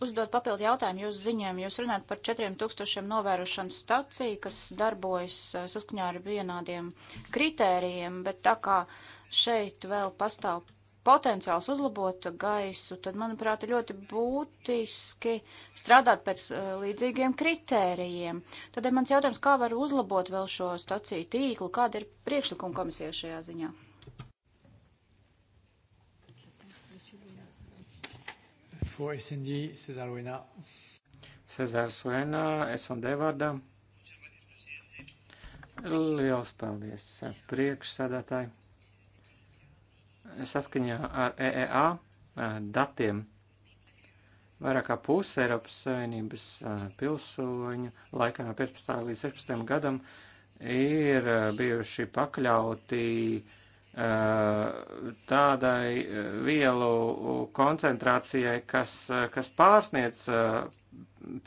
S3: uzdot papildu jautājumu jūsu ziņām. Jūs runājat par 4000 novērošanas staciju, kas darbojas saskaņā ar vienādiem kritērijiem, bet tā kā uh, šeit vēl pastāv potenciāls uzlabot gaisu, tad, manuprāt, ir ļoti būtiski strādāt pēc uh, līdzīgiem kritērijiem. Tad ir mans jautājums, kā var uzlabot vēl šo staciju tīklu, kāda ir priekšlikuma komisija šajā ziņā?
S1: For SNG, Cesar Uena. Cesar Suena, SND vārdā. Liels paldies priekšsēdētāji saskaņā ar EEA datiem vairāk kā puse Eiropas Savienības pilsoņu laikā no 15. līdz 16. gadam ir bijuši pakļauti tādai vielu koncentrācijai, kas, kas pārsniec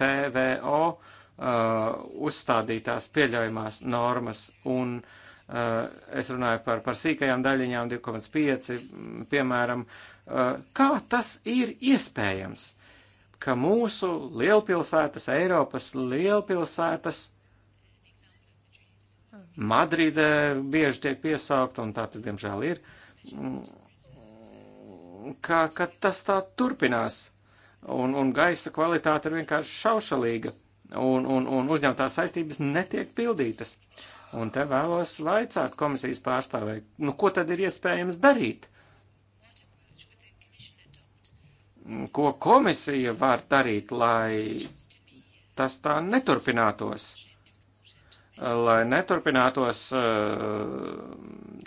S1: PVO uzstādītās pieļaujamās normas un uh, Eh, es runāju par, par sīkajām daļiņām 2,5, mm, piemēram, eh, kā tas ir iespējams, ka mūsu lielpilsētas, Eiropas lielpilsētas, Madride bieži tiek piesaukt, un tā tas diemžēl ir, mm, ka, ka tas tā turpinās, un, un gaisa kvalitāte ir vienkārši šaušalīga, un, un, un uzņemtās saistības netiek pildītas. Uh, Un te vēlos laicāt komisijas pārstāvē, nu ko tad ir iespējams darīt? Ko komisija var darīt, lai tas tā neturpinātos? Lai neturpinātos eh,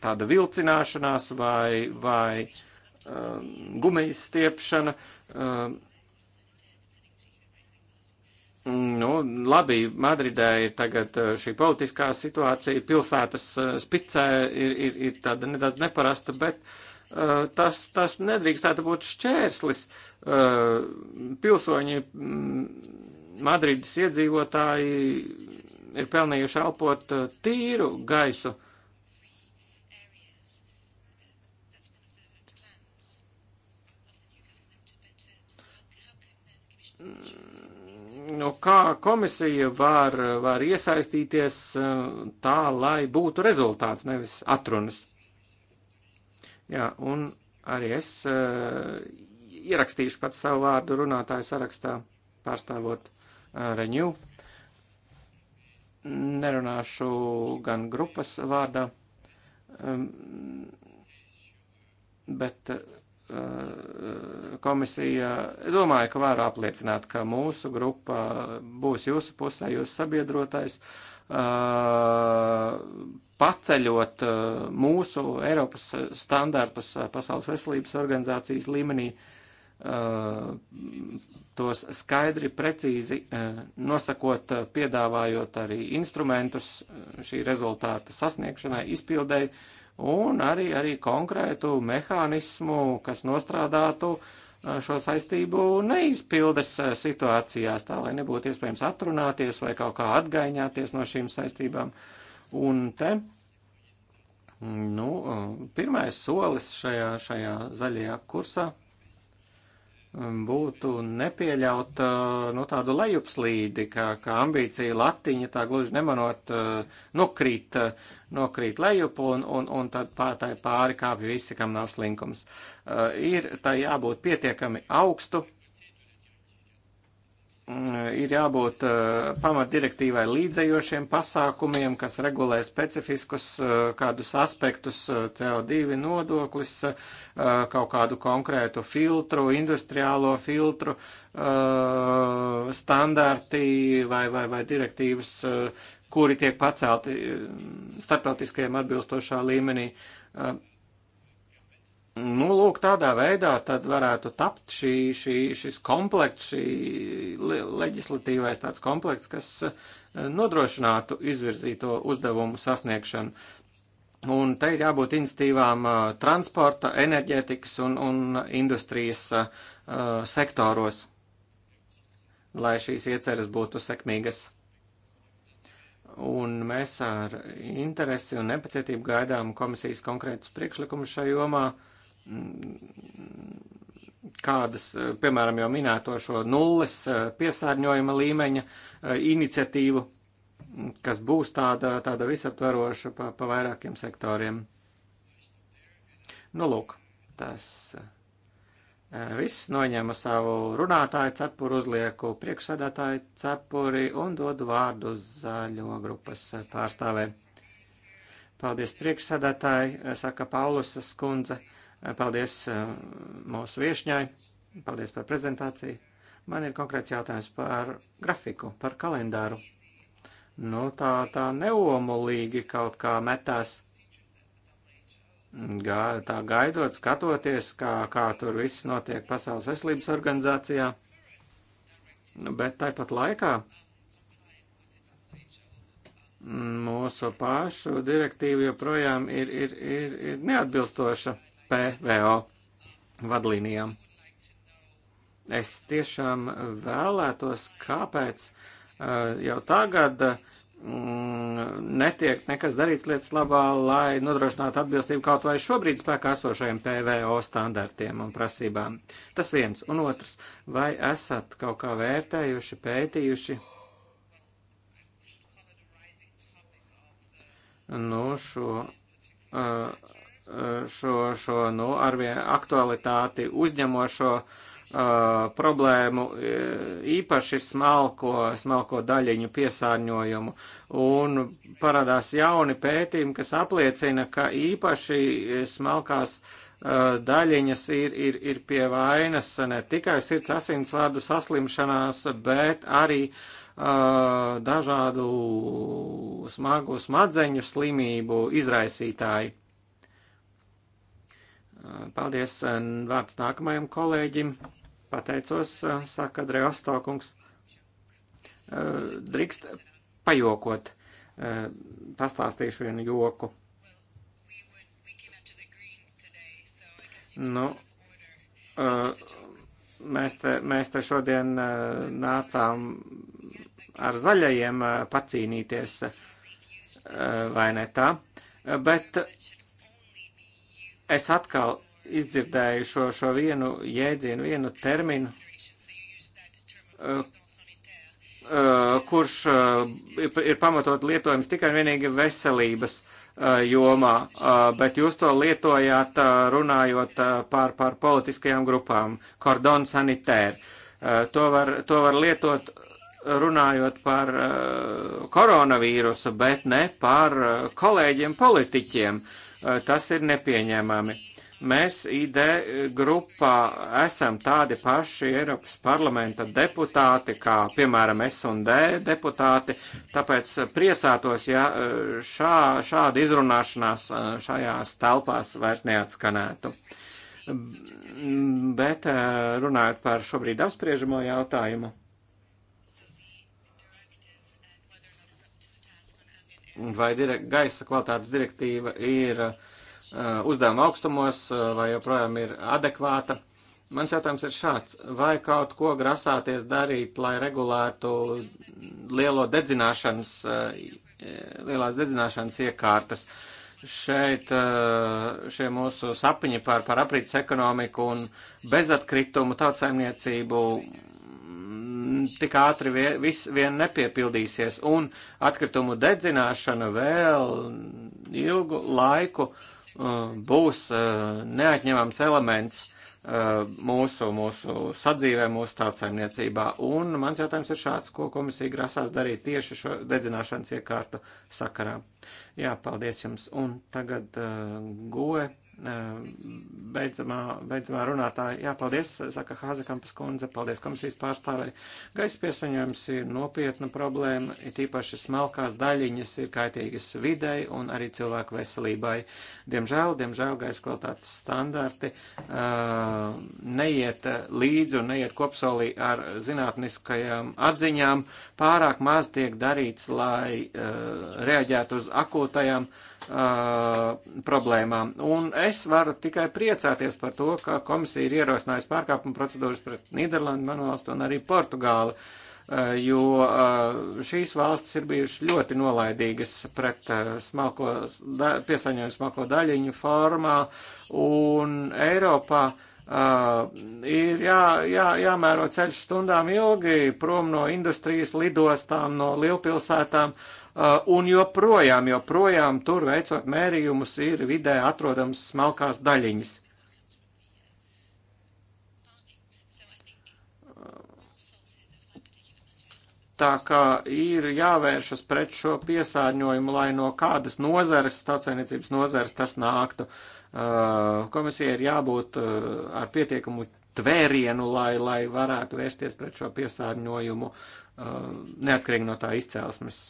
S1: tāda vilcināšanās vai, vai eh, gumijas stiepšana eh, Nu, labi, Madridē ir tagad eh, šī politiskā situācija, pilsētas eh, spicē ir, ir, ir tāda nedaudz neparasta, bet uh, tas, tas nedrīkstētu būt šķērslis. Uh, pilsoņi, mm, Madrides iedzīvotāji ir pelnījuši elpot tīru gaisu. nu, kā komisija var, var iesaistīties eh, tā, lai būtu rezultāts, nevis atrunas. Jā, un arī es uh, ierakstīšu pats savu vārdu runātāju sarakstā, pārstāvot uh, Renew. Nerunāšu gan grupas vārdā, um, bet. Uh, Eh, komisija, es domāju, ka varu apliecināt, ka mūsu grupa būs jūsu pusē, jūsu sabiedrotais, eh, paceļot eh, mūsu Eiropas standartus Pasaules veselības organizācijas līmenī, tos skaidri, precīzi nosakot, piedāvājot arī instrumentus šī rezultāta sasniegšanai, izpildēji, un arī, arī konkrētu mehānismu, kas nostrādātu šo saistību neizpildes situācijās, tā lai nebūtu iespējams atrunāties vai kaut kā atgaiņāties no šīm saistībām. Un te, nu, pirmais solis šajā, šajā zaļajā kursā Mm, būtu nepieļaut uh, no nu, tādu lejupslīdi, ka, ka ambīcija latiņa tā gluži nemanot uh, nokrīt, uh, nokrīt lejup un, un, un tad pārtai pāri kāpj visi, kam nav slinkums. Ir tā jābūt pietiekami augstu Mm, ir jābūt uh, pamatdirektīvai līdzējošiem pasākumiem, kas regulē specifiskus uh, kādus aspektus uh, CO2 nodoklis, kaut kādu konkrētu filtru, industriālo filtru standarti vai, vai, vai direktīvas, kuri tiek pacelti starptautiskajiem atbilstošā līmenī. Nu, lūk, tādā veidā tad varētu tapt šī, šī, šis komplekts, šī leģislatīvais tāds komplekts, kas eh, nodrošinātu izvirzīto uzdevumu sasniegšanu. Un te ir jābūt institīvām eh, transporta, enerģētikas un, un industrijas uh, sektoros, lai šīs ieceres būtu sekmīgas. Un mēs ar interesi un nepacietību gaidām komisijas konkrētus priekšlikumus šajā jomā. Uh, kādas, eh, piemēram, jau minēto šo nulles eh, piesārņojuma līmeņa eh, iniciatīvu, kas būs tāda, tāda visaptvaroša pa, pa vairākiem sektoriem. Nu, lūk, tas viss noņēmu savu runātāju cepuru, uzlieku priekšsēdētāju cepuri un dodu vārdu zaļo grupas pārstāvē. Paldies priekšsēdētāji, saka Paulusa skundze. Eh, paldies eh, mūsu viešņai, paldies par prezentāciju. Man ir konkrēts jautājums par grafiku, par kalendāru. Nu, tā, tā neomolīgi kaut kā metās. Gā, tā gaidot, skatoties, kā, kā tur viss notiek Pasaules veselības organizācijā. Nu, bet tāpat laikā mm, mūsu pašu direktīva joprojām ir, ir, ir, ir neatbilstoša PVO vadlīnijām. Es tiešām vēlētos, kāpēc eh, jau tagad mm, netiek nekas darīts lietas labā, lai nodrošinātu atbilstību kaut vai šobrīd spēkā esošajiem PVO standartiem un prasībām. Tas viens. Un otrs, vai esat kaut kā vērtējuši, pētījuši nu, šo uh, šo, šo nu, arvien aktualitāti uzņemošo uh, problēmu, īpaši smalko, smalko daļiņu piesārņojumu. Un parādās jauni pētījumi, kas apliecina, ka īpaši smalkās uh, daļiņas ir, ir, ir pie vainas ne tikai sirds asinsvadu saslimšanās, bet arī uh, dažādu smagu smadzeņu slimību izraisītāji. Paldies. Vārds nākamajam kolēģim. Pateicos, saka Dreostokungs. Drīkst pajokot. Pastāstīšu vienu joku. Nu, mēs te, mēs te šodien nācām ar zaļajiem pacīnīties, vai ne tā? Bet es atkal izdzirdēju šo, šo vienu jēdzienu, vienu terminu, eh, eh, kurš eh, ir pamatot lietojums tikai un vienīgi veselības jomā, bet jūs to lietojāt runājot par, par politiskajām grupām, kordon sanitēr. To var, to var lietot runājot par koronavīrusu, bet ne par kolēģiem politiķiem. Uh, Eh, tas ir nepieņēmami. Mēs ID grupā esam tādi paši Eiropas parlamenta deputāti, kā piemēram S&D deputāti, tāpēc priecātos, ja eh, šā, šāda izrunāšanās eh, šajās telpās vairs neatskanētu. Mm, bet runājot par šobrīd apspriežamo jautājumu. vai direkt, gaisa kvalitātes direktīva ir uh, uzdevuma augstumos uh, vai joprojām ir adekvāta. Mans jautājums ir šāds. Vai kaut ko grasāties darīt, lai regulētu lielo dedzināšanas, uh, lielās dedzināšanas iekārtas? Šeit uh, šie mūsu sapņi par, par aprīts ekonomiku un bezatkritumu tautsaimniecību tik ātri vie, viss vien nepiepildīsies, un atkritumu dedzināšana vēl ilgu laiku uh, būs uh, neatņemams elements uh, mūsu, mūsu sadzīvē, mūsu tādsaimniecībā. Un mans jautājums ir šāds, ko komisija grasās darīt tieši šo dedzināšanas iekārtu sakarā. Jā, paldies jums. Un tagad uh, goe beidzamā, beidzamā runātāja. Jā, paldies, saka Hāzekampas kundze, paldies komisijas pārstāvēji. Gaisa piesaņojums ir nopietna problēma, it īpaši smalkās daļiņas ir kaitīgas videi un arī cilvēku veselībai. Diemžēl, diemžēl gaisa kvalitātes standarti uh, neiet līdzi un neiet kopsolī ar zinātniskajām atziņām. Pārāk maz tiek darīts, lai uh, reaģētu uz akūtajām uh, Uh, problēmām. Un es varu tikai priecāties par to, ka komisija ir ierosinājusi pārkāpumu procedūras pret Nīderlandi, manu valstu un arī Portugāli, uh, jo uh, šīs valstis ir bijušas ļoti nolaidīgas pret smalko, piesaņojumu smalko daļiņu formā un Eiropā. Uh, ir jā, jā, jāmēro ceļš stundām ilgi prom no industrijas, lidostām, no lielpilsētām, uh, Uh, un joprojām, joprojām tur veicot mērījumus ir vidē atrodams smalkās daļiņas. Uh, tā kā ir jāvēršas pret šo piesārņojumu, lai no kādas nozares, stācēniecības nozares tas nāktu. Uh, Komisija ir jābūt ar pietiekamu tvērienu, lai, lai varētu vērsties pret šo piesārņojumu, neatkarīgi no tā izcelsmes.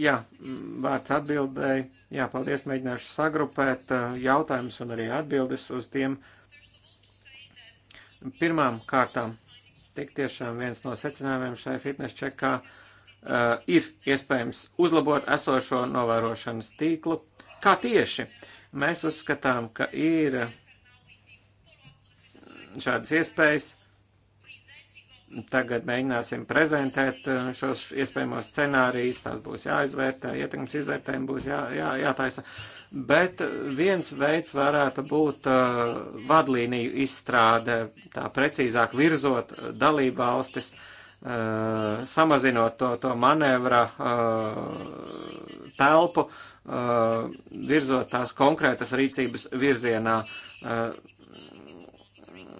S1: Jā, vārds atbildēji. Jā, paldies, mēģināšu sagrupēt eh, jautājumus un arī atbildes uz tiem. Pirmām kārtām, tik tiešām viens no secinājumiem šai fitnes čekā uh, ir iespējams uzlabot esošo novērošanas tīklu. Kā tieši? Mēs uzskatām, ka ir eh, šādas iespējas Tagad mēģināsim prezentēt uh, šos iespējamos scenārijus, tās būs jāizvērtē, ietekmes izvērtējumi būs jā, jā, jātaisa. Bet viens veids varētu būt uh, vadlīniju izstrāde, tā precīzāk virzot dalību valstis, uh, samazinot to, to manevra uh, telpu, uh, virzot tās konkrētas rīcības virzienā uh,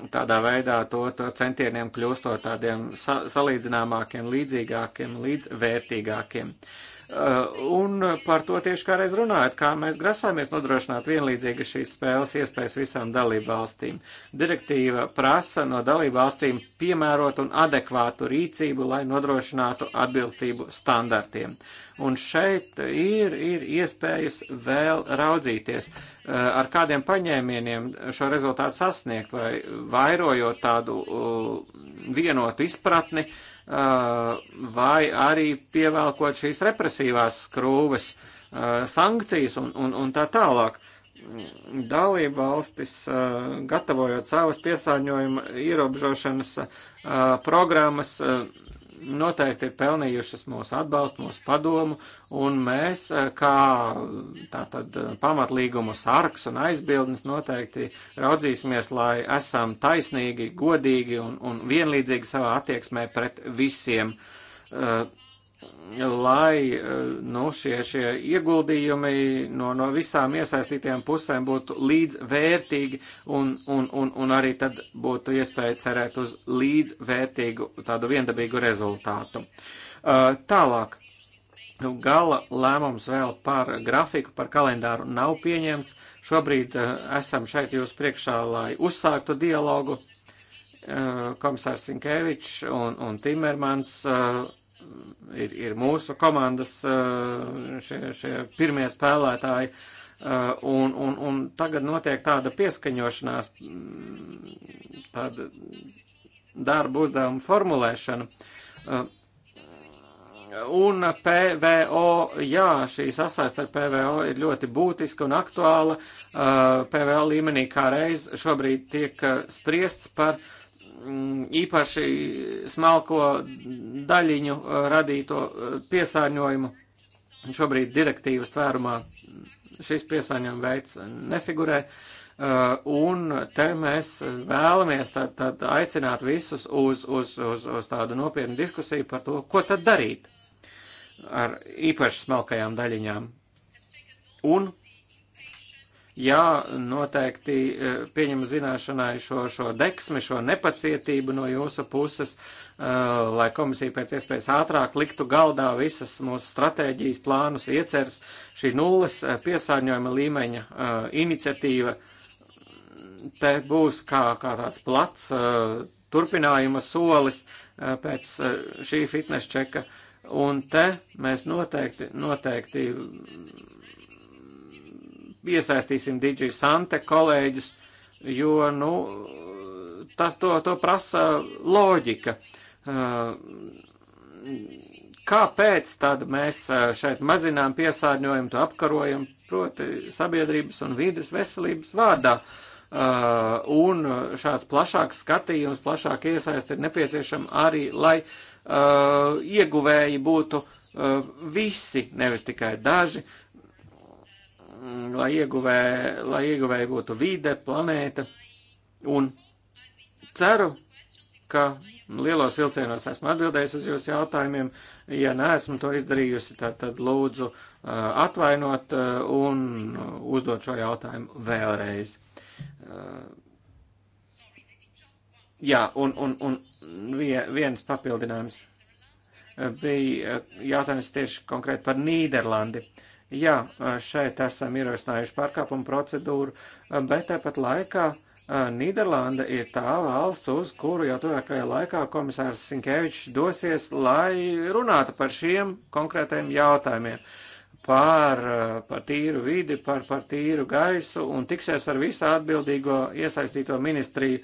S1: tādā veidā to, to centieniem kļūstot tādiem sa salīdzināmākiem, līdzīgākiem, līdzvērtīgākiem. Uh, Eh, un par to tieši kādreiz runājot, kā mēs grasāmies nodrošināt vienlīdzīga šīs spēles iespējas visām dalībvalstīm. Direktīva prasa no dalībvalstīm piemērot un adekvātu rīcību, lai nodrošinātu atbilstību standartiem. Un šeit ir, ir iespējas vēl raudzīties, eh, ar kādiem paņēmieniem šo rezultātu sasniegt vai vairojot tādu eh, vienotu izpratni vai arī pievelkot šīs represīvās skrūves, sankcijas un, un, un tā tālāk. Dalība valstis, gatavojot savas piesārņojuma ierobežošanas programmas, noteikti ir pelnījušas mūsu atbalstu, mūsu padomu, un mēs, eh, kā tātad pamatlīgumu sargs un aizbildnis, noteikti raudzīsimies, lai esam taisnīgi, godīgi un, un vienlīdzīgi savā attieksmē pret visiem. Uh, lai eh, nu, šie, šie ieguldījumi no, no visām iesaistītajām pusēm būtu līdzvērtīgi un, un, un, un arī tad būtu iespēja cerēt uz līdzvērtīgu tādu viendabīgu rezultātu. Eh, tālāk. Nu, gala lēmums vēl par grafiku, par kalendāru nav pieņemts. Šobrīd eh, esam šeit jūs priekšā, lai uzsāktu dialogu. Komisārs Sinkevičs un, un Timermans ir, ir mūsu komandas šie, šie pirmie spēlētāji. Un, un, un tagad notiek tāda pieskaņošanās, tāda darba uzdevuma formulēšana. Un PVO, jā, šī sasaist ar PVO ir ļoti būtiska un aktuāla. PVO līmenī kā reiz šobrīd tiek spriests par uh, Mm, īpaši smalko daļiņu eh, radīto eh, piesārņojumu. Šobrīd direktīvas tvērumā šis piesārņojuma veids nefigurē. Eh, un te mēs vēlamies tad, tad aicināt visus uz, uz, uz, uz tādu nopietnu diskusiju par to, ko tad darīt ar īpaši smalkajām daļiņām. Un Jā, noteikti e, pieņem zināšanai šo, šo deksmi, šo nepacietību no jūsu puses, e, lai komisija pēc iespējas ātrāk liktu galdā visas mūsu stratēģijas, plānus, ieceres. Šī nulles e, piesārņojuma līmeņa iniciatīva te būs kā, kā tāds plats turpinājuma solis pēc šī fitnes čeka. Un te mēs noteikti, noteikti iesaistīsim DJ Sante kolēģus, jo, nu, tas to, to prasa loģika. Uh, kāpēc tad mēs uh, šeit mazinām piesārņojumu, to apkarojam, proti sabiedrības un vides veselības vārdā? Uh, un šāds plašāks skatījums, plašāk iesaist ir nepieciešama arī, lai uh, ieguvēji būtu uh, visi, nevis tikai daži. Uh, Mm, lai ieguvē, lai ieguvē būtu vide, planēta, un ceru, ka lielos vilcienos esmu atbildējis uz jūsu jautājumiem. Ja neesmu to izdarījusi, tad, tad lūdzu uh, atvainot uh, un uzdot šo jautājumu vēlreiz. Uh, jā, un, un, un viens papildinājums uh, bija uh, jautājums tieši konkrēti par Nīderlandi. Uh, Jā, šeit esam ierosinājuši pārkāpumu procedūru, bet tāpat laikā Nīderlanda ir tā valsts, uz kuru jau tuvākajā laikā komisārs Sinkevičs dosies, lai runātu par šiem konkrētajiem jautājumiem par, par tīru vidi, par, par tīru gaisu un tiksies ar visu atbildīgo iesaistīto ministriju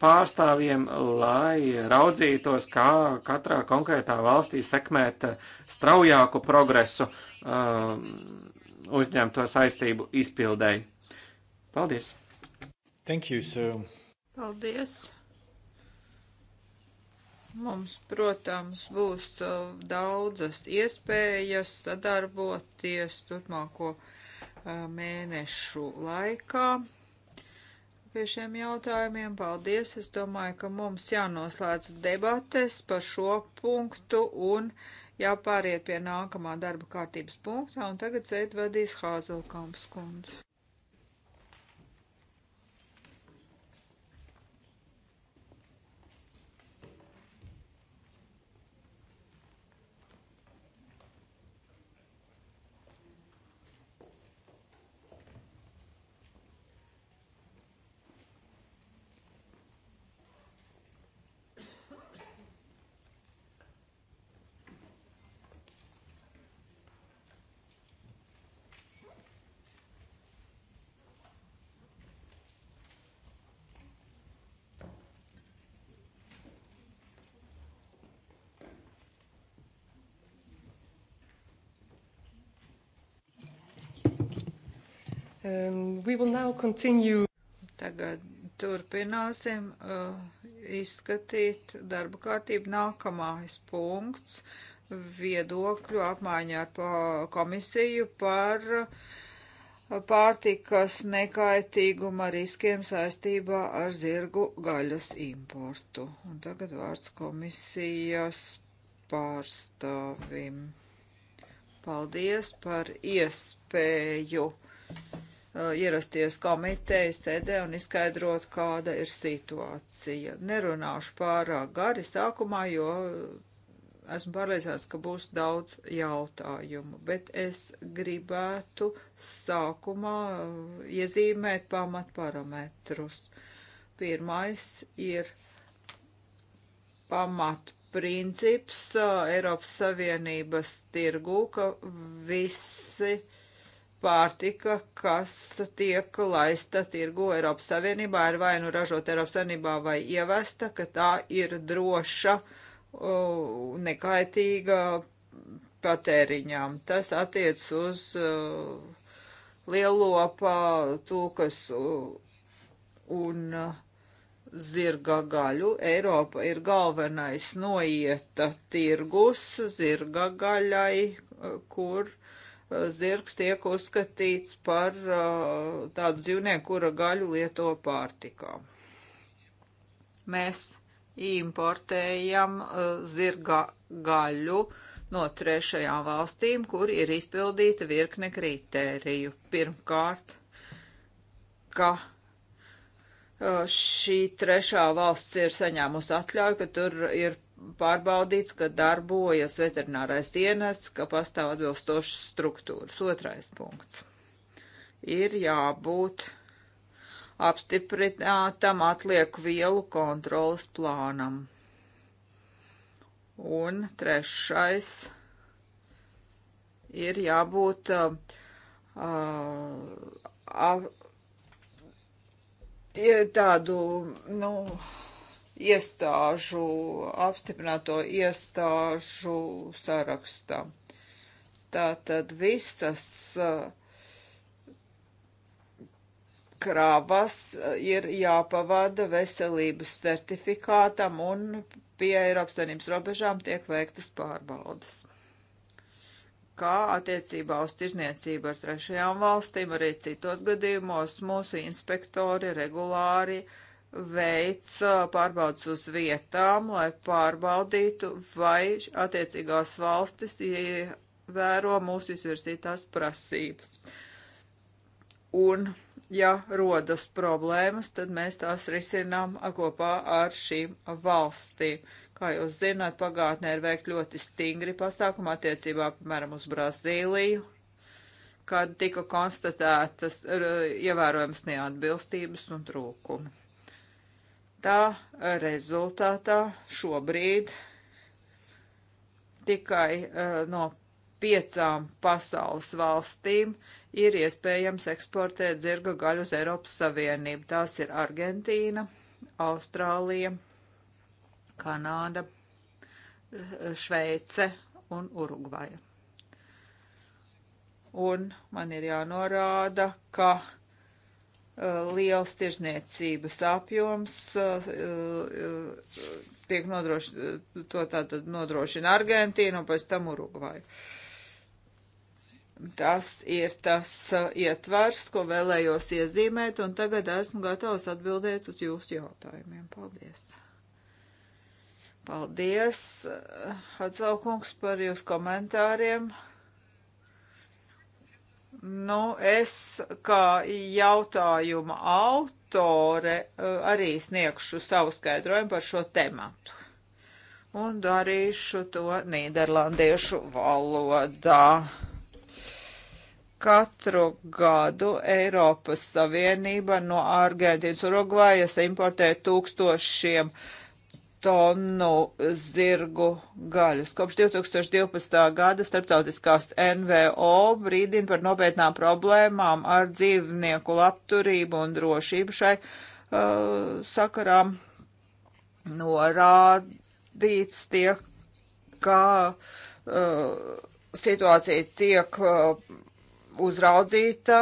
S1: pārstāvjiem, lai raudzītos, kā katrā konkrētā valstī sekmēt straujāku progresu Uh, uzņemto saistību izpildēji. Paldies! Thank you, so.
S2: Paldies! Mums, protams, būs uh, daudzas iespējas sadarboties turpmāko uh, mēnešu laikā pie šiem jautājumiem. Paldies! Es domāju, ka mums jānoslēdz debates par šo punktu un jāpāriet pie nākamā darba kārtības punktā, un tagad sēt vadīs Hāzelkamps kundze. Um, we will now continue. Tagad turpināsim uh, izskatīt darba kārtību. Nākamais punkts - viedokļu apmaiņā ar pa komisiju par uh, pārtikas nekaitīguma riskiem saistībā ar zirgu gaļas importu. Un tagad vārds komisijas pārstāvim. Paldies par iespēju Uh, ierasties komiteja sēdē un izskaidrot, kāda ir situācija. Nerunāšu pārāk gari sākumā, jo esmu pārliecināts, ka būs daudz jautājumu, bet es gribētu sākumā uh, iezīmēt pamatparametrus. Pirmais ir pamat princips uh, Eiropas Savienības tirgū, ka visi uh, pārtika, kas tiek laista tirgu Eiropas Savienībā, ir vai nu ražot Eiropas Savienībā vai ievesta, ka tā ir droša, nekaitīga patēriņām. Tas attiec uz lielopā tūkas un zirga gaļu. Eiropa ir galvenais noieta tirgus zirga gaļai, kur zirgs tiek uzskatīts par uh, tādu dzīvnieku, kura gaļu lieto pārtikā. Mēs importējam uh, zirga gaļu no trešajām valstīm, kur ir izpildīta virkne kritēriju. Pirmkārt, ka uh, šī trešā valsts ir saņēmusi atļauju, ka tur ir pārbaudīts, ka darbojas veterinārais dienests, ka pastāv atbilstošas struktūras. Otrais punkts. Ir jābūt apstiprinātam atlieku vielu kontrolas plānam. Un trešais ir jābūt uh, uh, tādu, nu, iestāžu, apstiprināto iestāžu sarakstā. Tātad visas uh, kravas uh, ir jāpavada veselības certifikātam un pie Eiropas Savienības robežām tiek veiktas pārbaudas. Kā attiecībā uz tirzniecību ar trešajām valstīm, arī citos gadījumos mūsu inspektori regulāri uh, veic pārbaudas uz vietām, lai pārbaudītu, vai attiecīgās valstis ievēro mūsu izvirsītās prasības. Un, ja rodas problēmas, tad mēs tās risinām kopā ar šīm valstīm. Kā jūs zināt, pagātnē ir veikt ļoti stingri pasākumi attiecībā, piemēram, uz Brazīliju, kad tika konstatētas ievērojams neatbilstības un trūkumi. Tā eh, rezultātā šobrīd tikai uh, no piecām pasaules valstīm ir iespējams eksportēt zirga gaļu uz Eiropas Savienību. Tās ir Argentīna, Austrālija, Kanāda, eh, Šveice un Urugvaja. Un man ir jānorāda, ka uh, Uh, liels tirzniecības apjoms, uh, uh, tiek nodrošināta, to tātad nodrošina Argentīna un pēc tam Urugvaju. Tas ir tas ietvars, ko vēlējos iezīmēt, un tagad esmu gatavs atbildēt uz jūsu jautājumiem. Paldies! Paldies, Hatsaukungs, par jūsu komentāriem! Nu, es kā jautājuma autore eh, arī sniegšu savu skaidrojumu par šo tematu. Un darīšu to nīderlandiešu valodā. Katru gadu Eiropas Savienība no Argentīnas Urugvajas importē tūkstošiem uh, tonu zirgu gaļas. Kopš 2012. gada starptautiskās NVO brīdina par nopietnām problēmām ar dzīvnieku labturību un drošību šai uh, sakarā norādīts tiek, kā uh, situācija tiek uh, uzraudzīta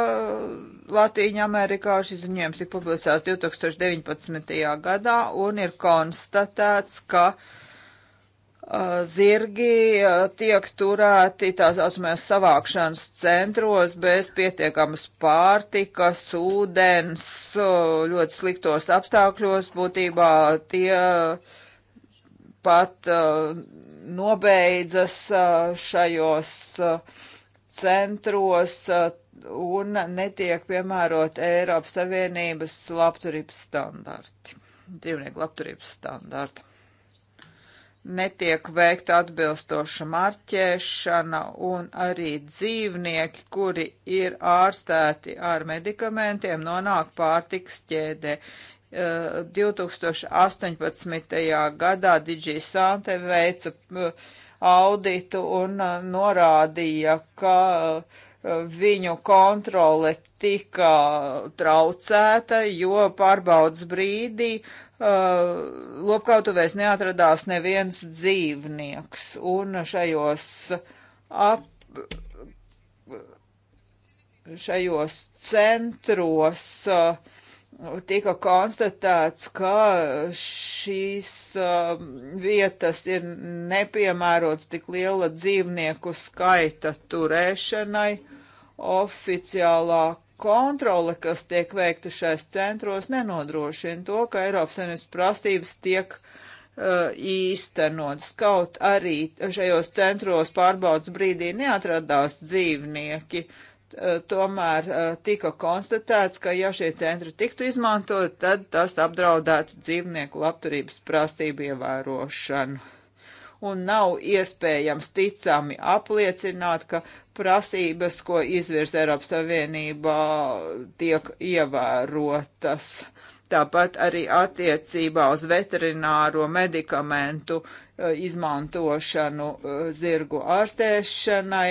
S2: Latīņa Amerikā. Šis ziņojums tika publicēts 2019. gadā un ir konstatēts, ka uh, zirgi uh, tiek turēti tās asmēs savākšanas centros bez pietiekamas pārtikas, ūdens, uh, ļoti sliktos apstākļos. Būtībā tie pat nobeidzas šajos centros uh, un netiek piemērot Eiropas Savienības labturības standarti, dzīvnieku labturības standarti. Netiek veikta atbilstoša marķēšana un arī dzīvnieki, kuri ir ārstēti ar medikamentiem, nonāk pārtiks ķēdē. Uh, 2018. gadā Digis Sante veica uh, auditu un uh, norādīja, ka uh, viņu kontrole tika traucēta, jo pārbaudas brīdī uh, lopkautuvēs neatradās neviens dzīvnieks. Un šajos, ap, šajos centros uh, tika konstatēts, ka šīs uh, vietas ir nepiemērots tik liela dzīvnieku skaita turēšanai. Oficiālā kontrole, kas tiek veikta šais centros, nenodrošina to, ka Eiropas Savienības prasības tiek uh, īstenotas. Kaut arī šajos centros pārbaudas brīdī neatradās dzīvnieki, uh, Eh, tomēr eh, tika konstatēts, ka ja šie centri tiktu izmantot, tad tas apdraudētu dzīvnieku labturības prasību ievērošanu. Un nav iespējams ticami apliecināt, ka prasības, ko izvirza Eiropas Savienībā, tiek ievērotas. Tāpat arī attiecībā uz veterināro medikamentu eh, izmantošanu zirgu ārstēšanai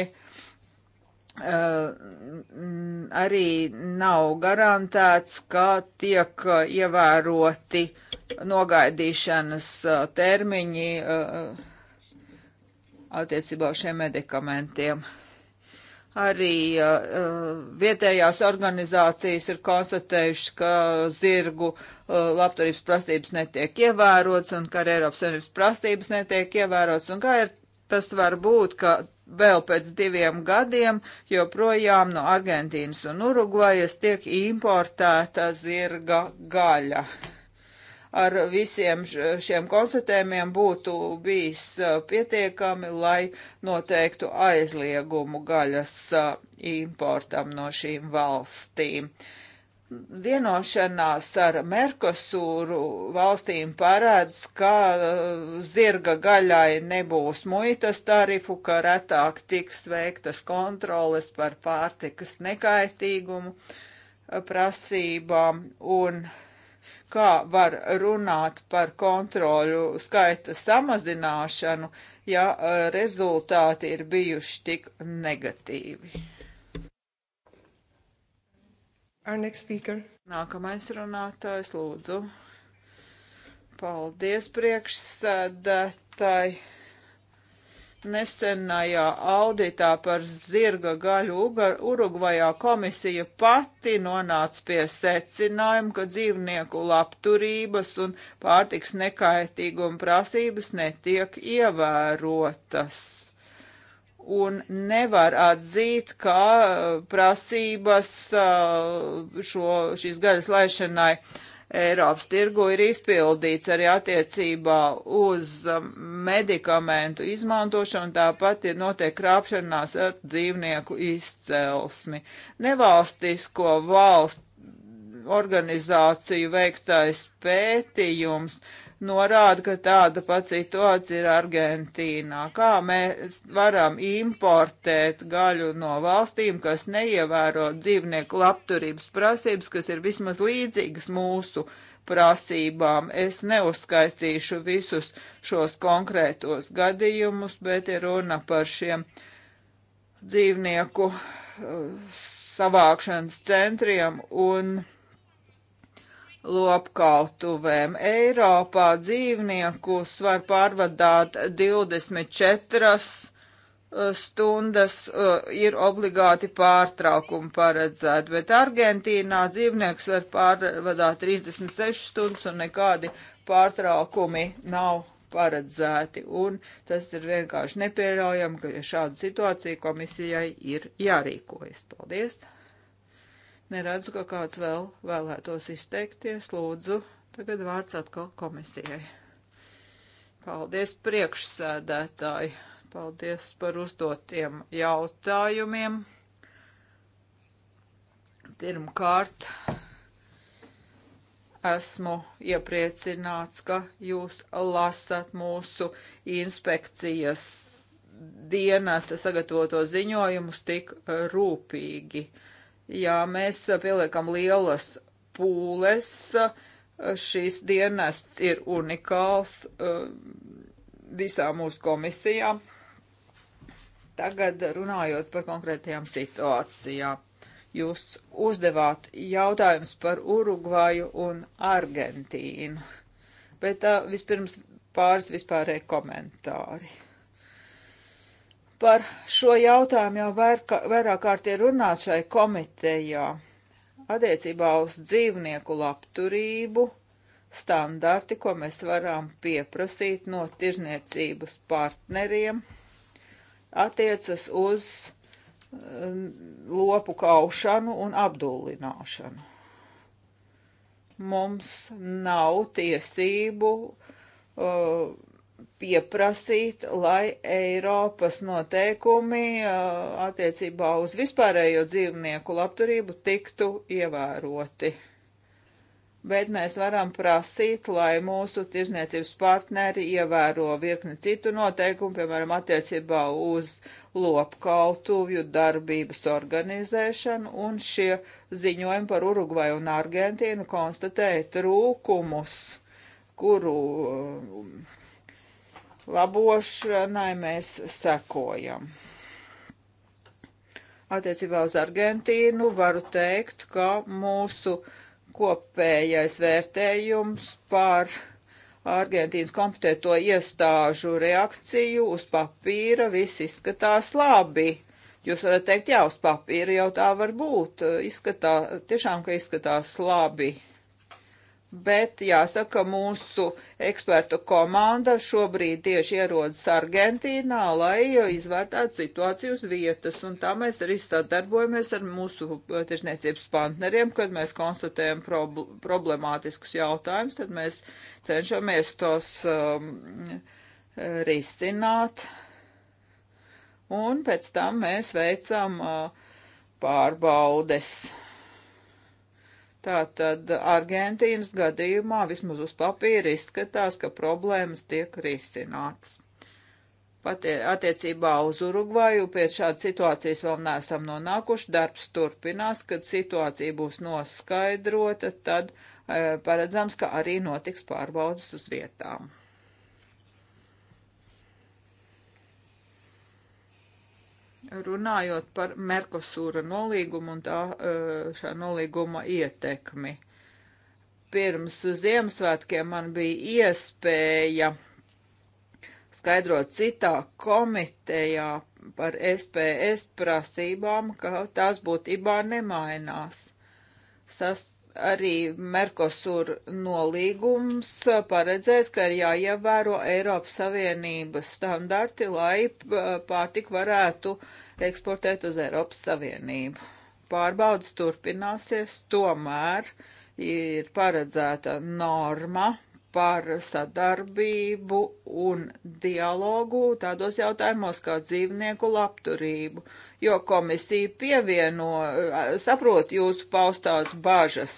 S2: arī nav garantēts, ka tiek ievēroti nogaidīšanas termiņi attiecībā uz šiem medikamentiem. Arī uh, vietējās organizācijas ir konstatējušas, ka zirgu uh, labturības prasības netiek ievērotas un ka arī Eiropas Savienības prasības netiek ievērotas. Un kā ir tas var būt, ka vēl pēc diviem gadiem joprojām no Argentīnas un Urugvajas tiek importēta zirga gaļa. Ar visiem šiem konstatējumiem būtu bijis pietiekami, lai noteiktu aizliegumu gaļas importam no šīm valstīm. Uh, vienošanās ar Merkosūru valstīm parāds, ka uh, zirga gaļai nebūs muitas tarifu, ka retāk tiks veiktas kontroles par pārtikas nekaitīgumu uh, prasībām un kā var runāt par kontroļu skaita samazināšanu, ja uh, rezultāti ir bijuši tik negatīvi. Our next speaker. Nākamais runātājs, lūdzu. Paldies priekšsēdētāji. Nesenajā auditā par zirga gaļu Urugvajā komisija pati nonāca pie secinājuma, ka dzīvnieku labturības un pārtiks nekaitīguma prasības netiek ievērotas un nevar atzīt, ka uh, prasības uh, šo, šīs gaļas laišanai Eiropas tirgu ir izpildīts arī attiecībā uz um, medikamentu izmantošanu, tāpat ir notiek krāpšanās ar dzīvnieku izcelsmi. Nevalstisko valstu organizāciju veiktais pētījums uh, norāda, ka tāda pati situācija ir Argentīnā. Kā mēs varam importēt gaļu no valstīm, kas neievēro dzīvnieku labturības prasības, kas ir vismaz līdzīgas mūsu prasībām. Es neuzskaitīšu visus šos konkrētos gadījumus, bet ir runa par šiem dzīvnieku uh, savākšanas centriem un lopkautuvēm. Eiropā dzīvniekus var pārvadāt 24 e, stundas uh, ir obligāti pārtraukumi paredzēti, bet Argentīnā dzīvnieks var pārvadāt 36 stundas un nekādi pārtraukumi nav paredzēti. Un tas ir vienkārši nepieļaujami, ka šāda situācija komisijai ir jārīkojas. Paldies! Neredzu, ka kāds vēl vēlētos izteikties. Lūdzu, tagad vārds atkal komisijai. Paldies priekšsēdētāji. Paldies par uzdotiem jautājumiem. Pirmkārt, esmu iepriecināts, ka jūs lasat mūsu inspekcijas dienas sagatavoto ziņojumus tik rūpīgi. Uh, Jā, mēs uh, pieliekam lielas pūles. Uh, šīs dienests ir unikāls uh, visā mūsu komisijā. Tagad runājot par konkrētajām situācijām. Jūs uzdevāt jautājums par Urugvaju un Argentīnu, bet tā, vispirms pāris vispārēji komentāri. Par šo jautājumu jau vairka, vairāk kārt ir runāts šai komitejā. Attiecībā uz dzīvnieku labturību standarti, ko mēs varam pieprasīt no tirzniecības partneriem, attiecas uz lopu kaušanu un apdullināšanu. Mums nav tiesību uh, pieprasīt, lai Eiropas noteikumi attiecībā uz vispārējo dzīvnieku labturību tiktu ievēroti. Bet mēs varam prasīt, lai mūsu tirzniecības partneri ievēro virkni citu noteikumu, piemēram, attiecībā uz lopkaltuvju darbības organizēšanu, un šie ziņojumi par Urugvai un Argentīnu konstatēja trūkumus, kuru uh, labošanai mēs sekojam. Attiecībā uz Argentīnu varu teikt, ka mūsu kopējais vērtējums par Argentīnas kompetēto iestāžu reakciju uz papīra viss izskatās labi. Jūs varat teikt, jā, uz papīra jau tā var būt. Izskatā, tiešām, ka izskatās labi. Bet jāsaka, mūsu ekspertu komanda šobrīd tieši ierodas Argentīnā, lai izvērtētu situāciju uz vietas. Un tā mēs arī sadarbojamies ar mūsu tirsniecības partneriem, kad mēs konstatējam problemātiskus jautājumus, tad mēs cenšamies tos um, risināt. Un pēc tam mēs veicam uh, pārbaudes. Tātad Argentīnas gadījumā vismaz uz papīra izskatās, ka problēmas tiek risināts. Pat attiecībā uz Urugvaju pēc šādas situācijas vēl neesam nonākuši, darbs turpinās, kad situācija būs noskaidrota, tad e, paredzams, ka arī notiks pārbaudas uz vietām. runājot par Merkosūra nolīgumu un tā eh, šā nolīguma ietekmi. Pirms Ziemassvētkiem man bija iespēja skaidrot citā komitejā par SPS prasībām, ka tās būtībā nemainās. Sas arī Merkosur nolīgums paredzēs, ka ir jāievēro Eiropas Savienības standarti, lai uh, pārtika varētu eksportēt uz Eiropas Savienību. Pārbaudas turpināsies, tomēr ir paredzēta norma par sadarbību un dialogu tādos jautājumos kā dzīvnieku labturību, jo komisija pievieno, eh, saprot jūsu paustās bažas,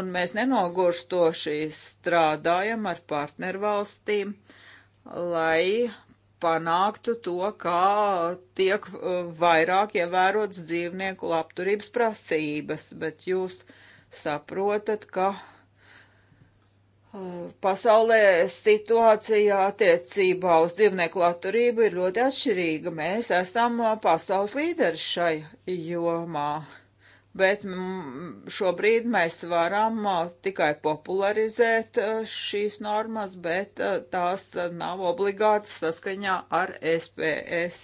S2: un mēs nenogurstoši strādājam ar partnervalstīm, lai panāktu to, kā tiek eh, vairāk ievērots dzīvnieku labturības prasības, bet jūs saprotat, ka Pasaulē situācija attiecībā uz dzīvnieku labturību ir ļoti atšķirīga. Mēs esam pasaules līderi šai jomā, bet šobrīd mēs varam tikai popularizēt šīs normas, bet tās nav obligāti saskaņā ar SPS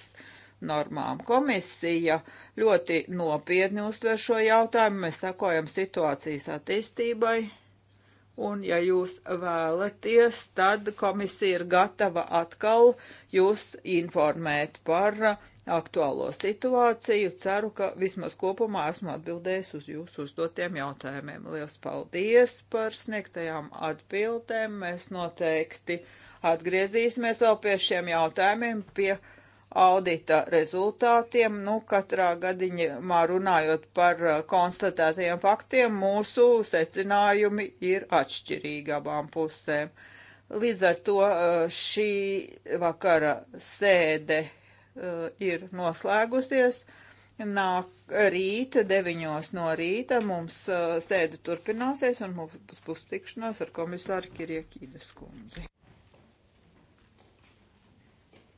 S2: normām. Komisija ļoti nopietni uztver šo jautājumu, mēs sakojam situācijas attīstībai. Un, ja jūs vēlaties, tad komisija ir gatava atkal jūs informēt par aktuālo situāciju. Ceru, ka vismaz kopumā esmu atbildējis uz jūsu uzdotiem jautājumiem. Lielas paldies par sniegtajām atbildēm. Mēs noteikti atgriezīsimies vēl pie šiem jautājumiem, pie audita rezultātiem. Nu, katrā gadiņā runājot par uh, konstatētajiem faktiem, mūsu secinājumi ir atšķirīgi abām pusēm. Līdz ar to uh, šī vakara sēde uh, ir noslēgusies. Nāk rīt, 9 no rīta, mums sēde turpināsies un mums būs tikšanās ar komisāru Kirieku Kīdas kundzi.